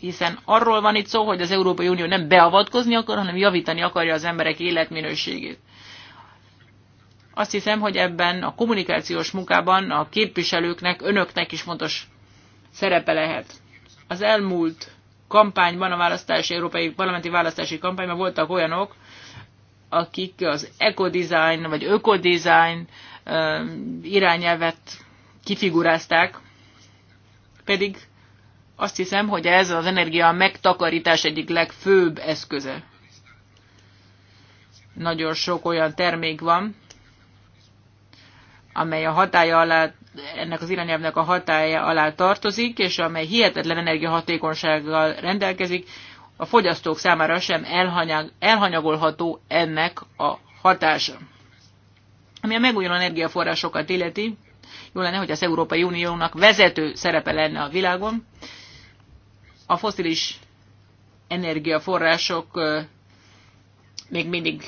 hiszen arról van itt szó, hogy az Európai Unió nem beavatkozni akar, hanem javítani akarja az emberek életminőségét. Azt hiszem, hogy ebben a kommunikációs munkában a képviselőknek, önöknek is fontos szerepe lehet. Az elmúlt kampányban, a választási, európai parlamenti választási kampányban voltak olyanok, akik az ekodizájn vagy ökodizájn irányelvet kifigurázták, pedig azt hiszem, hogy ez az energia megtakarítás egyik legfőbb eszköze. Nagyon sok olyan termék van, amely a hatája alá, ennek az irányelvnek a hatája alá tartozik, és amely hihetetlen energiahatékonysággal rendelkezik, a fogyasztók számára sem elhanyag, elhanyagolható ennek a hatása. Ami a megújuló energiaforrásokat illeti, jó lenne, hogy az Európai Uniónak vezető szerepe lenne a világon. A foszilis energiaforrások még mindig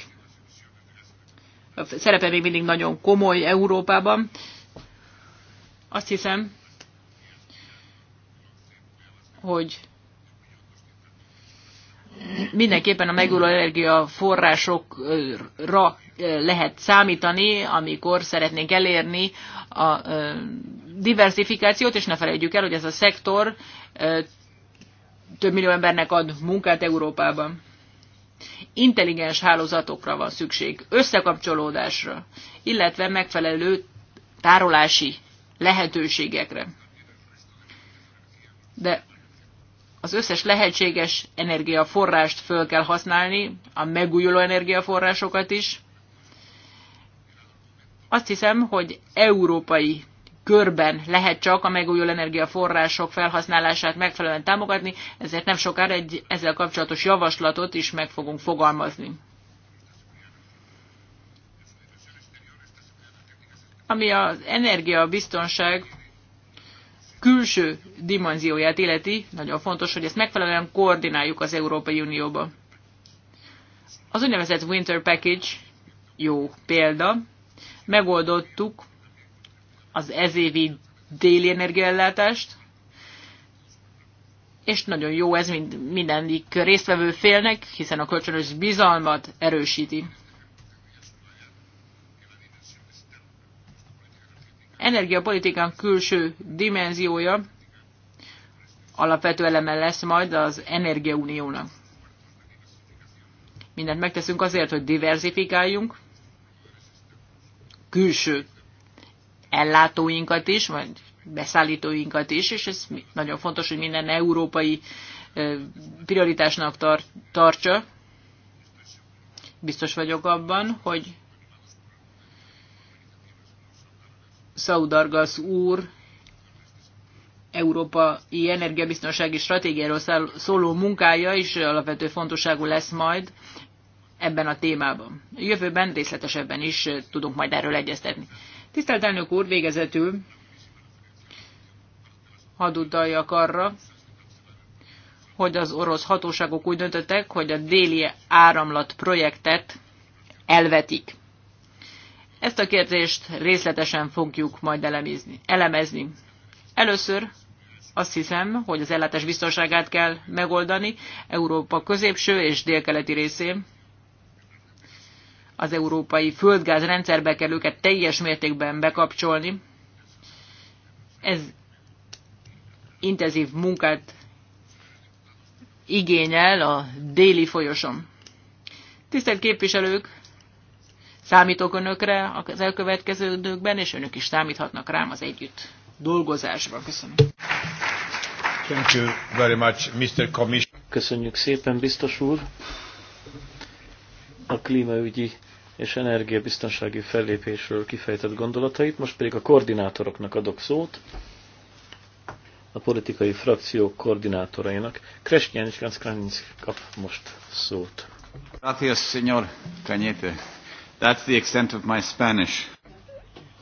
a szerepe még mindig nagyon komoly Európában. Azt hiszem, hogy mindenképpen a megújuló energiaforrásokra lehet számítani, amikor szeretnénk elérni a diversifikációt, és ne felejtjük el, hogy ez a szektor több millió embernek ad munkát Európában. Intelligens hálózatokra van szükség, összekapcsolódásra, illetve megfelelő tárolási lehetőségekre. De az összes lehetséges energiaforrást föl kell használni, a megújuló energiaforrásokat is, azt hiszem, hogy európai körben lehet csak a megújuló energiaforrások felhasználását megfelelően támogatni, ezért nem sokára egy ezzel kapcsolatos javaslatot is meg fogunk fogalmazni. Ami az energiabiztonság külső dimenzióját illeti, nagyon fontos, hogy ezt megfelelően koordináljuk az Európai Unióba. Az úgynevezett Winter Package jó példa, megoldottuk az ezévi déli energiaellátást, és nagyon jó ez mind, mindenik résztvevő félnek, hiszen a kölcsönös bizalmat erősíti. Energiapolitikán külső dimenziója alapvető eleme lesz majd az energiauniónak. Mindent megteszünk azért, hogy diversifikáljunk, külső ellátóinkat is, vagy beszállítóinkat is, és ez nagyon fontos, hogy minden európai prioritásnak tar tartsa. Biztos vagyok abban, hogy Szaudargas úr európai energiabiztonsági stratégiáról szóló munkája is alapvető fontosságú lesz majd ebben a témában. Jövőben részletesebben is tudunk majd erről egyeztetni. Tisztelt elnök úr, végezetül hadd utaljak arra, hogy az orosz hatóságok úgy döntöttek, hogy a déli áramlat projektet elvetik. Ezt a kérdést részletesen fogjuk majd elemizni, elemezni. Először azt hiszem, hogy az ellátás biztonságát kell megoldani Európa középső és délkeleti részén az európai földgáz rendszerbe kell őket teljes mértékben bekapcsolni. Ez intenzív munkát igényel a déli folyosom. Tisztelt képviselők, számítok önökre az elkövetkező időkben és önök is számíthatnak rám az együtt dolgozásban. Köszönöm. Thank you very much, Mr. Commission. Köszönjük szépen, biztos úr. A klímaügyi és energiabiztonsági fellépésről kifejtett gondolatait. Most pedig a koordinátoroknak adok szót, a politikai frakciók koordinátorainak. Kresnyen és Ganszkráninc kap most szót. Gracias, señor Cañete. That's the extent of my Spanish.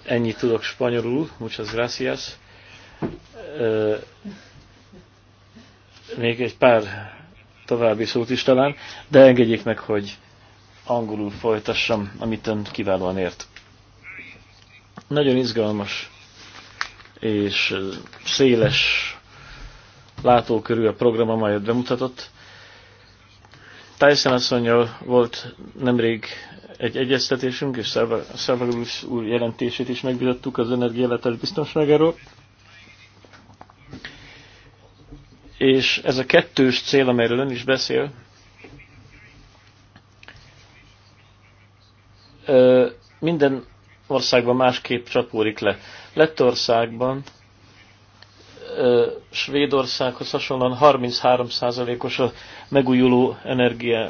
Ennyi tudok spanyolul, muchas gracias. Még egy pár további szót is talán, de engedjék meg, hogy angolul folytassam, amit ön kiválóan ért. Nagyon izgalmas és széles látókörű a program, amelyet bemutatott. Tyson asszonyjal volt nemrég egy egyeztetésünk, és Szervalus úr jelentését is megbizottuk az energiállátás biztonságáról. És ez a kettős cél, amelyről ön is beszél, minden országban másképp csapódik le. Lettországban, Svédországhoz hasonlóan 33%-os a megújuló energia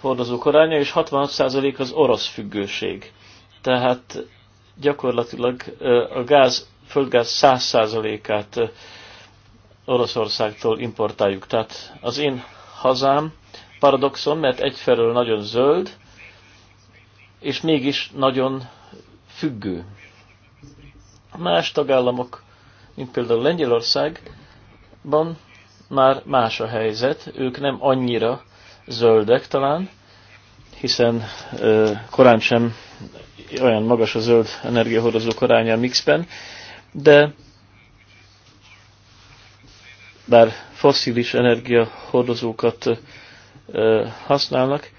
hordozók aránya, és 66% az orosz függőség. Tehát gyakorlatilag a gáz, földgáz 100%-át Oroszországtól importáljuk. Tehát az én hazám paradoxon, mert egyfelől nagyon zöld, és mégis nagyon függő. Más tagállamok, mint például Lengyelországban már más a helyzet, ők nem annyira zöldek talán, hiszen ö, korán sem olyan magas a zöld energiahordozó aránya a mixben, de bár foszilis energiahordozókat ö, használnak,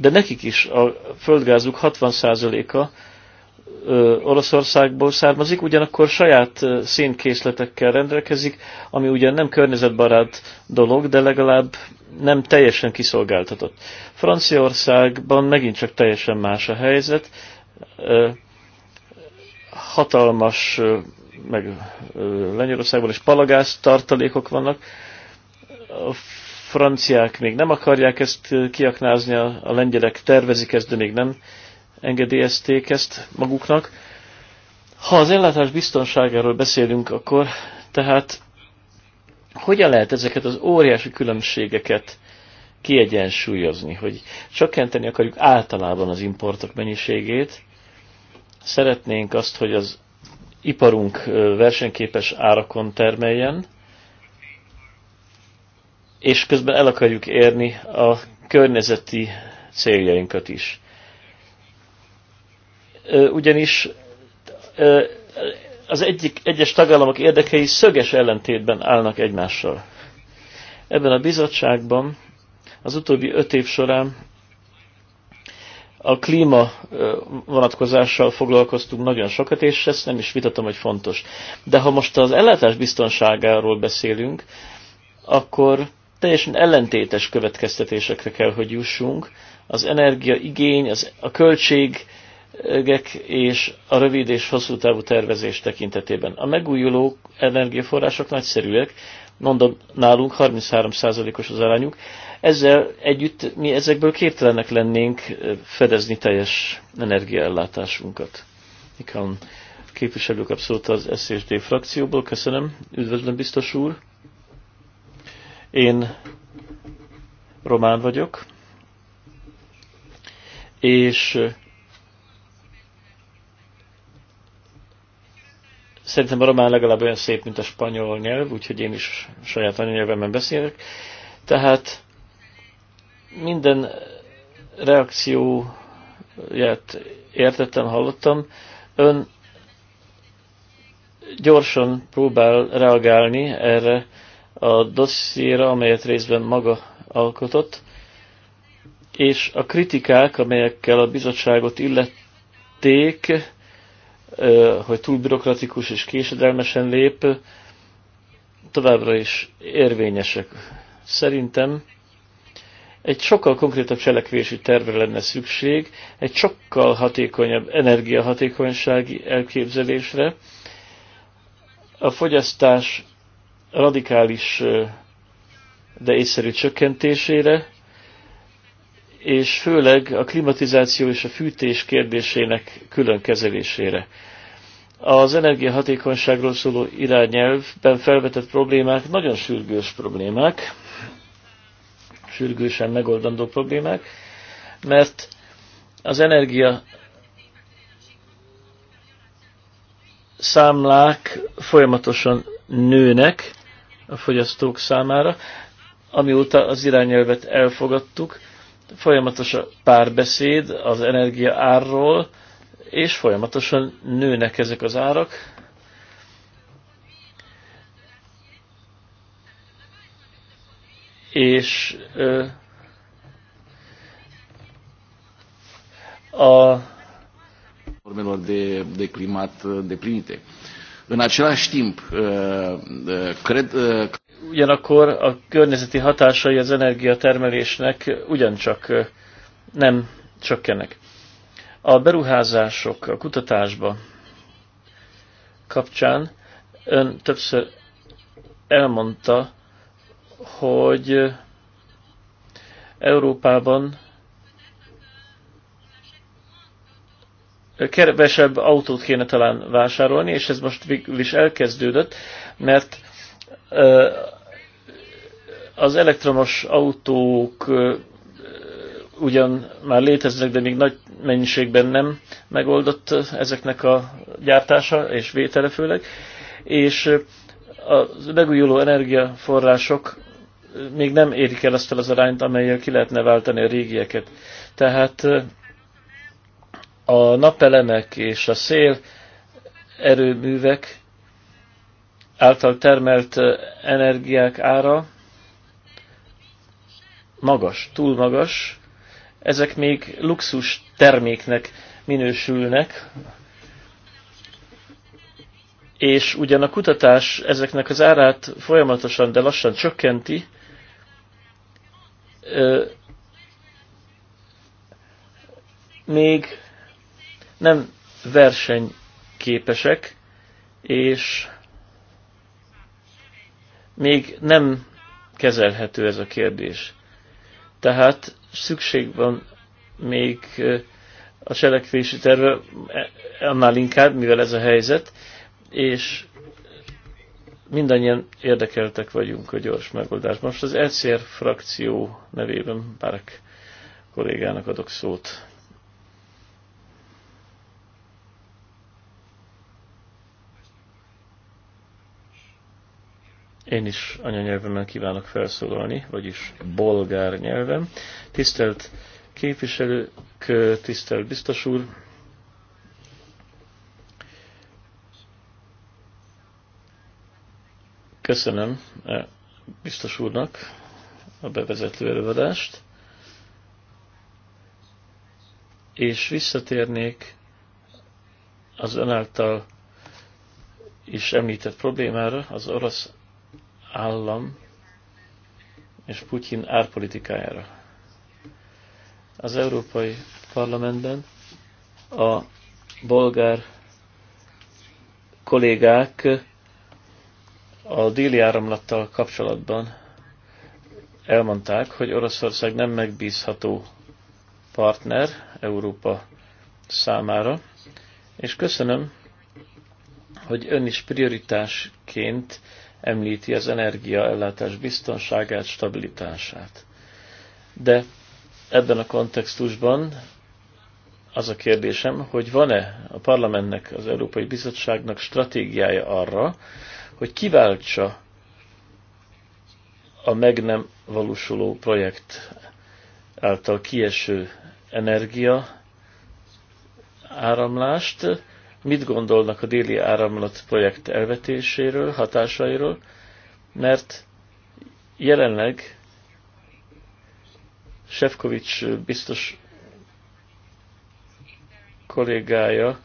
de nekik is a földgázuk 60%-a Oroszországból származik, ugyanakkor saját szénkészletekkel rendelkezik, ami ugyan nem környezetbarát dolog, de legalább nem teljesen kiszolgáltatott. Franciaországban megint csak teljesen más a helyzet. Hatalmas, meg Lengyelországban is palagáz tartalékok vannak. A franciák még nem akarják ezt eh, kiaknázni, a lengyelek tervezik ezt, de még nem engedélyezték ezt maguknak. Ha az ellátás biztonságáról beszélünk, akkor tehát hogyan lehet ezeket az óriási különbségeket kiegyensúlyozni, hogy csökkenteni akarjuk általában az importok mennyiségét, szeretnénk azt, hogy az iparunk eh, versenyképes árakon termeljen, és közben el akarjuk érni a környezeti céljainkat is. Ugyanis az egyik, egyes tagállamok érdekei szöges ellentétben állnak egymással. Ebben a bizottságban az utóbbi öt év során a klíma vonatkozással foglalkoztunk nagyon sokat, és ezt nem is vitatom, hogy fontos. De ha most az ellátás biztonságáról beszélünk, akkor teljesen ellentétes következtetésekre kell, hogy jussunk. Az energia igény, az, a költségek és a rövid és hosszú távú tervezés tekintetében. A megújuló energiaforrások nagyszerűek, mondom, nálunk 33%-os az arányuk. Ezzel együtt mi ezekből képtelenek lennénk fedezni teljes energiaellátásunkat. Mikán képviselők abszolút az SZSD frakcióból, köszönöm, üdvözlöm biztos úr! Én román vagyok, és szerintem a román legalább olyan szép, mint a spanyol nyelv, úgyhogy én is saját anyanyelvemben beszélek. Tehát minden reakcióját értettem, hallottam. Ön gyorsan próbál reagálni erre a dossziéra, amelyet részben maga alkotott, és a kritikák, amelyekkel a bizottságot illették, hogy túl bürokratikus és késedelmesen lép, továbbra is érvényesek. Szerintem egy sokkal konkrétabb cselekvési tervre lenne szükség, egy sokkal hatékonyabb energiahatékonysági elképzelésre, a fogyasztás radikális, de észszerű csökkentésére, és főleg a klimatizáció és a fűtés kérdésének külön kezelésére. Az energiahatékonyságról szóló irányelvben felvetett problémák nagyon sürgős problémák, sürgősen megoldandó problémák, mert az energia számlák folyamatosan nőnek, a fogyasztók számára. Amióta az irányelvet elfogadtuk, folyamatos a párbeszéd az energia árról, és folyamatosan nőnek ezek az árak. És ö, a de, de climat deplinite. În același timp, uh, uh, cred... Uh, Ugyanakkor a környezeti hatásai az energiatermelésnek ugyancsak nem csökkenek. A beruházások a kutatásba kapcsán ön többször elmondta, hogy Európában kevesebb autót kéne talán vásárolni, és ez most végül is elkezdődött, mert az elektromos autók ugyan már léteznek, de még nagy mennyiségben nem megoldott ezeknek a gyártása és vétele főleg, és a megújuló energiaforrások még nem érik el azt az arányt, amelyel ki lehetne váltani a régieket. Tehát a napelemek és a szél erőművek által termelt energiák ára magas, túl magas. Ezek még luxus terméknek minősülnek, és ugyan a kutatás ezeknek az árát folyamatosan, de lassan csökkenti, még nem versenyképesek, és még nem kezelhető ez a kérdés. Tehát szükség van még a cselekvési terve, e, annál inkább, mivel ez a helyzet, és mindannyian érdekeltek vagyunk a gyors megoldás. Most az ECR frakció nevében Bárk kollégának adok szót. Én is anyanyelvemen kívánok felszólalni, vagyis bolgár nyelven. Tisztelt képviselők, tisztelt biztos úr! Köszönöm eh, biztos úrnak a bevezető előadást, és visszatérnék az önáltal is említett problémára, az orosz állam és Putyin árpolitikájára. Az Európai Parlamentben a bolgár kollégák a déli áramlattal kapcsolatban elmondták, hogy Oroszország nem megbízható partner Európa számára, és köszönöm, hogy ön is prioritásként említi az energiaellátás biztonságát, stabilitását. De ebben a kontextusban az a kérdésem, hogy van-e a parlamentnek, az Európai Bizottságnak stratégiája arra, hogy kiváltsa a meg nem valósuló projekt által kieső energia áramlást, mit gondolnak a déli áramlat projekt elvetéséről, hatásairól, mert jelenleg Sefkovics biztos kollégája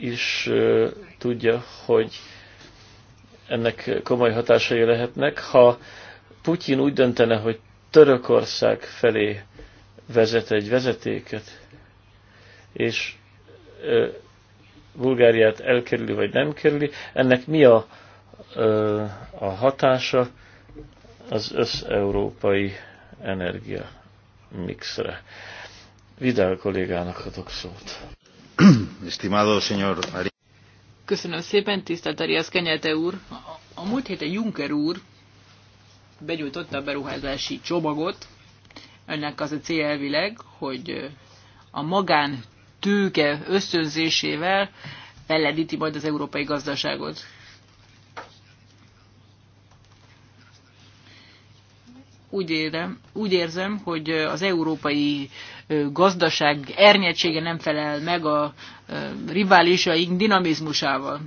is tudja, hogy ennek komoly hatásai lehetnek. Ha Putyin úgy döntene, hogy Törökország felé vezet egy vezetéket, és Bulgáriát elkerüli vagy nem kerüli, ennek mi a, a hatása az összeurópai energia mixre. Vidal kollégának adok szót. Estimado señor Köszönöm szépen, tisztelt Arias Kenyelte úr. A múlt héten Juncker úr begyújtotta a beruházási csomagot. Önnek az a cél elvileg, hogy a magán tőke ösztönzésével fellendíti majd az európai gazdaságot. Úgy, érem, úgy érzem, hogy az európai gazdaság ernyedsége nem felel meg a riválisaink dinamizmusával.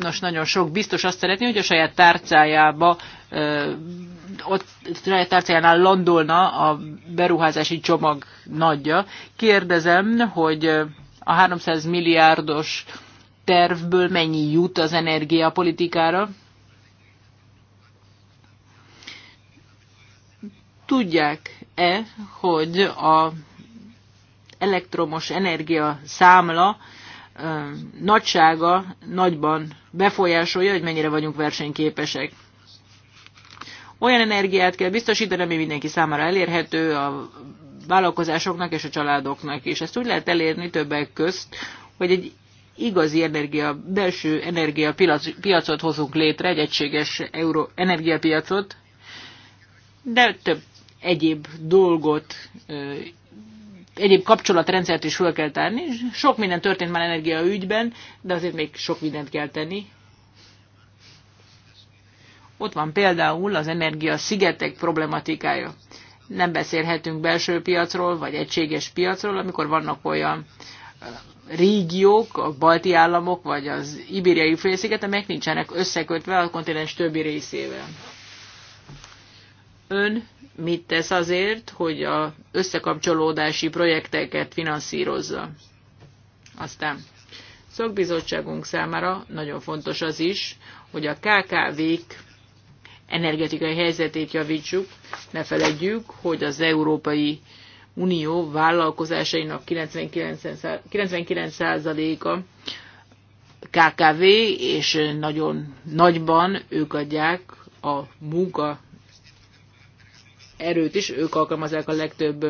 Nos, nagyon sok biztos azt szeretné, hogy a saját tárcájába, ott saját tárcájánál landolna a beruházási csomag nagyja. Kérdezem, hogy a 300 milliárdos tervből mennyi jut az energiapolitikára? Tudják-e, hogy a elektromos energia számla nagysága nagyban befolyásolja, hogy mennyire vagyunk versenyképesek. Olyan energiát kell biztosítani, ami mindenki számára elérhető, a vállalkozásoknak és a családoknak is. Ezt úgy lehet elérni többek közt, hogy egy igazi energia, belső energiapiacot hozunk létre, egy egységes euro energiapiacot, de több egyéb dolgot egyéb kapcsolatrendszert is föl kell tárni. Sok minden történt már energiaügyben, de azért még sok mindent kell tenni. Ott van például az energia szigetek problematikája. Nem beszélhetünk belső piacról, vagy egységes piacról, amikor vannak olyan régiók, a balti államok, vagy az ibériai félsziget, amelyek nincsenek összekötve a kontinens többi részével ön mit tesz azért, hogy a összekapcsolódási projekteket finanszírozza. Aztán szakbizottságunk számára nagyon fontos az is, hogy a KKV-k energetikai helyzetét javítsuk. Ne feledjük, hogy az Európai Unió vállalkozásainak 99%-a KKV, és nagyon nagyban ők adják a munka erőt is, ők alkalmazzák a legtöbb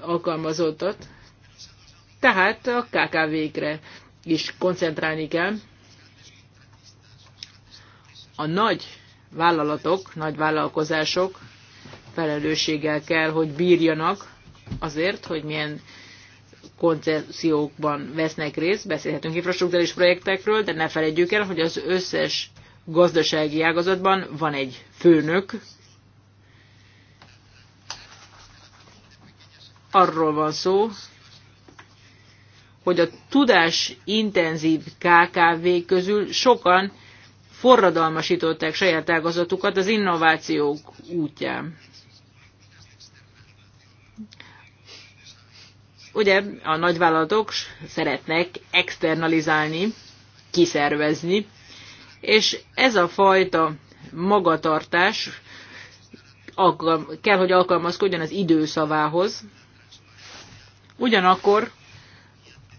alkalmazottat. Tehát a KKV-kre is koncentrálni kell. A nagy vállalatok, nagy vállalkozások felelősséggel kell, hogy bírjanak azért, hogy milyen koncesziókban vesznek részt, beszélhetünk infrastruktúrális projektekről, de ne felejtjük el, hogy az összes gazdasági ágazatban van egy főnök, arról van szó, hogy a tudás intenzív KKV közül sokan forradalmasították saját ágazatukat az innovációk útján. Ugye a nagyvállalatok szeretnek externalizálni, kiszervezni, és ez a fajta magatartás kell, hogy alkalmazkodjon az időszavához, Ugyanakkor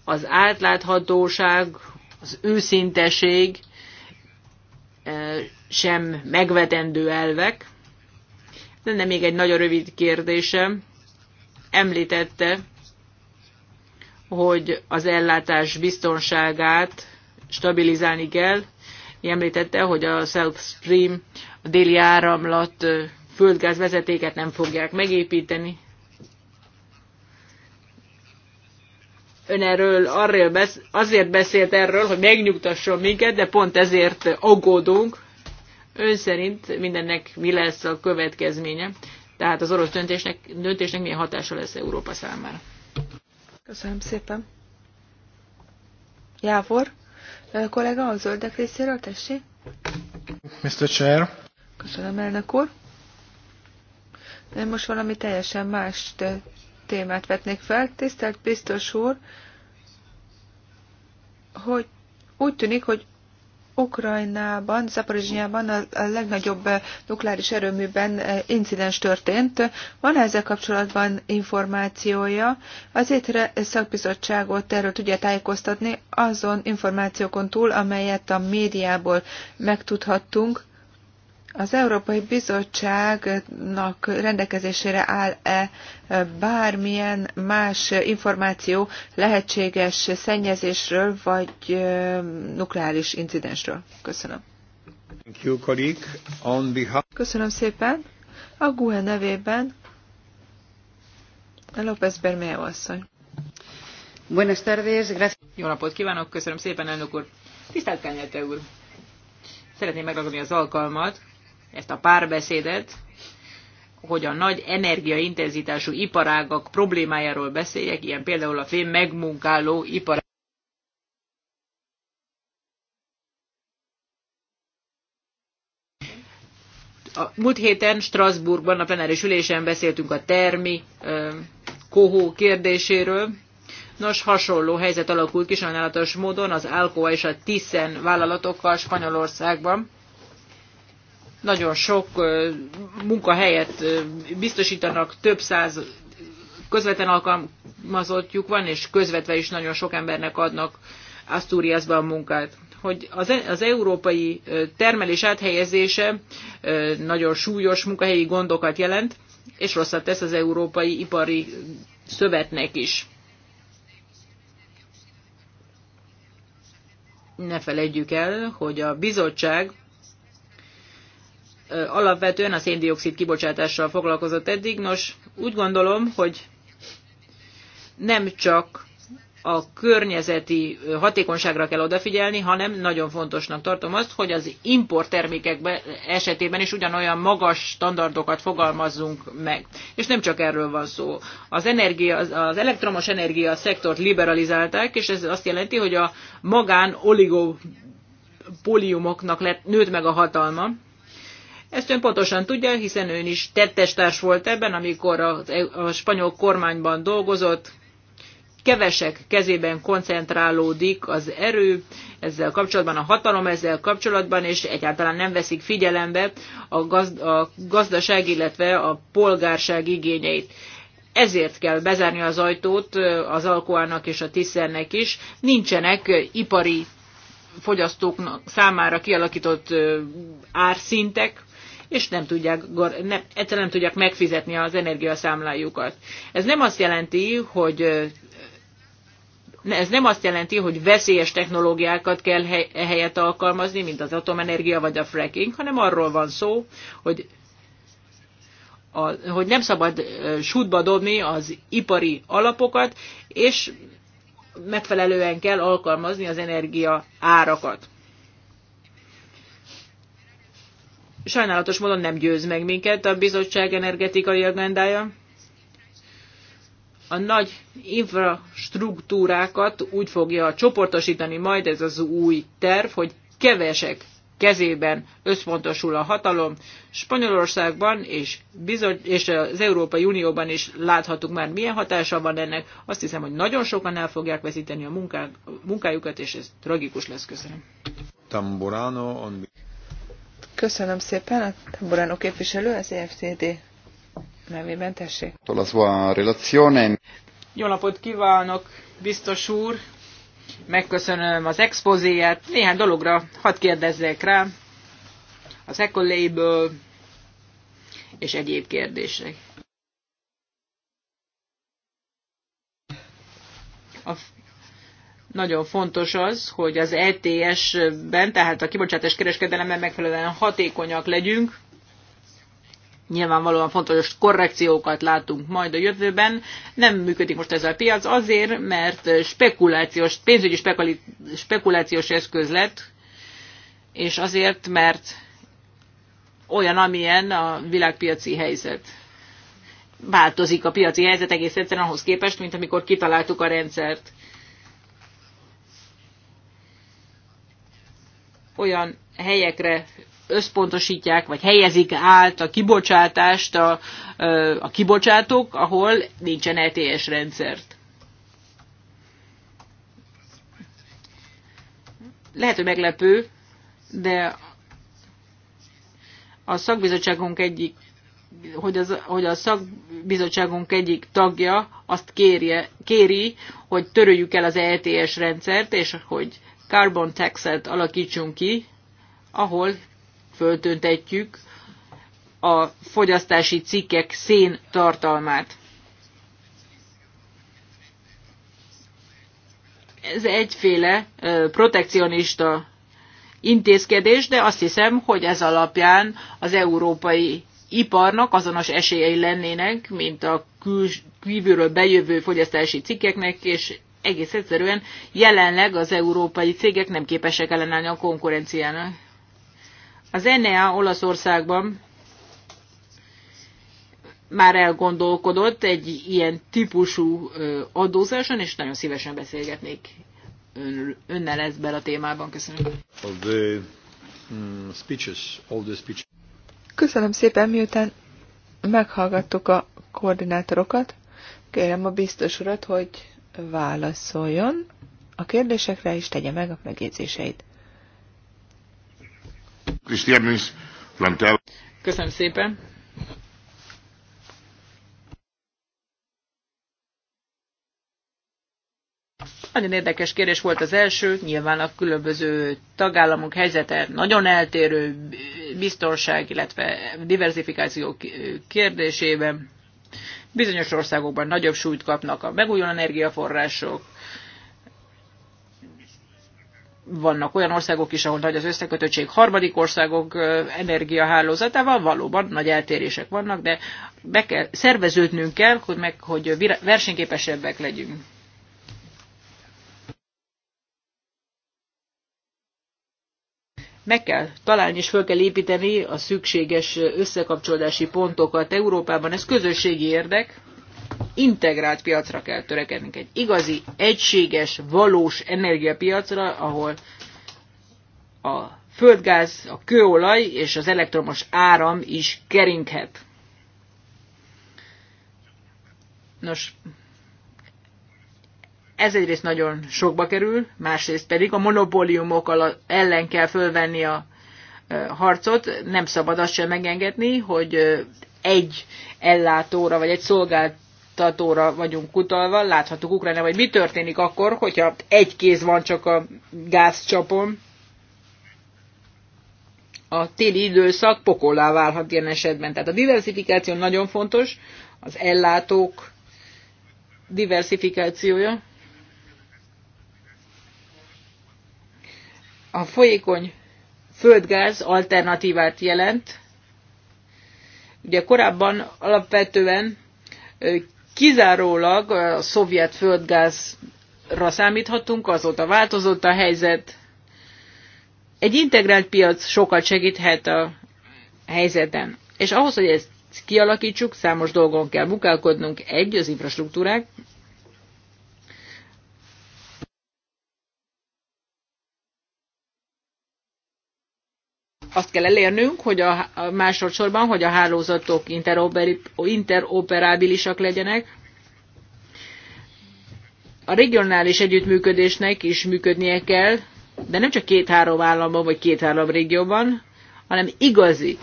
az átláthatóság, az őszinteség eh, sem megvetendő elvek. Lenne még egy nagyon rövid kérdésem. Említette, hogy az ellátás biztonságát stabilizálni kell. Említette, hogy a South Stream, a déli áramlat eh, földgázvezetéket nem fogják megépíteni. ön erről arról besz, azért beszélt erről, hogy megnyugtasson minket, de pont ezért aggódunk. Ön szerint mindennek mi lesz a következménye? Tehát az orosz döntésnek, döntésnek milyen hatása lesz Európa számára? Köszönöm szépen. Jávor, kollega a zöldek részéről, tessé. Mr. Chair. Köszönöm, elnök úr. most valami teljesen mást témát vetnék fel. Tisztelt biztos úr, hogy úgy tűnik, hogy Ukrajnában, Zaporizsnyában a, a legnagyobb nukleáris erőműben eh, incidens történt. Van -e ezzel kapcsolatban információja? Azért szakbizottságot erről tudja tájékoztatni azon információkon túl, amelyet a médiából megtudhattunk. Az Európai Bizottságnak rendelkezésére áll-e bármilyen más információ lehetséges szennyezésről vagy nukleáris incidensről? Köszönöm. Köszönöm szépen. A GUE nevében López Bermeo asszony. Buenas tardes, gracias. Jó napot kívánok, köszönöm szépen, elnök úr. Tisztelt Kányelte úr! Szeretném megragadni az alkalmat, ezt a párbeszédet, hogy a nagy energiaintenzitású iparágak problémájáról beszéljek, ilyen például a fém megmunkáló ipar. A múlt héten Strasbourgban a plenáris ülésen beszéltünk a termi kohó kérdéséről. Nos, hasonló helyzet alakult ki sajnálatos módon az Alcoa és a Tiszen vállalatokkal Spanyolországban nagyon sok munkahelyet biztosítanak, több száz közvetlen alkalmazottjuk van, és közvetve is nagyon sok embernek adnak Asturiasban a munkát. Hogy az, e-, az európai termelés áthelyezése nagyon súlyos munkahelyi gondokat jelent, és rosszat tesz az európai ipari szövetnek is. Ne felejtjük el, hogy a bizottság alapvetően a széndiokszid kibocsátással foglalkozott eddig. Nos, úgy gondolom, hogy nem csak a környezeti hatékonyságra kell odafigyelni, hanem nagyon fontosnak tartom azt, hogy az importtermékek esetében is ugyanolyan magas standardokat fogalmazzunk meg. És nem csak erről van szó. Az, energia, az elektromos energia szektort liberalizálták, és ez azt jelenti, hogy a magán oligopóliumoknak lett, nőtt meg a hatalma, ezt ön pontosan tudja, hiszen ön is tettestárs volt ebben, amikor a, a spanyol kormányban dolgozott. Kevesek kezében koncentrálódik az erő, ezzel kapcsolatban a hatalom, ezzel kapcsolatban, és egyáltalán nem veszik figyelembe a, gaz, a gazdaság, illetve a polgárság igényeit ezért kell bezárni az ajtót az Alkoának és a Tiszernek is. Nincsenek ipari fogyasztóknak számára kialakított árszintek, és nem tudják, nem, egyszerűen nem tudják megfizetni az energiaszámlájukat. Ez nem azt jelenti, hogy ez nem azt jelenti, hogy veszélyes technológiákat kell helyett alkalmazni, mint az atomenergia vagy a fracking, hanem arról van szó, hogy, a, hogy nem szabad sútba dobni az ipari alapokat, és megfelelően kell alkalmazni az energia árakat. sajnálatos módon nem győz meg minket a bizottság energetikai agendája. A nagy infrastruktúrákat úgy fogja csoportosítani majd ez az új terv, hogy kevesek kezében összpontosul a hatalom. Spanyolországban és, bizony, és az Európai Unióban is láthatunk már, milyen hatása van ennek. Azt hiszem, hogy nagyon sokan el fogják veszíteni a munkájukat, és ez tragikus lesz. Köszönöm. Köszönöm szépen, a Tamburano képviselő, az EFTD nevében tessék. Jó napot kívánok, biztos úr! Megköszönöm az expozéját. Néhány dologra hadd kérdezzek rá. Az Ecolabel és egyéb kérdések. A nagyon fontos az, hogy az ETS-ben, tehát a kibocsátás kereskedelemben megfelelően hatékonyak legyünk. Nyilvánvalóan fontos korrekciókat látunk majd a jövőben. Nem működik most ez a piac azért, mert spekulációs, pénzügyi spekulációs eszköz lett, és azért, mert olyan, amilyen a világpiaci helyzet. Változik a piaci helyzet egész egyszerűen ahhoz képest, mint amikor kitaláltuk a rendszert olyan helyekre összpontosítják, vagy helyezik át a kibocsátást a, a kibocsátók, ahol nincsen ETS rendszert. Lehet, hogy meglepő, de a szakbizottságunk egyik hogy, az, hogy a szakbizottságunk egyik tagja azt kérje, kéri, hogy töröljük el az ETS rendszert, és hogy carbon taxet alakítsunk ki, ahol föltöntetjük a fogyasztási cikkek szén tartalmát. Ez egyféle protekcionista intézkedés, de azt hiszem, hogy ez alapján az európai iparnak azonos esélyei lennének, mint a kívülről bejövő fogyasztási cikkeknek, és egész egyszerűen jelenleg az európai cégek nem képesek ellenállni a konkurenciának. Az NEA Olaszországban már elgondolkodott egy ilyen típusú adózáson, és nagyon szívesen beszélgetnék ön, önnel ezben a témában. Köszönöm. the, mm, speeches, all the speeches. Köszönöm szépen, miután meghallgattuk a koordinátorokat, kérem a biztos urat, hogy válaszoljon a kérdésekre, és tegye meg a megjegyzéseit. Köszönöm szépen! Nagyon érdekes kérdés volt az első, nyilván a különböző tagállamok helyzete nagyon eltérő biztonság, illetve diversifikáció kérdésében. Bizonyos országokban nagyobb súlyt kapnak a megújuló energiaforrások, vannak olyan országok is, ahol nagy az összekötöttség harmadik országok energiahálózatával, valóban nagy eltérések vannak, de be kell, szerveződnünk kell, hogy, meg, hogy versenyképesebbek legyünk. Meg kell találni és föl kell építeni a szükséges összekapcsolódási pontokat Európában. Ez közösségi érdek. Integrált piacra kell törekednünk. Egy igazi, egységes, valós energiapiacra, ahol a földgáz, a kőolaj és az elektromos áram is keringhet. Nos, ez egyrészt nagyon sokba kerül, másrészt pedig a monopóliumok ellen kell fölvenni a harcot, nem szabad azt sem megengedni, hogy egy ellátóra vagy egy szolgáltatóra vagyunk kutalva, láthatjuk Ukrajna, vagy mi történik akkor, hogyha egy kéz van csak a gázcsapon. A téli időszak pokollá válhat ilyen esetben. Tehát a diversifikáció nagyon fontos, az ellátók diversifikációja. a folyékony földgáz alternatívát jelent. Ugye korábban alapvetően kizárólag a szovjet földgázra számíthatunk, azóta változott a helyzet. Egy integrált piac sokat segíthet a helyzeten. És ahhoz, hogy ezt kialakítsuk, számos dolgon kell munkálkodnunk. Egy, az infrastruktúrák, azt kell elérnünk, hogy a, a másodszorban, hogy a hálózatok interoperábilisak legyenek. A regionális együttműködésnek is működnie kell, de nem csak két-három államban vagy két-három régióban, hanem igazi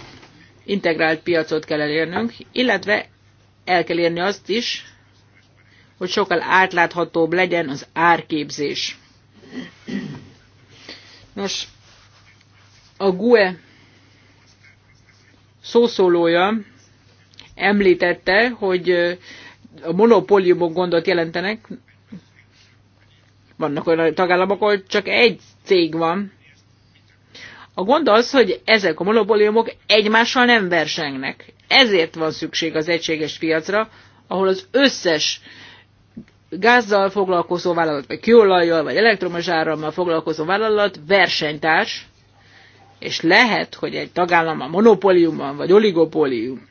integrált piacot kell elérnünk, illetve el kell érni azt is, hogy sokkal átláthatóbb legyen az árképzés. Nos, a GUE szószólója említette, hogy a monopóliumok gondot jelentenek. Vannak olyan tagállamok, ahol csak egy cég van. A gond az, hogy ezek a monopóliumok egymással nem versengnek. Ezért van szükség az egységes piacra, ahol az összes gázzal foglalkozó vállalat, vagy kőolajjal, vagy elektromos árammal foglalkozó vállalat versenytárs, és lehet, hogy egy tagállam a monopóliumban vagy oligopólium,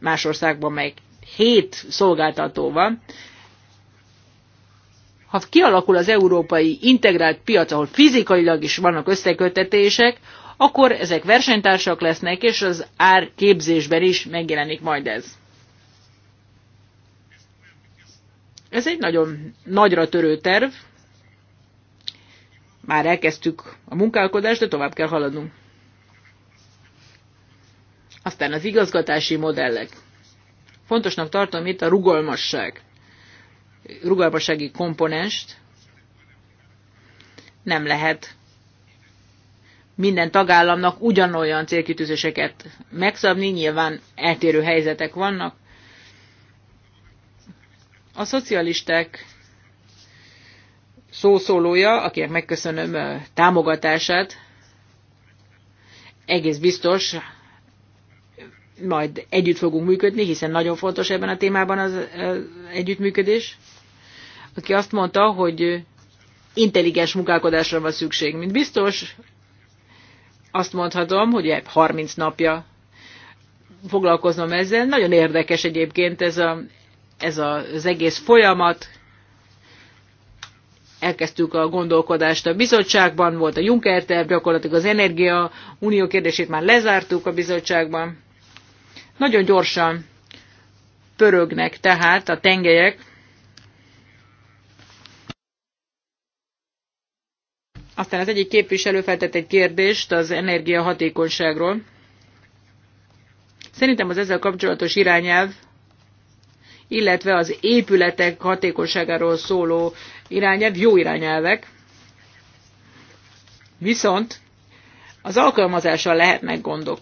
más országban meg hét szolgáltató van, ha kialakul az európai integrált piac, ahol fizikailag is vannak összekötetések, akkor ezek versenytársak lesznek, és az árképzésben is megjelenik majd ez. Ez egy nagyon nagyra törő terv, már elkezdtük a munkálkodást, de tovább kell haladnunk. Aztán az igazgatási modellek. Fontosnak tartom itt a rugalmasság. Rugalmassági komponest nem lehet minden tagállamnak ugyanolyan célkitűzéseket megszabni, nyilván eltérő helyzetek vannak. A szocialisták szószólója, akinek megköszönöm támogatását, egész biztos majd együtt fogunk működni, hiszen nagyon fontos ebben a témában az, együttműködés, aki azt mondta, hogy intelligens munkálkodásra van szükség. Mint biztos, azt mondhatom, hogy 30 napja foglalkoznom ezzel. Nagyon érdekes egyébként ez, a, ez az egész folyamat elkezdtük a gondolkodást a bizottságban, volt a Juncker terv, gyakorlatilag az Energia Unió kérdését már lezártuk a bizottságban. Nagyon gyorsan pörögnek tehát a tengelyek. Aztán az egyik képviselő feltett egy kérdést az energiahatékonyságról. Szerintem az ezzel kapcsolatos irányelv illetve az épületek hatékonyságáról szóló irányelv jó irányelvek. Viszont az alkalmazással lehetnek gondok.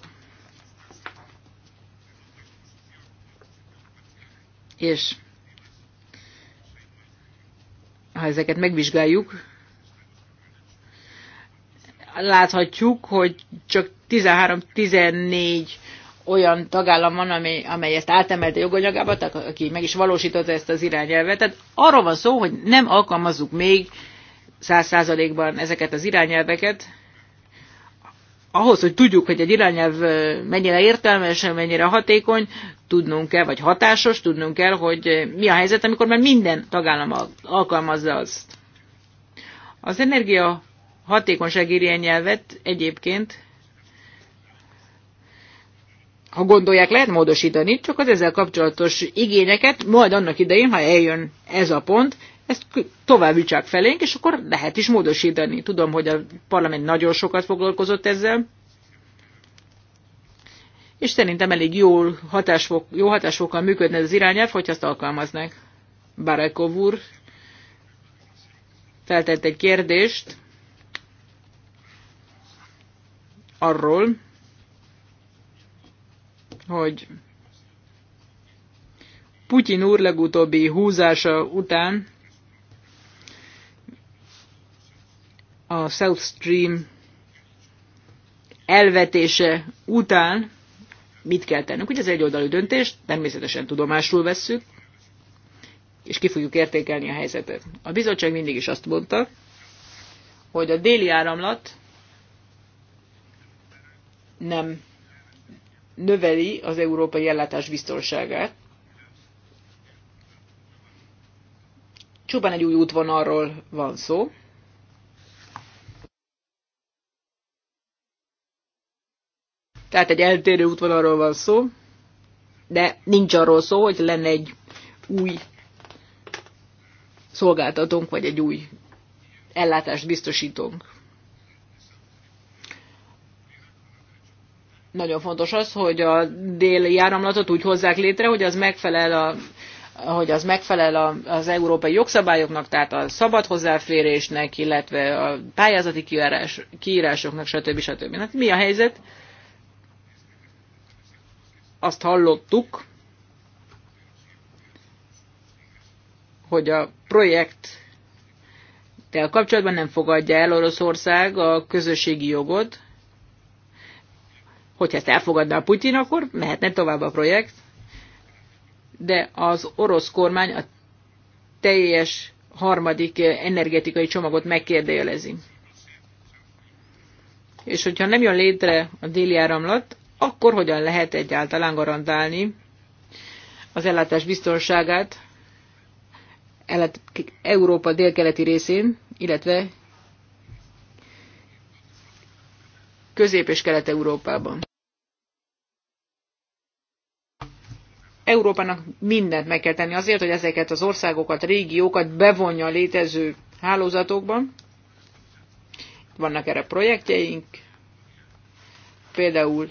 És ha ezeket megvizsgáljuk, láthatjuk, hogy csak 13-14 olyan tagállam van, amely, amely ezt átemelte joganyagába, aki meg is valósította ezt az irányelvet. Tehát arról van szó, hogy nem alkalmazzuk még száz százalékban ezeket az irányelveket, ahhoz, hogy tudjuk, hogy egy irányelv mennyire értelmes, mennyire hatékony, tudnunk kell, vagy hatásos, tudnunk kell, hogy mi a helyzet, amikor már minden tagállam alkalmazza azt. Az energia hatékonyság irányelvet egyébként ha gondolják, lehet módosítani, csak az ezzel kapcsolatos igényeket majd annak idején, ha eljön ez a pont, ezt tovább ütsák felénk, és akkor lehet is módosítani. Tudom, hogy a parlament nagyon sokat foglalkozott ezzel, és szerintem elég jól hatásfok, jó hatásfokkal működne ez az irányelv, hogyha azt alkalmaznák. Barakov úr feltett egy kérdést arról, hogy Putyin úr legutóbbi húzása után a South Stream elvetése után mit kell tennünk. Ugye ez egy oldalú döntést, természetesen tudomásul vesszük, és ki fogjuk értékelni a helyzetet. A bizottság mindig is azt mondta, hogy a déli áramlat nem növeli az európai ellátás biztonságát. Csupán egy új útvonalról van szó. Tehát egy eltérő útvonalról van szó, de nincs arról szó, hogy lenne egy új szolgáltatónk, vagy egy új ellátást biztosítunk. Nagyon fontos az, hogy a déli áramlatot úgy hozzák létre, hogy az megfelel a hogy az megfelel az európai jogszabályoknak, tehát a szabad hozzáférésnek, illetve a pályázati kiírás, kiírásoknak, stb. stb. Hát mi a helyzet? Azt hallottuk, hogy a projekt kapcsolatban nem fogadja el Oroszország a közösségi jogot, Hogyha ezt elfogadná a Putyin, akkor mehetne tovább a projekt. De az orosz kormány a teljes harmadik energetikai csomagot megkérdőjelezi. És hogyha nem jön létre a déli áramlat, akkor hogyan lehet egyáltalán garantálni az ellátás biztonságát Európa délkeleti részén, illetve Közép- és Kelet-Európában. Európának mindent meg kell tenni azért, hogy ezeket az országokat, régiókat bevonja a létező hálózatokban. Vannak erre projektjeink, például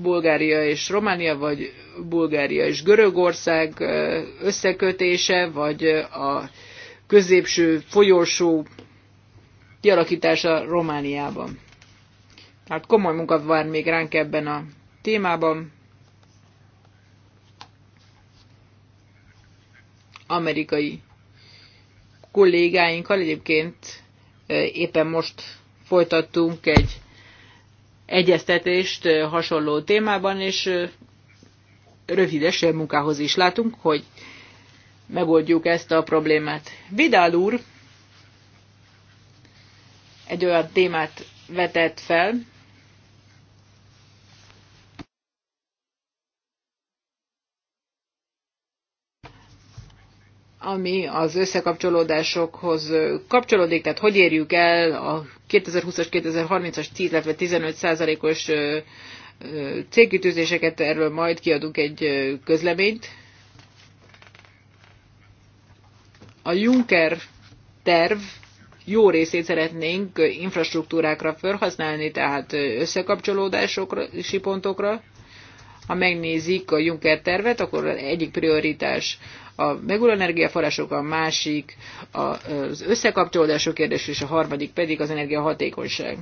Bulgária és Románia, vagy Bulgária és Görögország összekötése, vagy a középső folyosó kialakítása Romániában. Tehát komoly munka vár még ránk ebben a témában. Amerikai kollégáinkkal egyébként éppen most folytattunk egy egyeztetést hasonló témában, és rövidesen munkához is látunk, hogy megoldjuk ezt a problémát. Vidál úr egy olyan témát vetett fel, ami az összekapcsolódásokhoz kapcsolódik, tehát hogy érjük el a 2020-as, 2030-as 10, illetve 15 százalékos cégkütőzéseket, erről majd kiadunk egy közleményt. A Juncker terv jó részét szeretnénk infrastruktúrákra felhasználni, tehát összekapcsolódási pontokra, ha megnézik a Juncker tervet, akkor egyik prioritás a megújuló energiaforrások, a másik az összekapcsolódások kérdés, és a harmadik pedig az energiahatékonyság.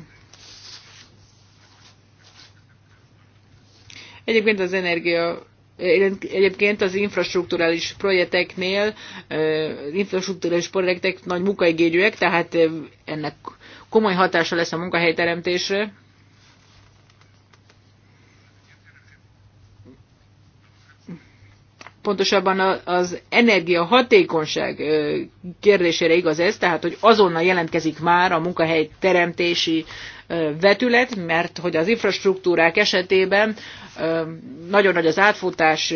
Egyébként az energia Egyébként az infrastruktúrális projekteknél, infrastruktúrális projektek nagy munkaigényűek, tehát ennek komoly hatása lesz a munkahelyteremtésre. pontosabban az energia hatékonyság kérdésére igaz ez, tehát hogy azonnal jelentkezik már a munkahely teremtési vetület, mert hogy az infrastruktúrák esetében nagyon nagy az átfutás,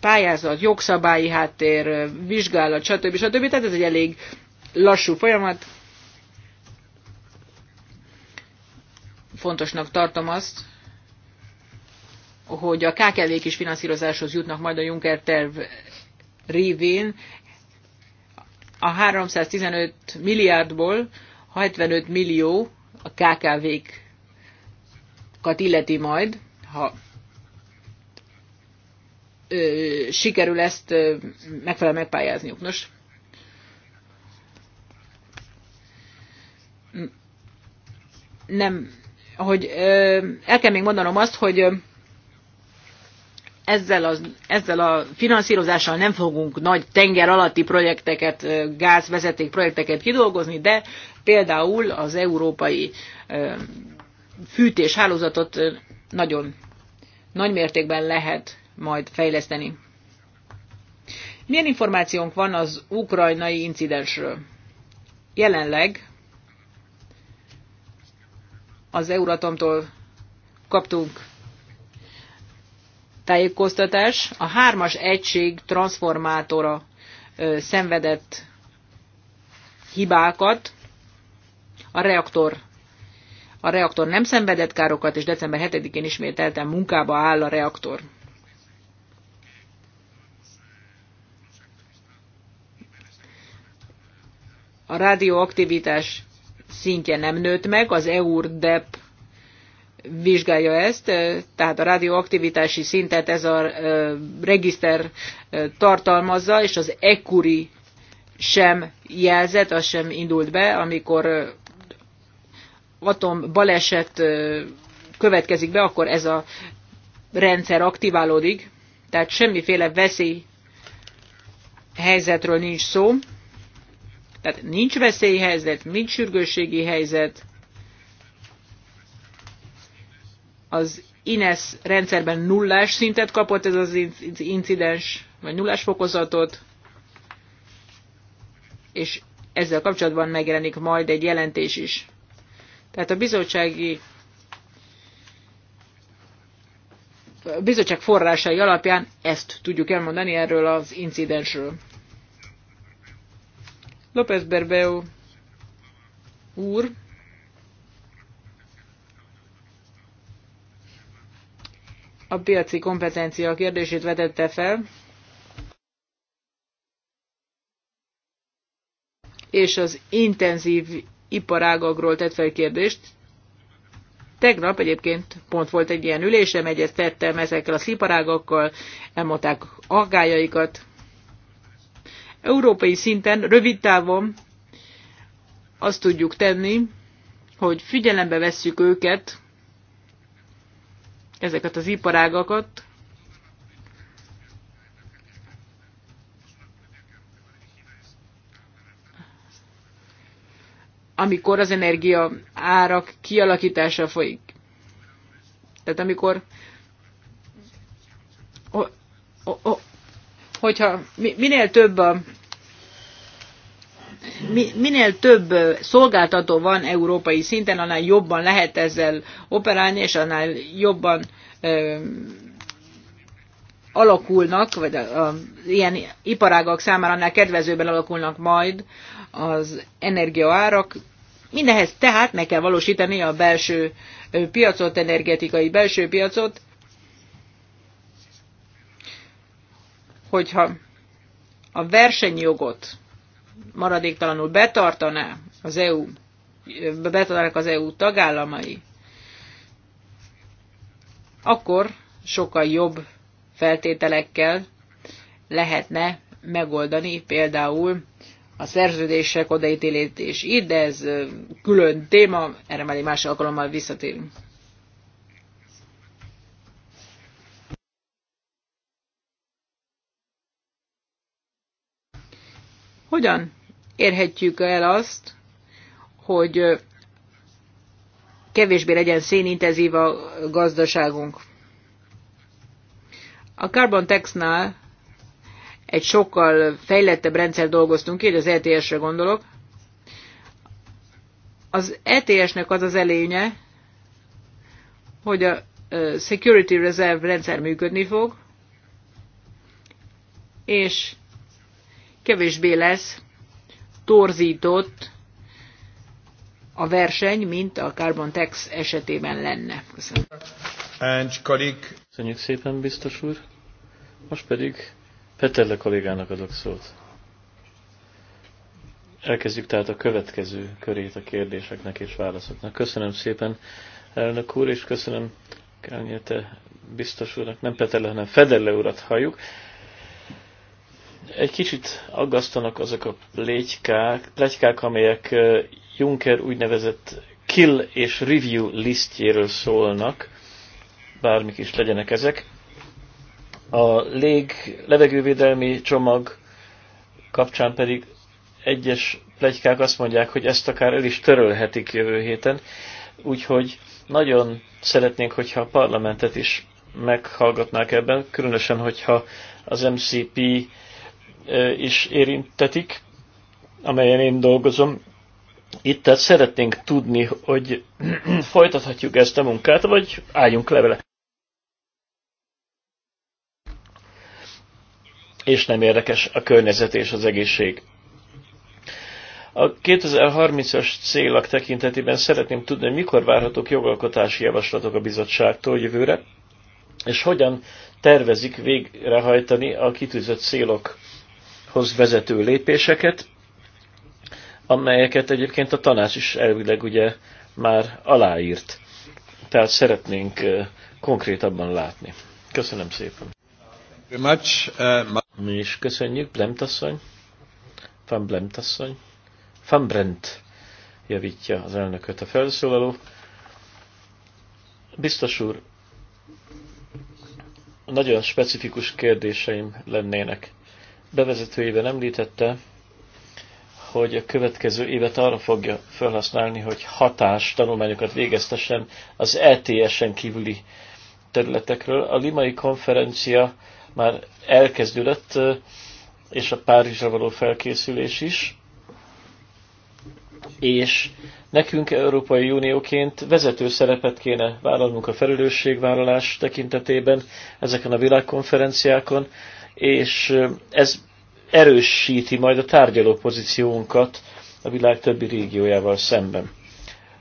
pályázat, jogszabályi háttér, vizsgálat, stb. stb. Tehát ez egy elég lassú folyamat. Fontosnak tartom azt, hogy a KKV-k is finanszírozáshoz jutnak majd a Juncker terv révén. A 315 milliárdból 75 millió a KKV-kat illeti majd, ha ö, sikerül ezt ö, megfelelően megpályázniuk. Nos, nem, hogy ö, el kell még mondanom azt, hogy ö, ezzel a, ezzel a finanszírozással nem fogunk nagy tenger alatti projekteket, gázvezeték projekteket kidolgozni, de például az európai fűtéshálózatot nagyon nagy mértékben lehet majd fejleszteni. Milyen információnk van az ukrajnai incidensről? Jelenleg az Euratomtól kaptunk tájékoztatás. A hármas egység transformátora ö, szenvedett hibákat, a reaktor a reaktor nem szenvedett károkat, és december 7-én ismételten munkába áll a reaktor. A radioaktivitás szintje nem nőtt meg, az EUR-DEP vizsgálja ezt, tehát a radioaktivitási szintet ez a regiszter tartalmazza, és az ekkuri sem jelzett, az sem indult be, amikor atom baleset következik be, akkor ez a rendszer aktiválódik, tehát semmiféle veszély helyzetről nincs szó, tehát nincs veszélyhelyzet, nincs sürgősségi helyzet, az INES rendszerben nullás szintet kapott ez az incidens, vagy nullás fokozatot, és ezzel kapcsolatban megjelenik majd egy jelentés is. Tehát a bizottsági a bizottság forrásai alapján ezt tudjuk elmondani erről az incidensről. López Berbeu úr a piaci kompetencia kérdését vetette fel, és az intenzív iparágakról tett fel kérdést. Tegnap egyébként pont volt egy ilyen ülésem, egyet tettem ezekkel a iparágakkal, elmondták aggájaikat. Európai szinten, rövid távon azt tudjuk tenni, hogy figyelembe vesszük őket, ezeket az iparágakat. amikor az energia árak kialakítása folyik. Tehát amikor hogyha minél több a minél több szolgáltató van európai szinten, annál jobban lehet ezzel operálni, és annál jobban ö, alakulnak, vagy a, a, ilyen iparágak számára annál kedvezőben alakulnak majd az energiaárak. Mindehez tehát meg kell valósítani a belső piacot, energetikai belső piacot, hogyha a versenyjogot maradéktalanul betartaná az EU, betartanak az EU tagállamai, akkor sokkal jobb feltételekkel lehetne megoldani például a szerződések odaítélét is. Itt, de ez külön téma, erre már egy más alkalommal visszatérünk. Hogyan érhetjük el azt, hogy kevésbé legyen szénintenzív a gazdaságunk? A Carbon Tax-nál egy sokkal fejlettebb rendszer dolgoztunk ki, az ETS-re gondolok. Az ETS-nek az az előnye, hogy a Security Reserve rendszer működni fog, és kevésbé lesz torzított a verseny, mint a Carbon Tax esetében lenne. Köszönöm. Köszönjük szépen, biztos úr. Most pedig Peterle kollégának adok szót. Elkezdjük tehát a következő körét a kérdéseknek és válaszoknak. Köszönöm szépen, elnök úr, és köszönöm Kányéte biztos úrnak, nem Peterle, hanem Federle urat halljuk. Egy kicsit aggasztanak azok a plegykák, plegykák amelyek Juncker úgynevezett kill és review listjéről szólnak, bármik is legyenek ezek. A lég levegővédelmi csomag kapcsán pedig egyes plegykák azt mondják, hogy ezt akár el is törölhetik jövő héten, úgyhogy nagyon szeretnénk, hogyha a parlamentet is meghallgatnák ebben, különösen, hogyha az MCP is érintetik, amelyen én dolgozom. Itt tehát szeretnénk tudni, hogy folytathatjuk ezt a munkát, vagy álljunk le vele. És nem érdekes a környezet és az egészség. A 2030-as célak tekintetében szeretném tudni, hogy mikor várhatók jogalkotási javaslatok a bizottságtól jövőre, és hogyan tervezik végrehajtani a kitűzött célok hoz vezető lépéseket, amelyeket egyébként a tanács is elvileg ugye már aláírt. Tehát szeretnénk konkrétabban látni. Köszönöm szépen. Uh, Mi is köszönjük, Blemtasszony. Van Blemtasszony. Van Brent javítja az elnököt a felszólaló. Biztos úr, nagyon specifikus kérdéseim lennének bevezetőjében említette, hogy a következő évet arra fogja felhasználni, hogy hatás tanulmányokat végeztessen az ETS-en kívüli területekről. A limai konferencia már elkezdődött, és a Párizsra való felkészülés is. És nekünk Európai Unióként vezető szerepet kéne vállalnunk a felelősségvállalás tekintetében ezeken a világkonferenciákon, és ez erősíti majd a tárgyaló pozíciónkat a világ többi régiójával szemben.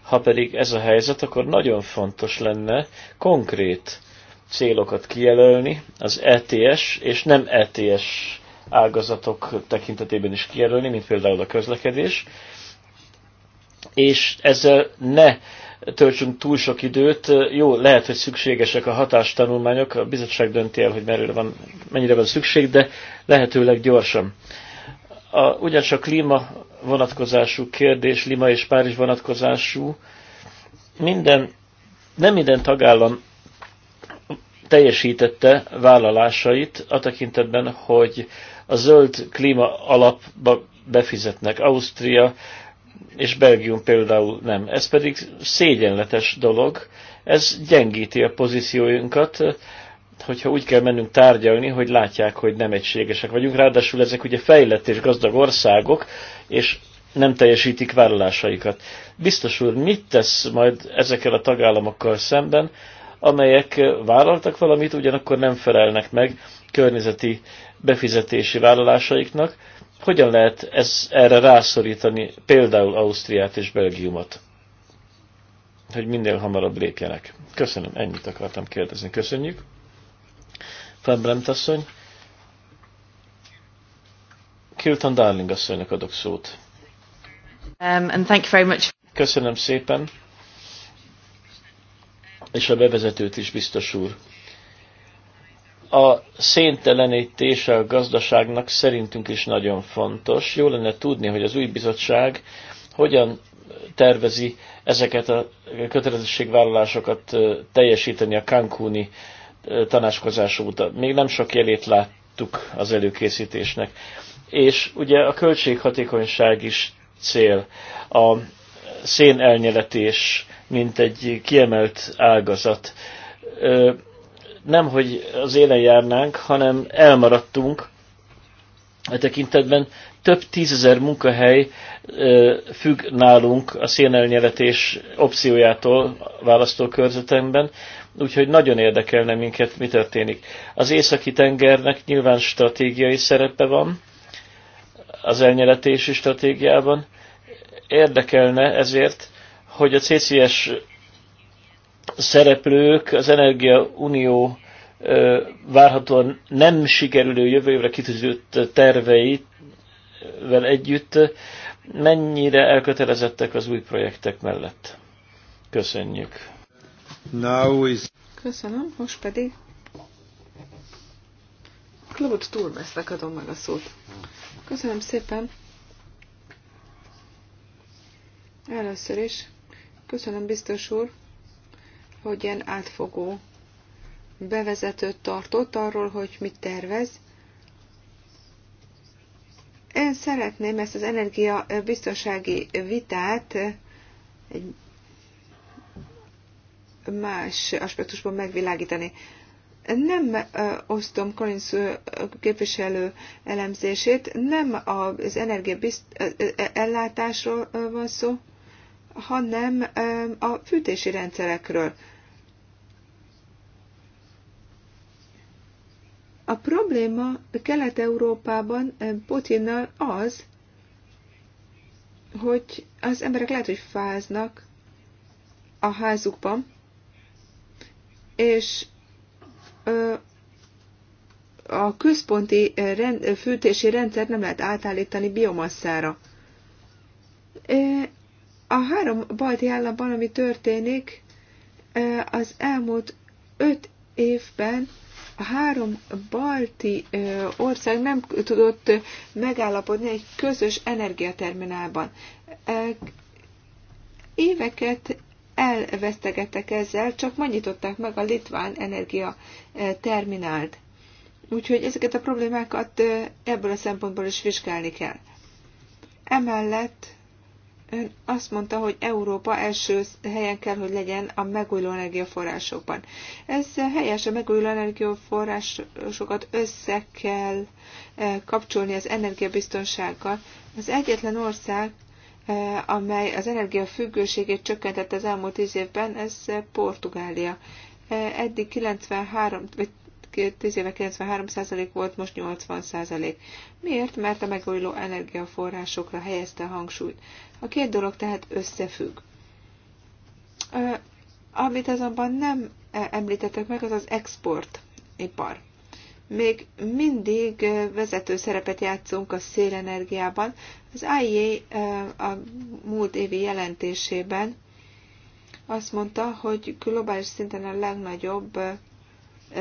Ha pedig ez a helyzet, akkor nagyon fontos lenne konkrét célokat kijelölni, az ETS és nem ETS ágazatok tekintetében is kijelölni, mint például a közlekedés, és ezzel ne töltsünk túl sok időt. Jó, lehet, hogy szükségesek a hatástanulmányok, a bizottság dönti el, hogy merőre van, mennyire van szükség, de lehetőleg gyorsan. A, ugyancsak klíma vonatkozású kérdés, Lima és Párizs vonatkozású, minden, nem minden tagállam teljesítette vállalásait a tekintetben, hogy a zöld klíma alapba befizetnek. Ausztria, és Belgium például nem. Ez pedig szégyenletes dolog, ez gyengíti a pozíciójunkat hogyha úgy kell mennünk tárgyalni, hogy látják, hogy nem egységesek vagyunk. Ráadásul ezek ugye fejlett és gazdag országok, és nem teljesítik vállalásaikat. Biztos úr, mit tesz majd ezekkel a tagállamokkal szemben, amelyek vállaltak valamit, ugyanakkor nem felelnek meg környezeti befizetési vállalásaiknak, hogyan lehet ez, erre rászorítani például Ausztriát és Belgiumot, hogy minél hamarabb lépjenek? Köszönöm, ennyit akartam kérdezni. Köszönjük. Fembremt asszony. Kilton Darling asszonynak adok szót. Um, and thank you very much. Köszönöm szépen. És a bevezetőt is, biztos úr a széntelenítése a gazdaságnak szerintünk is nagyon fontos. Jó lenne tudni, hogy az új bizottság hogyan tervezi ezeket a kötelezettségvállalásokat teljesíteni a Cancúni tanácskozás óta. Még nem sok jelét láttuk az előkészítésnek. És ugye a költséghatékonyság is cél. A szénelnyeletés, mint egy kiemelt ágazat nem, hogy az élen járnánk, hanem elmaradtunk a e tekintetben. Több tízezer munkahely függ nálunk a szénelnyeletés opciójától körzetemben, úgyhogy nagyon érdekelne minket, mi történik. Az északi tengernek nyilván stratégiai szerepe van az elnyeletési stratégiában. Érdekelne ezért, hogy a CCS szereplők az Energia Unió várhatóan nem sikerülő jövő évre kitűzött terveivel együtt mennyire elkötelezettek az új projektek mellett. Köszönjük. Now is... Köszönöm, most pedig túl Turmesnek adom meg a szót. Köszönöm szépen. Először is köszönöm biztos úr, hogy ilyen átfogó bevezetőt tartott arról, hogy mit tervez. Én szeretném ezt az energiabiztonsági vitát egy más aspektusban megvilágítani. Nem osztom Collins képviselő elemzését, nem az energiaellátásról e, van szó, hanem a fűtési rendszerekről. A probléma Kelet-Európában eh, Putinnal az, hogy az emberek lehet, hogy fáznak a házukban, és a központi eh, rend, eh, fűtési rendszer nem lehet átállítani biomasszára. A három balti államban, ami történik, az elmúlt öt évben három balti ország nem tudott megállapodni egy közös energiaterminálban. Éveket elvesztegettek ezzel, csak megnyitották meg a litván energiaterminált. Úgyhogy ezeket a problémákat ebből a szempontból is vizsgálni kell. Emellett Ön azt mondta, hogy Európa első helyen kell, hogy legyen a megújuló energiaforrásokban. Ez helyes, a megújuló energiaforrásokat össze kell eh, kapcsolni az energiabiztonsággal. Az egyetlen ország, eh, amely az energiafüggőségét csökkentett az elmúlt tíz évben, ez Portugália. Eh, eddig 93, vagy 10 éve 93% volt, most 80%. Miért? Mert a megújuló energiaforrásokra helyezte a hangsúlyt. A két dolog tehát összefügg. Amit azonban nem e, említettek meg, az az exportipar. Még mindig vezető szerepet játszunk a szélenergiában. Az IEA a múlt évi jelentésében azt mondta, hogy globális szinten a legnagyobb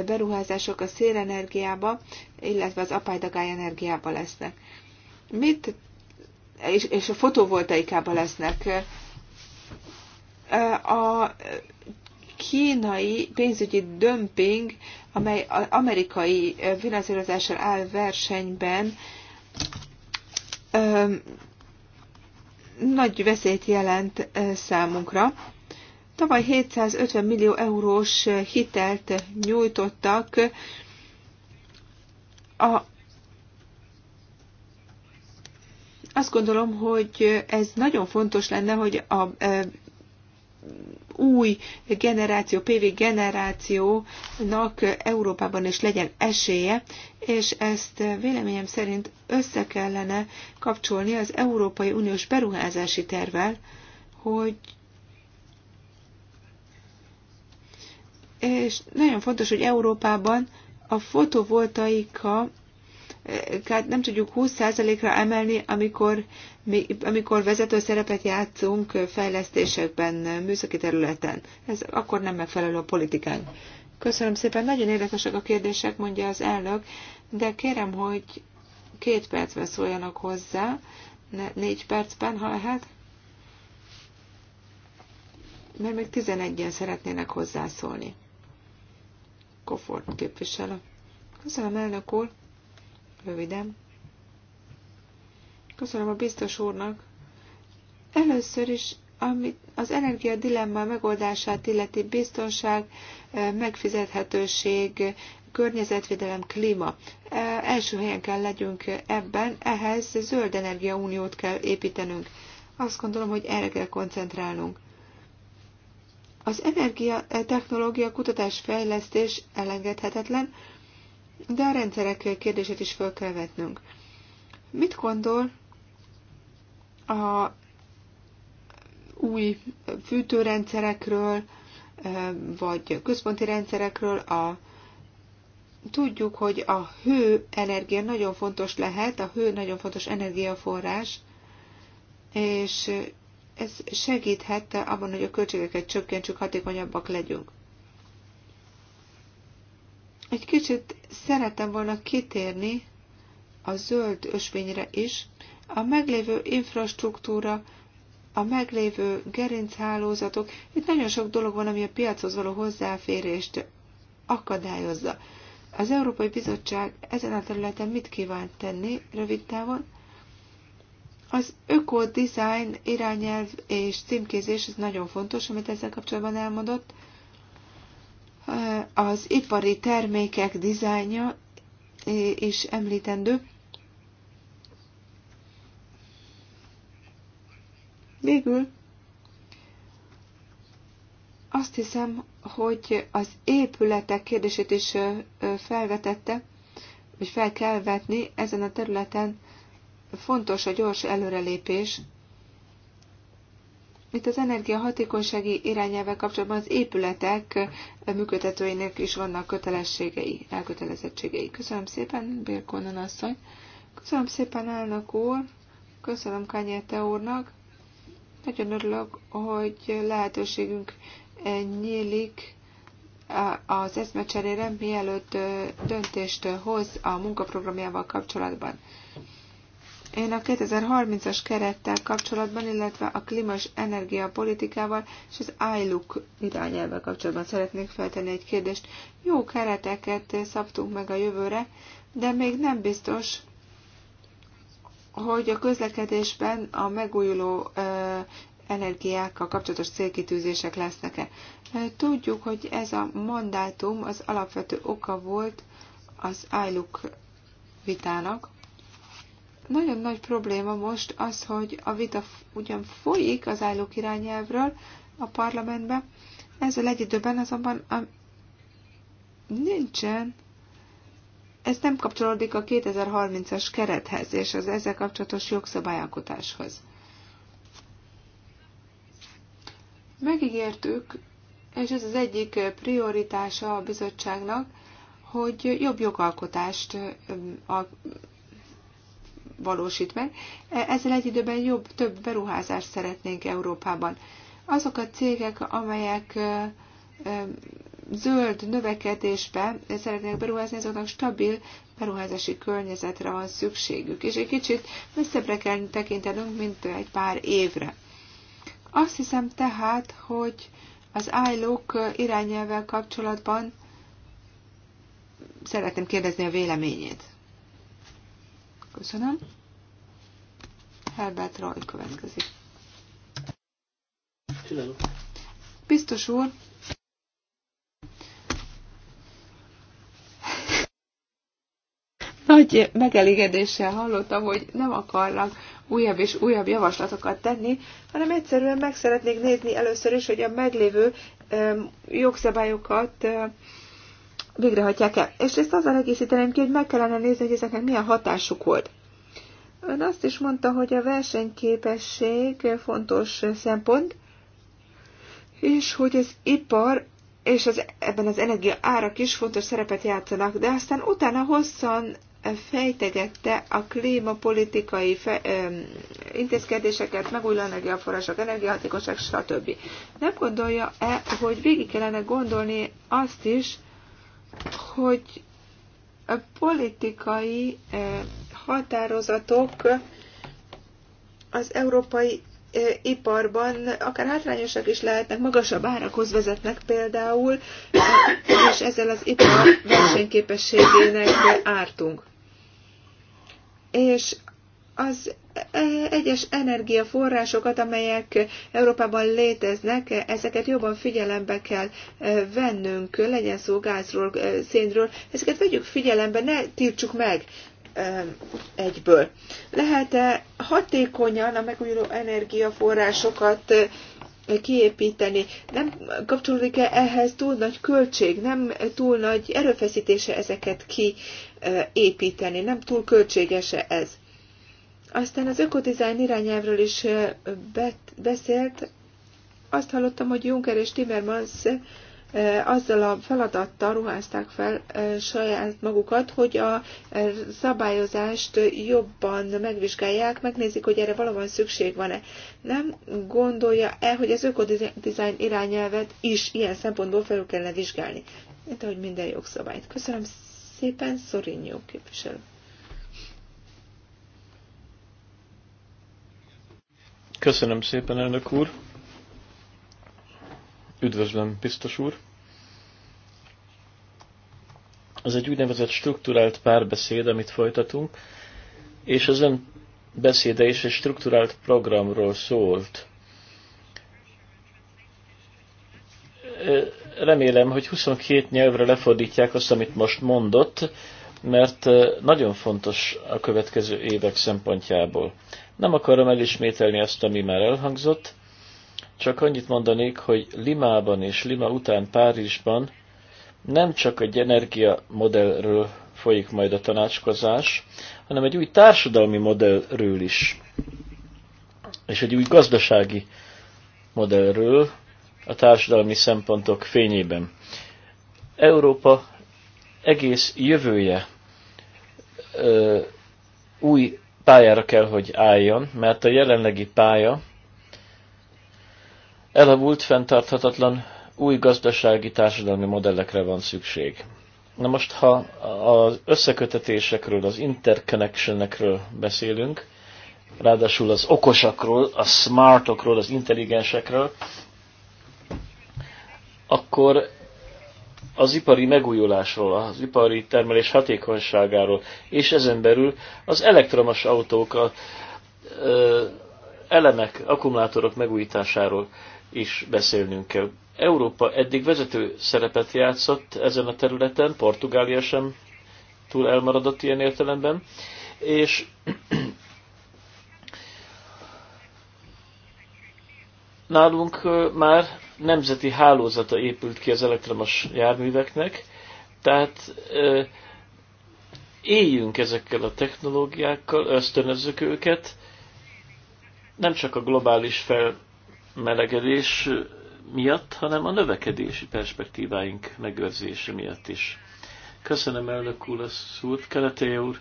beruházások a szélenergiába, illetve az apálydagály energiába lesznek. Mit, és, és a fotovoltaikába lesznek. A kínai pénzügyi dömping, amely az amerikai finanszírozással áll versenyben, nagy veszélyt jelent számunkra. Tavaly 750 millió eurós hitelt nyújtottak a azt gondolom, hogy ez nagyon fontos lenne, hogy a új generáció, PV generációnak Európában is legyen esélye, és ezt véleményem szerint össze kellene kapcsolni az Európai Uniós beruházási tervvel, hogy és nagyon fontos, hogy Európában a fotovoltaika tehát eh, nem tudjuk 20%-ra emelni, amikor, mi, amikor vezető szerepet játszunk fejlesztésekben, műszaki területen. Ez akkor nem megfelelő a politikánk. Köszönöm szépen, nagyon érdekesek a kérdések, mondja az elnök, de kérem, hogy két percben szóljanak hozzá, ne, négy percben, ha lehet, mert még 11-en szeretnének hozzászólni. Kofort képviselő. Köszönöm, elnök úr. Röviden. Köszönöm a biztos úrnak. Először is, amit az energia dilemma megoldását illeti biztonság, eh, megfizethetőség, környezetvédelem, klíma. Eh, első helyen kell legyünk ebben, ehhez zöld energiauniót kell építenünk. Azt gondolom, hogy erre kell koncentrálnunk. Az energia eh, technológia kutatás fejlesztés elengedhetetlen, de a rendszerek kérdését is fel kell vetnünk. Mit gondol a új fűtőrendszerekről, eh, vagy központi rendszerekről a Tudjuk, hogy a hő energia nagyon fontos lehet, a hő nagyon fontos energiaforrás, és ez segíthet abban, hogy a költségeket csökkentsük, hatékonyabbak legyünk. Egy kicsit szeretem volna kitérni a zöld ösvényre is. A meglévő infrastruktúra, a meglévő gerinchálózatok, itt nagyon sok dolog van, ami a piachoz való hozzáférést akadályozza. Az Európai Bizottság ezen a területen mit kíván tenni rövid távon? Az öko-design irányelv és címkézés, ez nagyon fontos, amit ezzel kapcsolatban elmondott. Az ipari termékek dizájnja is említendő. Végül azt hiszem, hogy az épületek kérdését is felvetette, hogy fel kell vetni ezen a területen fontos a gyors előrelépés. Itt az energiahatékonysági irányelvvel kapcsolatban az épületek működtetőinek is vannak kötelességei, elkötelezettségei. Köszönöm szépen, Bélkonon asszony. Köszönöm szépen, elnök úr. Köszönöm Kányete úrnak. Nagyon örülök, hogy lehetőségünk nyílik az eszmecserére, mielőtt döntést hoz a munkaprogramjával kapcsolatban. Én a 2030-as kerettel kapcsolatban, illetve a klímas energiapolitikával és az ILUC irányelvvel kapcsolatban szeretnék feltenni egy kérdést. Jó kereteket szabtunk meg a jövőre, de még nem biztos, hogy a közlekedésben a megújuló energiákkal kapcsolatos célkitűzések lesznek-e. Tudjuk, hogy ez a mandátum az alapvető oka volt az ILUC vitának, nagyon nagy probléma most az, hogy a vita ugyan folyik az állók irányelvről a parlamentben, ezzel egy időben azonban a... nincsen, ez nem kapcsolódik a 2030-as kerethez és az ezzel kapcsolatos jogszabályalkotáshoz. Megígértük, és ez az egyik prioritása a bizottságnak, hogy jobb jogalkotást valósít meg. Ezzel egy időben jobb, több beruházást szeretnénk Európában. Azok a cégek, amelyek zöld növekedésbe szeretnének beruházni, azoknak stabil beruházási környezetre van szükségük, és egy kicsit messzebbre kell tekintenünk, mint egy pár évre. Azt hiszem tehát, hogy az állók irányelvel kapcsolatban szeretném kérdezni a véleményét. Köszönöm. Herbert Raj következik. Biztos úr, nagy megelégedéssel hallottam, hogy nem akarnak újabb és újabb javaslatokat tenni, hanem egyszerűen meg szeretnék nézni először is, hogy a meglévő jogszabályokat végrehajtják-e. És ezt azzal egészíteném ki, hogy meg kellene nézni, hogy ezeknek milyen hatásuk volt. Ön azt is mondta, hogy a versenyképesség fontos szempont, és hogy az ipar és az, ebben az energia árak is fontos szerepet játszanak, de aztán utána hosszan fejtegette a klímapolitikai fe, ö, intézkedéseket, megújuló energiaforrások, energiahatékosság, stb. Nem gondolja-e, hogy végig kellene gondolni azt is, hogy a politikai eh, határozatok az európai eh, iparban akár hátrányosak is lehetnek, magasabb árakhoz vezetnek például, eh, és ezzel az ipar versenyképességének ártunk. És az egyes energiaforrásokat, amelyek Európában léteznek, ezeket jobban figyelembe kell vennünk, legyen szó gázról, szénről, ezeket vegyük figyelembe, ne tiltsuk meg egyből. Lehet-e hatékonyan a megújuló energiaforrásokat kiépíteni. Nem kapcsolódik-e ehhez túl nagy költség, nem túl nagy erőfeszítése ezeket kiépíteni, nem túl költséges-e ez? Aztán az ökodizájn irányelvről is beszélt. Azt hallottam, hogy Juncker és Timmermans azzal a feladattal ruházták fel saját magukat, hogy a szabályozást jobban megvizsgálják, megnézik, hogy erre valóban szükség van-e. Nem gondolja-e, hogy az ökodizájn irányelvet is ilyen szempontból felül kellene vizsgálni, mint ahogy minden jogszabályt. Köszönöm szépen, Szorinyó képviselő. Köszönöm szépen, elnök úr. Üdvözlöm, biztos úr. Ez egy úgynevezett strukturált párbeszéd, amit folytatunk, és az ön beszéde is egy strukturált programról szólt. Remélem, hogy 22 nyelvre lefordítják azt, amit most mondott, mert nagyon fontos a következő évek szempontjából. Nem akarom elismételni azt, ami már elhangzott, csak annyit mondanék, hogy Limában és Lima után Párizsban nem csak egy energia folyik majd a tanácskozás, hanem egy új társadalmi modellről is, és egy új gazdasági modellről a társadalmi szempontok fényében. Európa egész jövője ö, új pályára kell, hogy álljon, mert a jelenlegi pálya elavult, fenntarthatatlan új gazdasági társadalmi modellekre van szükség. Na most, ha az összekötetésekről, az interconnectionekről beszélünk, ráadásul az okosakról, a smartokról, az intelligensekről, akkor az ipari megújulásról, az ipari termelés hatékonyságáról, és ezen belül az elektromos autók, a, ö, elemek, akkumulátorok megújításáról is beszélnünk kell. Európa eddig vezető szerepet játszott ezen a területen, Portugália sem túl elmaradott ilyen értelemben, és Nálunk már nemzeti hálózata épült ki az elektromos járműveknek, tehát éljünk ezekkel a technológiákkal, ösztönözzük őket, nem csak a globális felmelegedés miatt, hanem a növekedési perspektíváink megőrzése miatt is. Köszönöm elnök úr, a szót, Keleté úr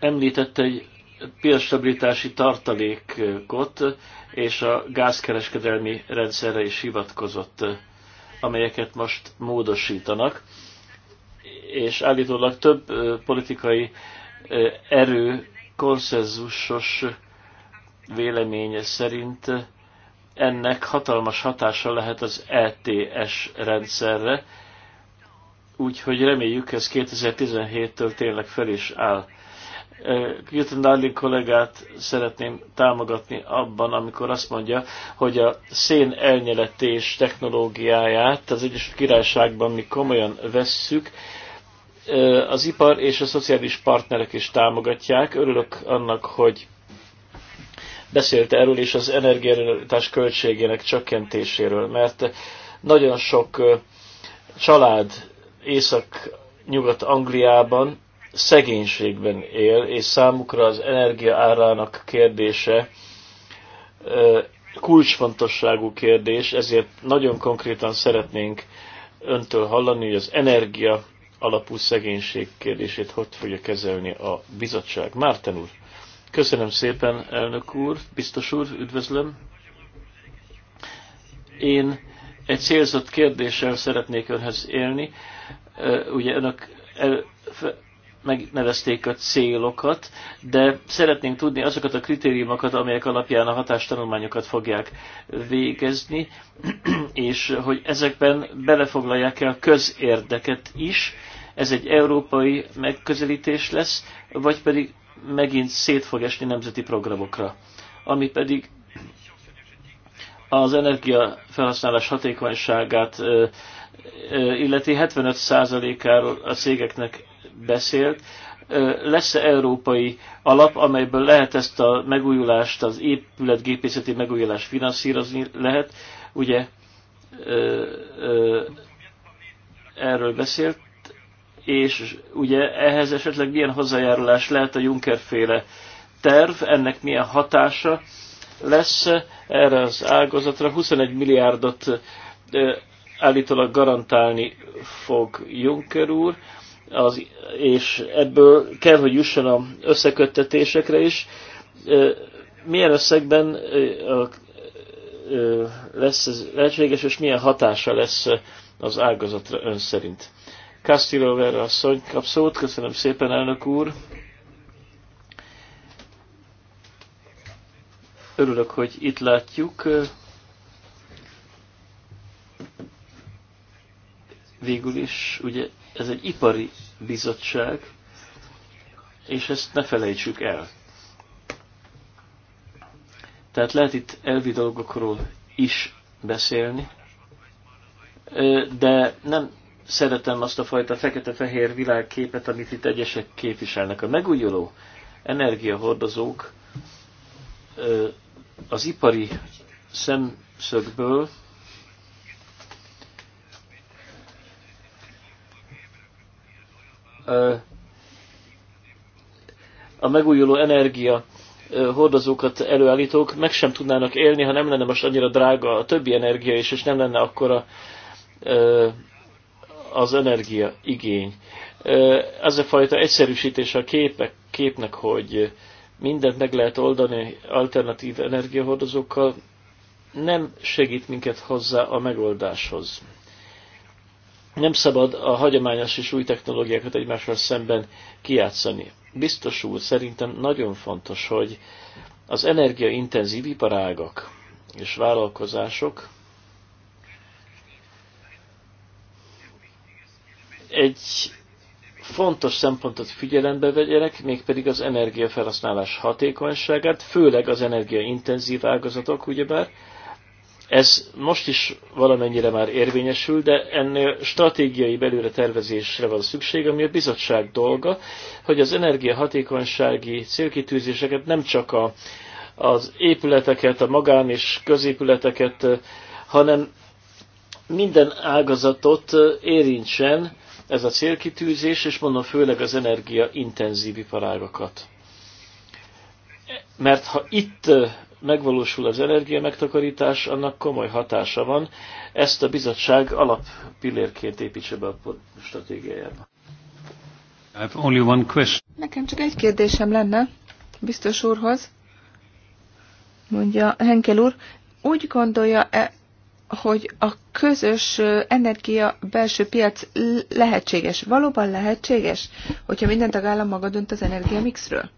Említette egy piacstabilitási tartalékot és a gázkereskedelmi rendszerre is hivatkozott, amelyeket most módosítanak, és állítólag több politikai erő konszenzusos véleménye szerint ennek hatalmas hatása lehet az ETS rendszerre, úgyhogy reméljük ez 2017-től tényleg fel is áll. Kirtan Dali kollégát szeretném támogatni abban, amikor azt mondja, hogy a szén elnyeletés technológiáját az Egyesült Királyságban mi komolyan vesszük, az ipar és a szociális partnerek is támogatják. Örülök annak, hogy beszélt erről és az energiaerőtás költségének csökkentéséről, mert nagyon sok család Észak-Nyugat-Angliában szegénységben él, és számukra az energia árának kérdése kulcsfontosságú kérdés, ezért nagyon konkrétan szeretnénk öntől hallani, hogy az energia alapú szegénység kérdését hogy fogja kezelni a bizottság. Márten úr, köszönöm szépen, elnök úr, biztos úr, üdvözlöm. Én egy célzott kérdéssel szeretnék önhez élni. Ugye önök el, megnevezték a célokat, de szeretnénk tudni azokat a kritériumokat, amelyek alapján a hatástanulmányokat fogják végezni, és hogy ezekben belefoglalják-e a közérdeket is, ez egy európai megközelítés lesz, vagy pedig megint szét fog esni nemzeti programokra. Ami pedig az energiafelhasználás hatékonyságát illeti 75%-áról a cégeknek beszélt, lesz-e európai alap, amelyből lehet ezt a megújulást, az épületgépészeti megújulást finanszírozni lehet, ugye erről beszélt, és ugye ehhez esetleg milyen hozzájárulás lehet a Juncker féle terv, ennek milyen hatása lesz erre az ágazatra. 21 milliárdot állítólag garantálni fog Juncker úr az, és ebből kell, hogy jusson a összeköttetésekre is. Milyen összegben lesz ez lehetséges, és milyen hatása lesz az ágazatra ön szerint? Castillo asszony kap szót, köszönöm szépen, elnök úr. Örülök, hogy itt látjuk. Végül is, ugye ez egy ipari bizottság, és ezt ne felejtsük el. Tehát lehet itt elvi dolgokról is beszélni, de nem szeretem azt a fajta fekete-fehér világképet, amit itt egyesek képviselnek. A megújuló energiahordozók az ipari szemszögből a megújuló energia hordozókat előállítók meg sem tudnának élni, ha nem lenne most annyira drága a többi energia is, és nem lenne akkora az energia igény. Ez a fajta egyszerűsítés a képek, képnek, hogy mindent meg lehet oldani alternatív energiahordozókkal, nem segít minket hozzá a megoldáshoz nem szabad a hagyományos és új technológiákat egymással szemben kiátszani. Biztos úr, szerintem nagyon fontos, hogy az energiaintenzív iparágak és vállalkozások egy fontos szempontot figyelembe vegyenek, mégpedig az energiafelhasználás hatékonyságát, főleg az energiaintenzív ágazatok, ugyebár, ez most is valamennyire már érvényesül, de ennél stratégiai belőle tervezésre van szükség, ami a bizottság dolga, hogy az energiahatékonysági célkitűzéseket nem csak a, az épületeket, a magán és középületeket, hanem minden ágazatot érintsen ez a célkitűzés, és mondom főleg az energiaintenzív iparágakat. Mert ha itt megvalósul az energia megtakarítás, annak komoly hatása van. Ezt a bizottság alappillérként építse be a stratégiájába. Nekem csak egy kérdésem lenne, biztos úrhoz, mondja Henkel úr. Úgy gondolja-e, hogy a közös energia belső piac lehetséges, valóban lehetséges, hogyha minden tagállam maga dönt az energia mixről?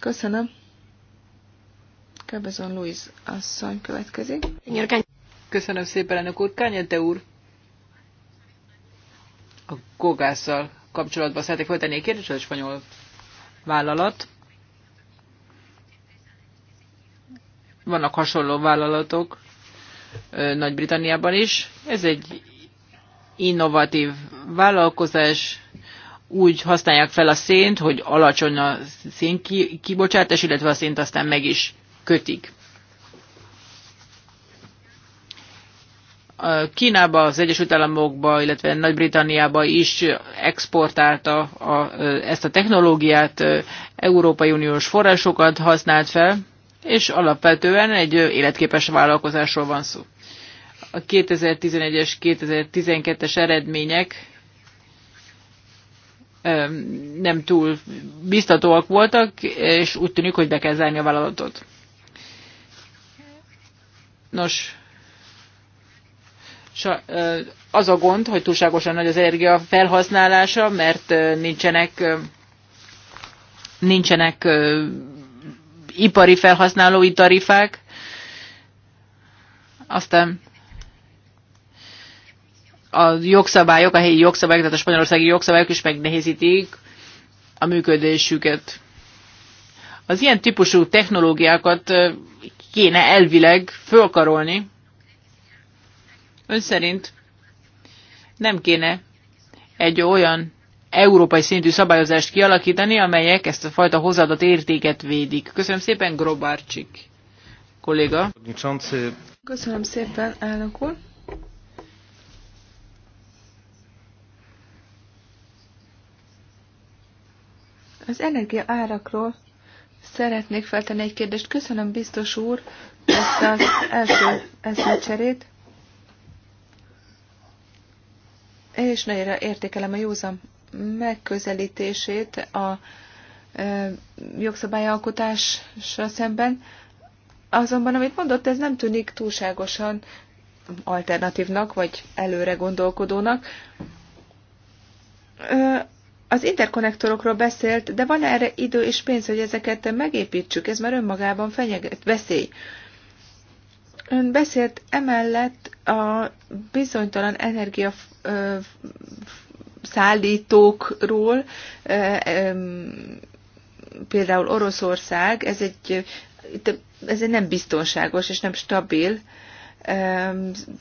Köszönöm. Kebezon Luis asszony következik. Köszönöm szépen, elnök úr. Kányente úr, a gogásszal kapcsolatban szeretnék föltenni egy kérdést, a spanyol vállalat. Vannak hasonló vállalatok Nagy-Britanniában is. Ez egy innovatív vállalkozás, úgy használják fel a szént, hogy alacsony a szénkibocsátás, illetve a szént aztán meg is kötik. Kínába, az Egyesült Államokba, illetve Nagy-Britanniába is exportálta a, ezt a technológiát, Európai Uniós forrásokat használt fel, és alapvetően egy életképes vállalkozásról van szó. A 2011-es, 2012-es eredmények nem túl biztatóak voltak, és úgy tűnik, hogy be kell zárni a vállalatot. Nos, az a gond, hogy túlságosan nagy az energia felhasználása, mert nincsenek, nincsenek ipari felhasználói tarifák. Aztán a jogszabályok, a helyi jogszabályok, tehát a spanyolországi jogszabályok is megnehezítik a működésüket. Az ilyen típusú technológiákat kéne elvileg fölkarolni. Ön szerint nem kéne egy olyan európai szintű szabályozást kialakítani, amelyek ezt a fajta hozzáadott értéket védik. Köszönöm szépen, Grobárcsik kolléga. Köszönöm szépen, elnök úr. Az energia árakról Szeretnék feltenni egy kérdést. Köszönöm, biztos úr, ezt az első eszmecserét. És nagyon értékelem a józan megközelítését a e, jogszabályalkotásra szemben. Azonban, amit mondott, ez nem tűnik túlságosan alternatívnak, vagy előre gondolkodónak az interkonnektorokról beszélt, de van -e erre idő és pénz, hogy ezeket megépítsük? Ez már önmagában fenyeget, veszély. Ön beszélt emellett a bizonytalan energia szállítókról, például Oroszország, ez egy, ez egy nem biztonságos és nem stabil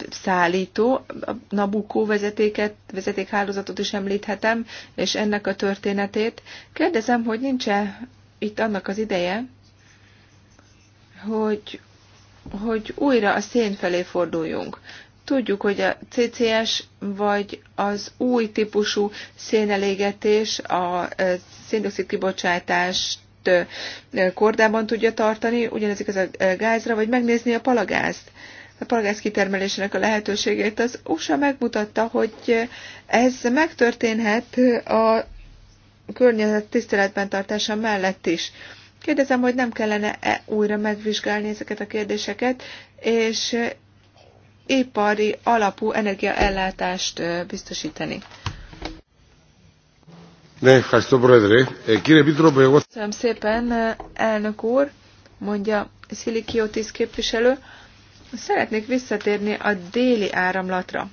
szállító, a Nabucco vezetéket, vezetékhálózatot is említhetem, és ennek a történetét. Kérdezem, hogy nincs-e itt annak az ideje, hogy, hogy újra a szén felé forduljunk. Tudjuk, hogy a CCS vagy az új típusú szénelégetés a e, széndiokszid kibocsátást e, kordában tudja tartani, ugyanez ez a e, gázra, vagy megnézni a palagázt a palagáz kitermelésének a lehetőségét. Az USA megmutatta, hogy ez megtörténhet a környezet tiszteletben tartása mellett is. Kérdezem, hogy nem kellene -e újra megvizsgálni ezeket a kérdéseket, és ipari alapú energiaellátást biztosítani. Eh, Köszönöm szépen, elnök úr, mondja Szilikiotis képviselő. Szeretnék visszatérni a déli áramlatra.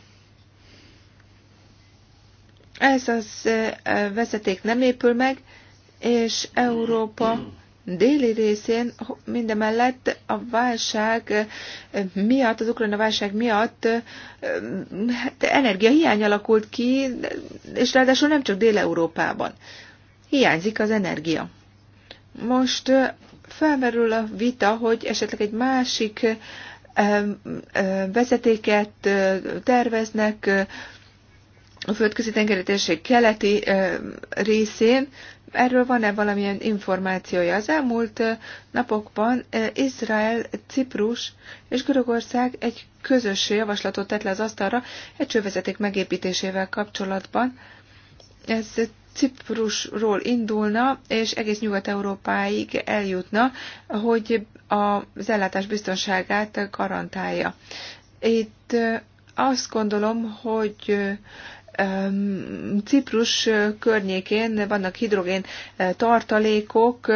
Ez az vezeték nem épül meg, és Európa déli részén mindemellett a válság miatt, az ukrajna válság miatt hát energiahiány alakult ki, és ráadásul nem csak Dél-Európában. Hiányzik az energia. Most felmerül a vita, hogy esetleg egy másik vezetéket terveznek a földközi tengeri térség keleti részén. Erről van-e valamilyen információja? Az elmúlt napokban Izrael, Ciprus és Görögország egy közös javaslatot tett le az asztalra egy csővezeték megépítésével kapcsolatban. Ez Ciprusról indulna, és egész Nyugat-Európáig eljutna, hogy az ellátás biztonságát garantálja. Itt azt gondolom, hogy Ciprus környékén vannak hidrogén tartalékok,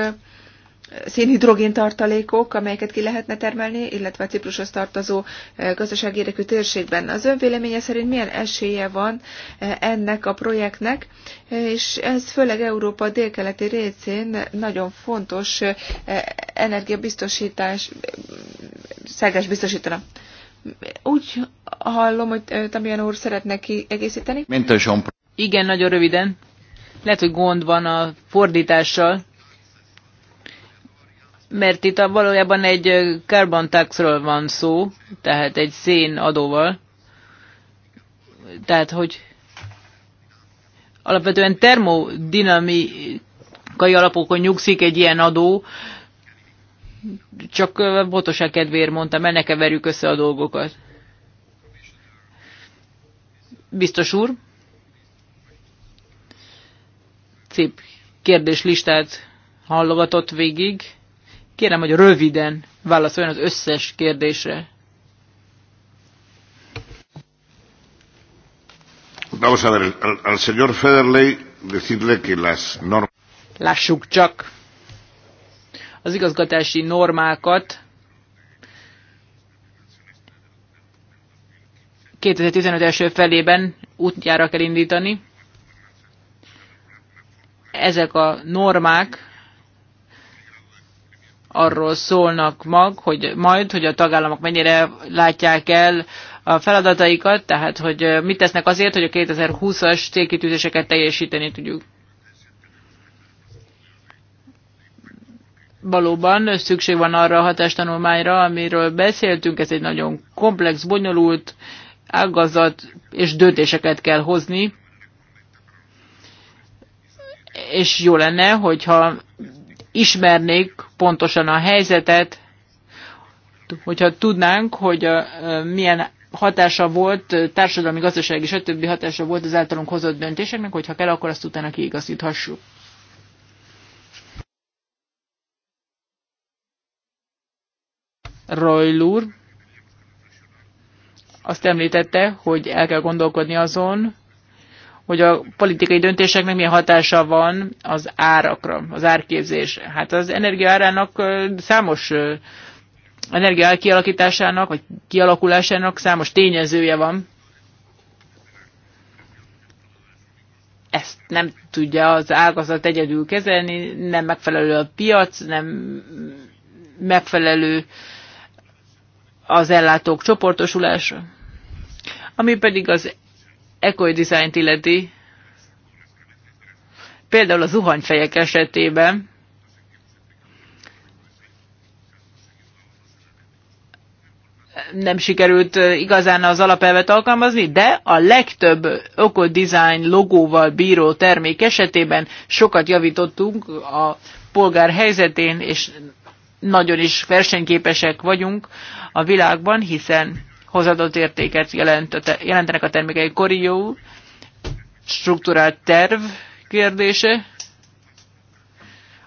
szénhidrogén tartalékok, amelyeket ki lehetne termelni, illetve a Ciprushoz tartozó eh, gazdasági érdekű térségben. Az ön véleménye szerint milyen esélye van eh, ennek a projektnek, eh, és ez főleg Európa délkeleti részén nagyon fontos energiabiztosítás, szágás biztosítana. Úgy hallom, hogy Tamian úr szeretne kiegészíteni. Igen, nagyon röviden. Lehet, hogy gond van a fordítással mert itt a, valójában egy carbon taxról van szó, tehát egy szén adóval. Tehát, hogy alapvetően termodinamikai alapokon nyugszik egy ilyen adó, csak pontosan kedvéért mondtam, el ne keverjük össze a dolgokat. Biztos úr, szép kérdéslistát hallogatott végig. Kérem, hogy röviden válaszoljon az összes kérdésre. Vamos a ver, al, al señor Federley decirle que las normas... Lássuk csak! Az igazgatási normákat 2015 első felében útjára kell indítani. Ezek a normák arról szólnak mag, hogy majd, hogy a tagállamok mennyire látják el a feladataikat, tehát hogy mit tesznek azért, hogy a 2020-as célkitűzéseket teljesíteni tudjuk. Valóban szükség van arra a hatástanulmányra, amiről beszéltünk, ez egy nagyon komplex, bonyolult ágazat, és döntéseket kell hozni, és jó lenne, hogyha ismernék pontosan a helyzetet, hogyha tudnánk, hogy milyen hatása volt, társadalmi, gazdasági, stb. hatása volt az általunk hozott döntéseknek, hogyha kell, akkor azt utána kiigazíthassuk. Royl úr azt említette, hogy el kell gondolkodni azon, hogy a politikai döntéseknek milyen hatása van az árakra, az árképzésre. Hát az energiaárának számos energia kialakításának, vagy kialakulásának számos tényezője van. Ezt nem tudja az ágazat egyedül kezelni, nem megfelelő a piac, nem megfelelő az ellátók csoportosulása. Ami pedig az eco dizájnt illeti, például a zuhanyfejek esetében, nem sikerült igazán az alapelvet alkalmazni, de a legtöbb design logóval bíró termék esetében sokat javítottunk a polgár helyzetén, és nagyon is versenyképesek vagyunk a világban, hiszen hozadott értéket jelentenek a termékei. Korió struktúrált terv kérdése.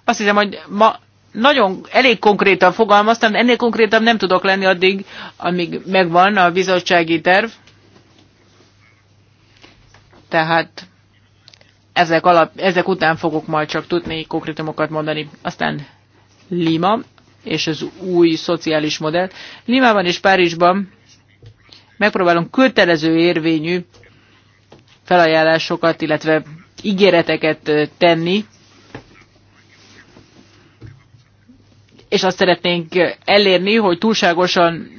Azt hiszem, hogy ma nagyon elég konkrétan fogalmaztam, ennél konkrétan nem tudok lenni addig, amíg megvan a bizottsági terv. Tehát ezek, alap, ezek után fogok majd csak tudni konkrétumokat mondani. Aztán Lima és az új szociális modell. Limában és Párizsban megpróbálunk kötelező érvényű felajánlásokat, illetve ígéreteket tenni, és azt szeretnénk elérni, hogy túlságosan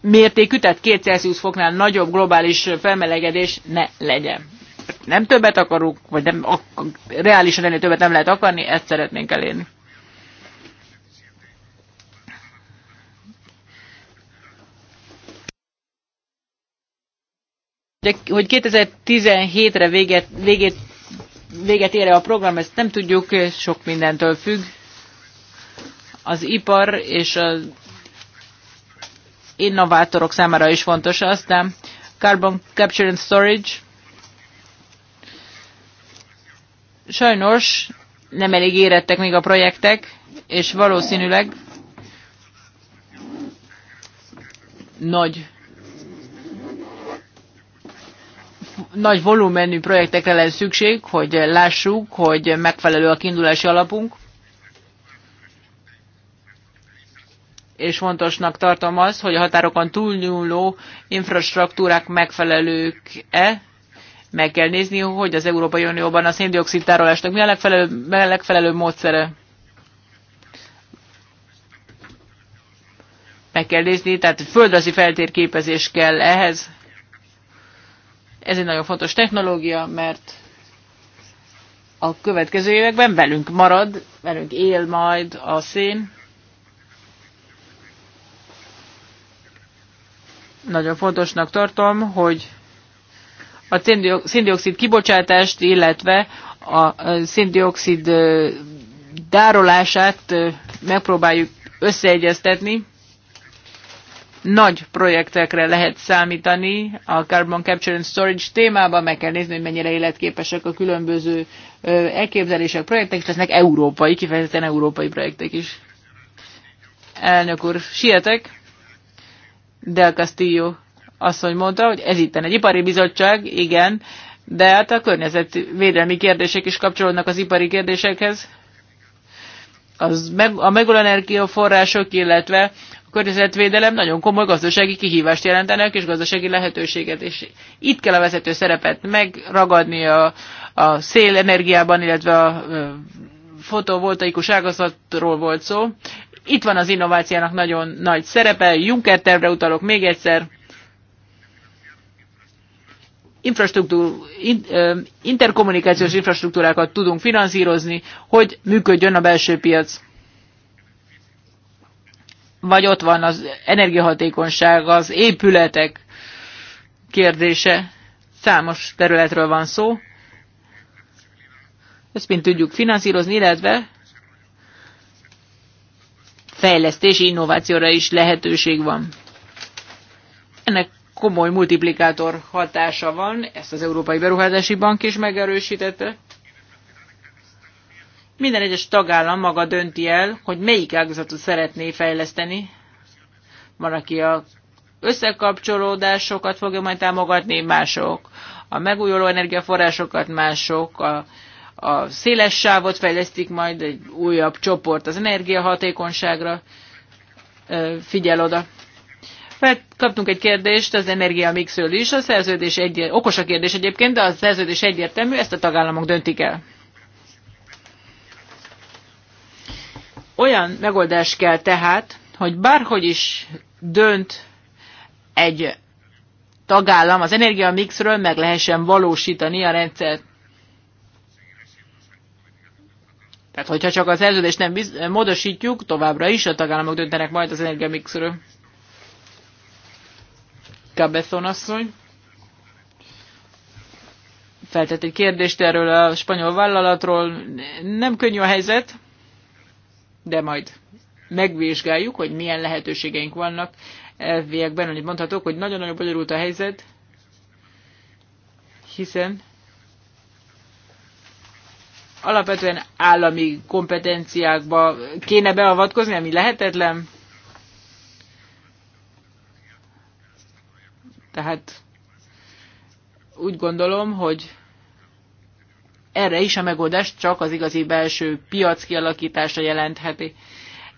mértékű, tehát 2 Celsius foknál nagyobb globális felmelegedés ne legyen. Nem többet akarunk, vagy nem, ak- reálisan ennél többet nem lehet akarni, ezt szeretnénk elérni. hogy 2017-re véget, véget, véget ér a program, ezt nem tudjuk, sok mindentől függ. Az ipar és az innovátorok számára is fontos. Aztán Carbon Capture and Storage. Sajnos nem elég érettek még a projektek, és valószínűleg nagy nagy volumenű projektekre lesz szükség, hogy lássuk, hogy megfelelő a kiindulási alapunk. És fontosnak tartom az, hogy a határokon túlnyúló infrastruktúrák megfelelők-e. Meg kell nézni, hogy az Európai Unióban a széndiokszid tárolásnak mi a legfelelőbb, legfelelő módszere. Meg kell nézni, tehát földrajzi feltérképezés kell ehhez. Ez egy nagyon fontos technológia, mert a következő években velünk marad, velünk él majd a szén. Nagyon fontosnak tartom, hogy a széndiokszid kibocsátást, illetve a széndiokszid dárolását megpróbáljuk összeegyeztetni nagy projektekre lehet számítani a Carbon Capture and Storage témában, meg kell nézni, hogy mennyire életképesek a különböző elképzelések, projektek, és lesznek európai, kifejezetten európai projektek is. Elnök úr, sietek, Del Castillo asszony mondta, hogy ez itt egy ipari bizottság, igen, de hát a környezetvédelmi kérdések is kapcsolódnak az ipari kérdésekhez. Az meg, a megújuló források, illetve környezetvédelem nagyon komoly gazdasági kihívást jelentenek, és gazdasági lehetőséget. És itt kell a vezető szerepet megragadni a, a szélenergiában, illetve a fotovoltaikus ágazatról volt szó. Itt van az innovációnak nagyon nagy szerepe. Juncker tervre utalok még egyszer. Infrastruktúr, interkommunikációs infrastruktúrákat tudunk finanszírozni, hogy működjön a belső piac vagy ott van az energiahatékonyság, az épületek kérdése. Számos területről van szó. Ezt mind tudjuk finanszírozni, illetve fejlesztési innovációra is lehetőség van. Ennek komoly multiplikátor hatása van, ezt az Európai Beruházási Bank is megerősítette. Minden egyes tagállam maga dönti el, hogy melyik ágazatot szeretné fejleszteni. Van, aki a összekapcsolódásokat fogja majd támogatni, mások a megújuló energiaforrásokat, mások a, a széles sávot fejlesztik majd, egy újabb csoport az energiahatékonyságra figyel oda. Mert kaptunk egy kérdést az energiamixről is, a szerződés egy, okos a kérdés egyébként, de a szerződés egyértelmű, ezt a tagállamok döntik el. Olyan megoldás kell tehát, hogy bárhogy is dönt egy tagállam az energiamixről, meg lehessen valósítani a rendszert. Tehát, hogyha csak a szerződést nem módosítjuk, továbbra is a tagállamok döntenek majd az energiamixről. Cabezon asszony. Feltett egy kérdést erről a spanyol vállalatról. Nem könnyű a helyzet de majd megvizsgáljuk, hogy milyen lehetőségeink vannak elviekben, amit mondhatok, hogy nagyon-nagyon bonyolult a helyzet, hiszen alapvetően állami kompetenciákba kéne beavatkozni, ami lehetetlen. Tehát úgy gondolom, hogy erre is a megoldást csak az igazi belső piac kialakítása jelentheti.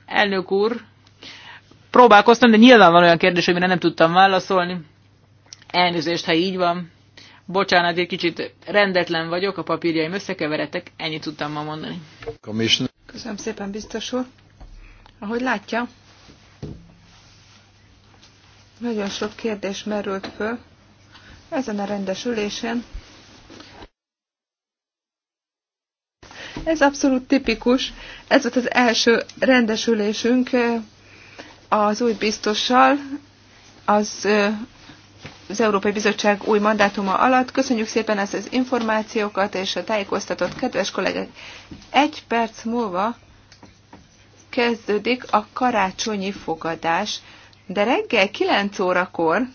Elnök úr, próbálkoztam, de nyilván van olyan kérdés, amire nem tudtam válaszolni. Elnézést, ha így van. Bocsánat, egy kicsit rendetlen vagyok, a papírjaim összekeveredtek, ennyit tudtam ma mondani. Köszönöm szépen, biztos úr. Ahogy látja, nagyon sok kérdés merült föl ezen a rendes ülésen. Ez abszolút tipikus. Ez volt az első rendesülésünk eh, az új biztossal, az, eh, az Európai Bizottság új mandátuma alatt. Köszönjük szépen ezt az információkat és a tájékoztatott kedves kollégák. Egy perc múlva kezdődik a karácsonyi fogadás, de reggel 9 órakor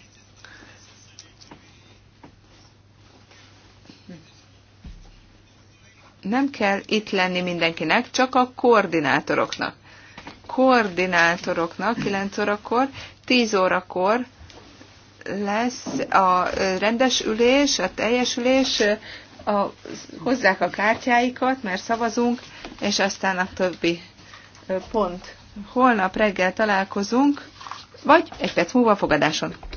nem kell itt lenni mindenkinek, csak a koordinátoroknak. Koordinátoroknak 9 órakor, 10 órakor lesz a rendes ülés, a teljes ülés, a, hozzák a kártyáikat, mert szavazunk, és aztán a többi pont. Holnap reggel találkozunk, vagy egy perc múlva fogadáson.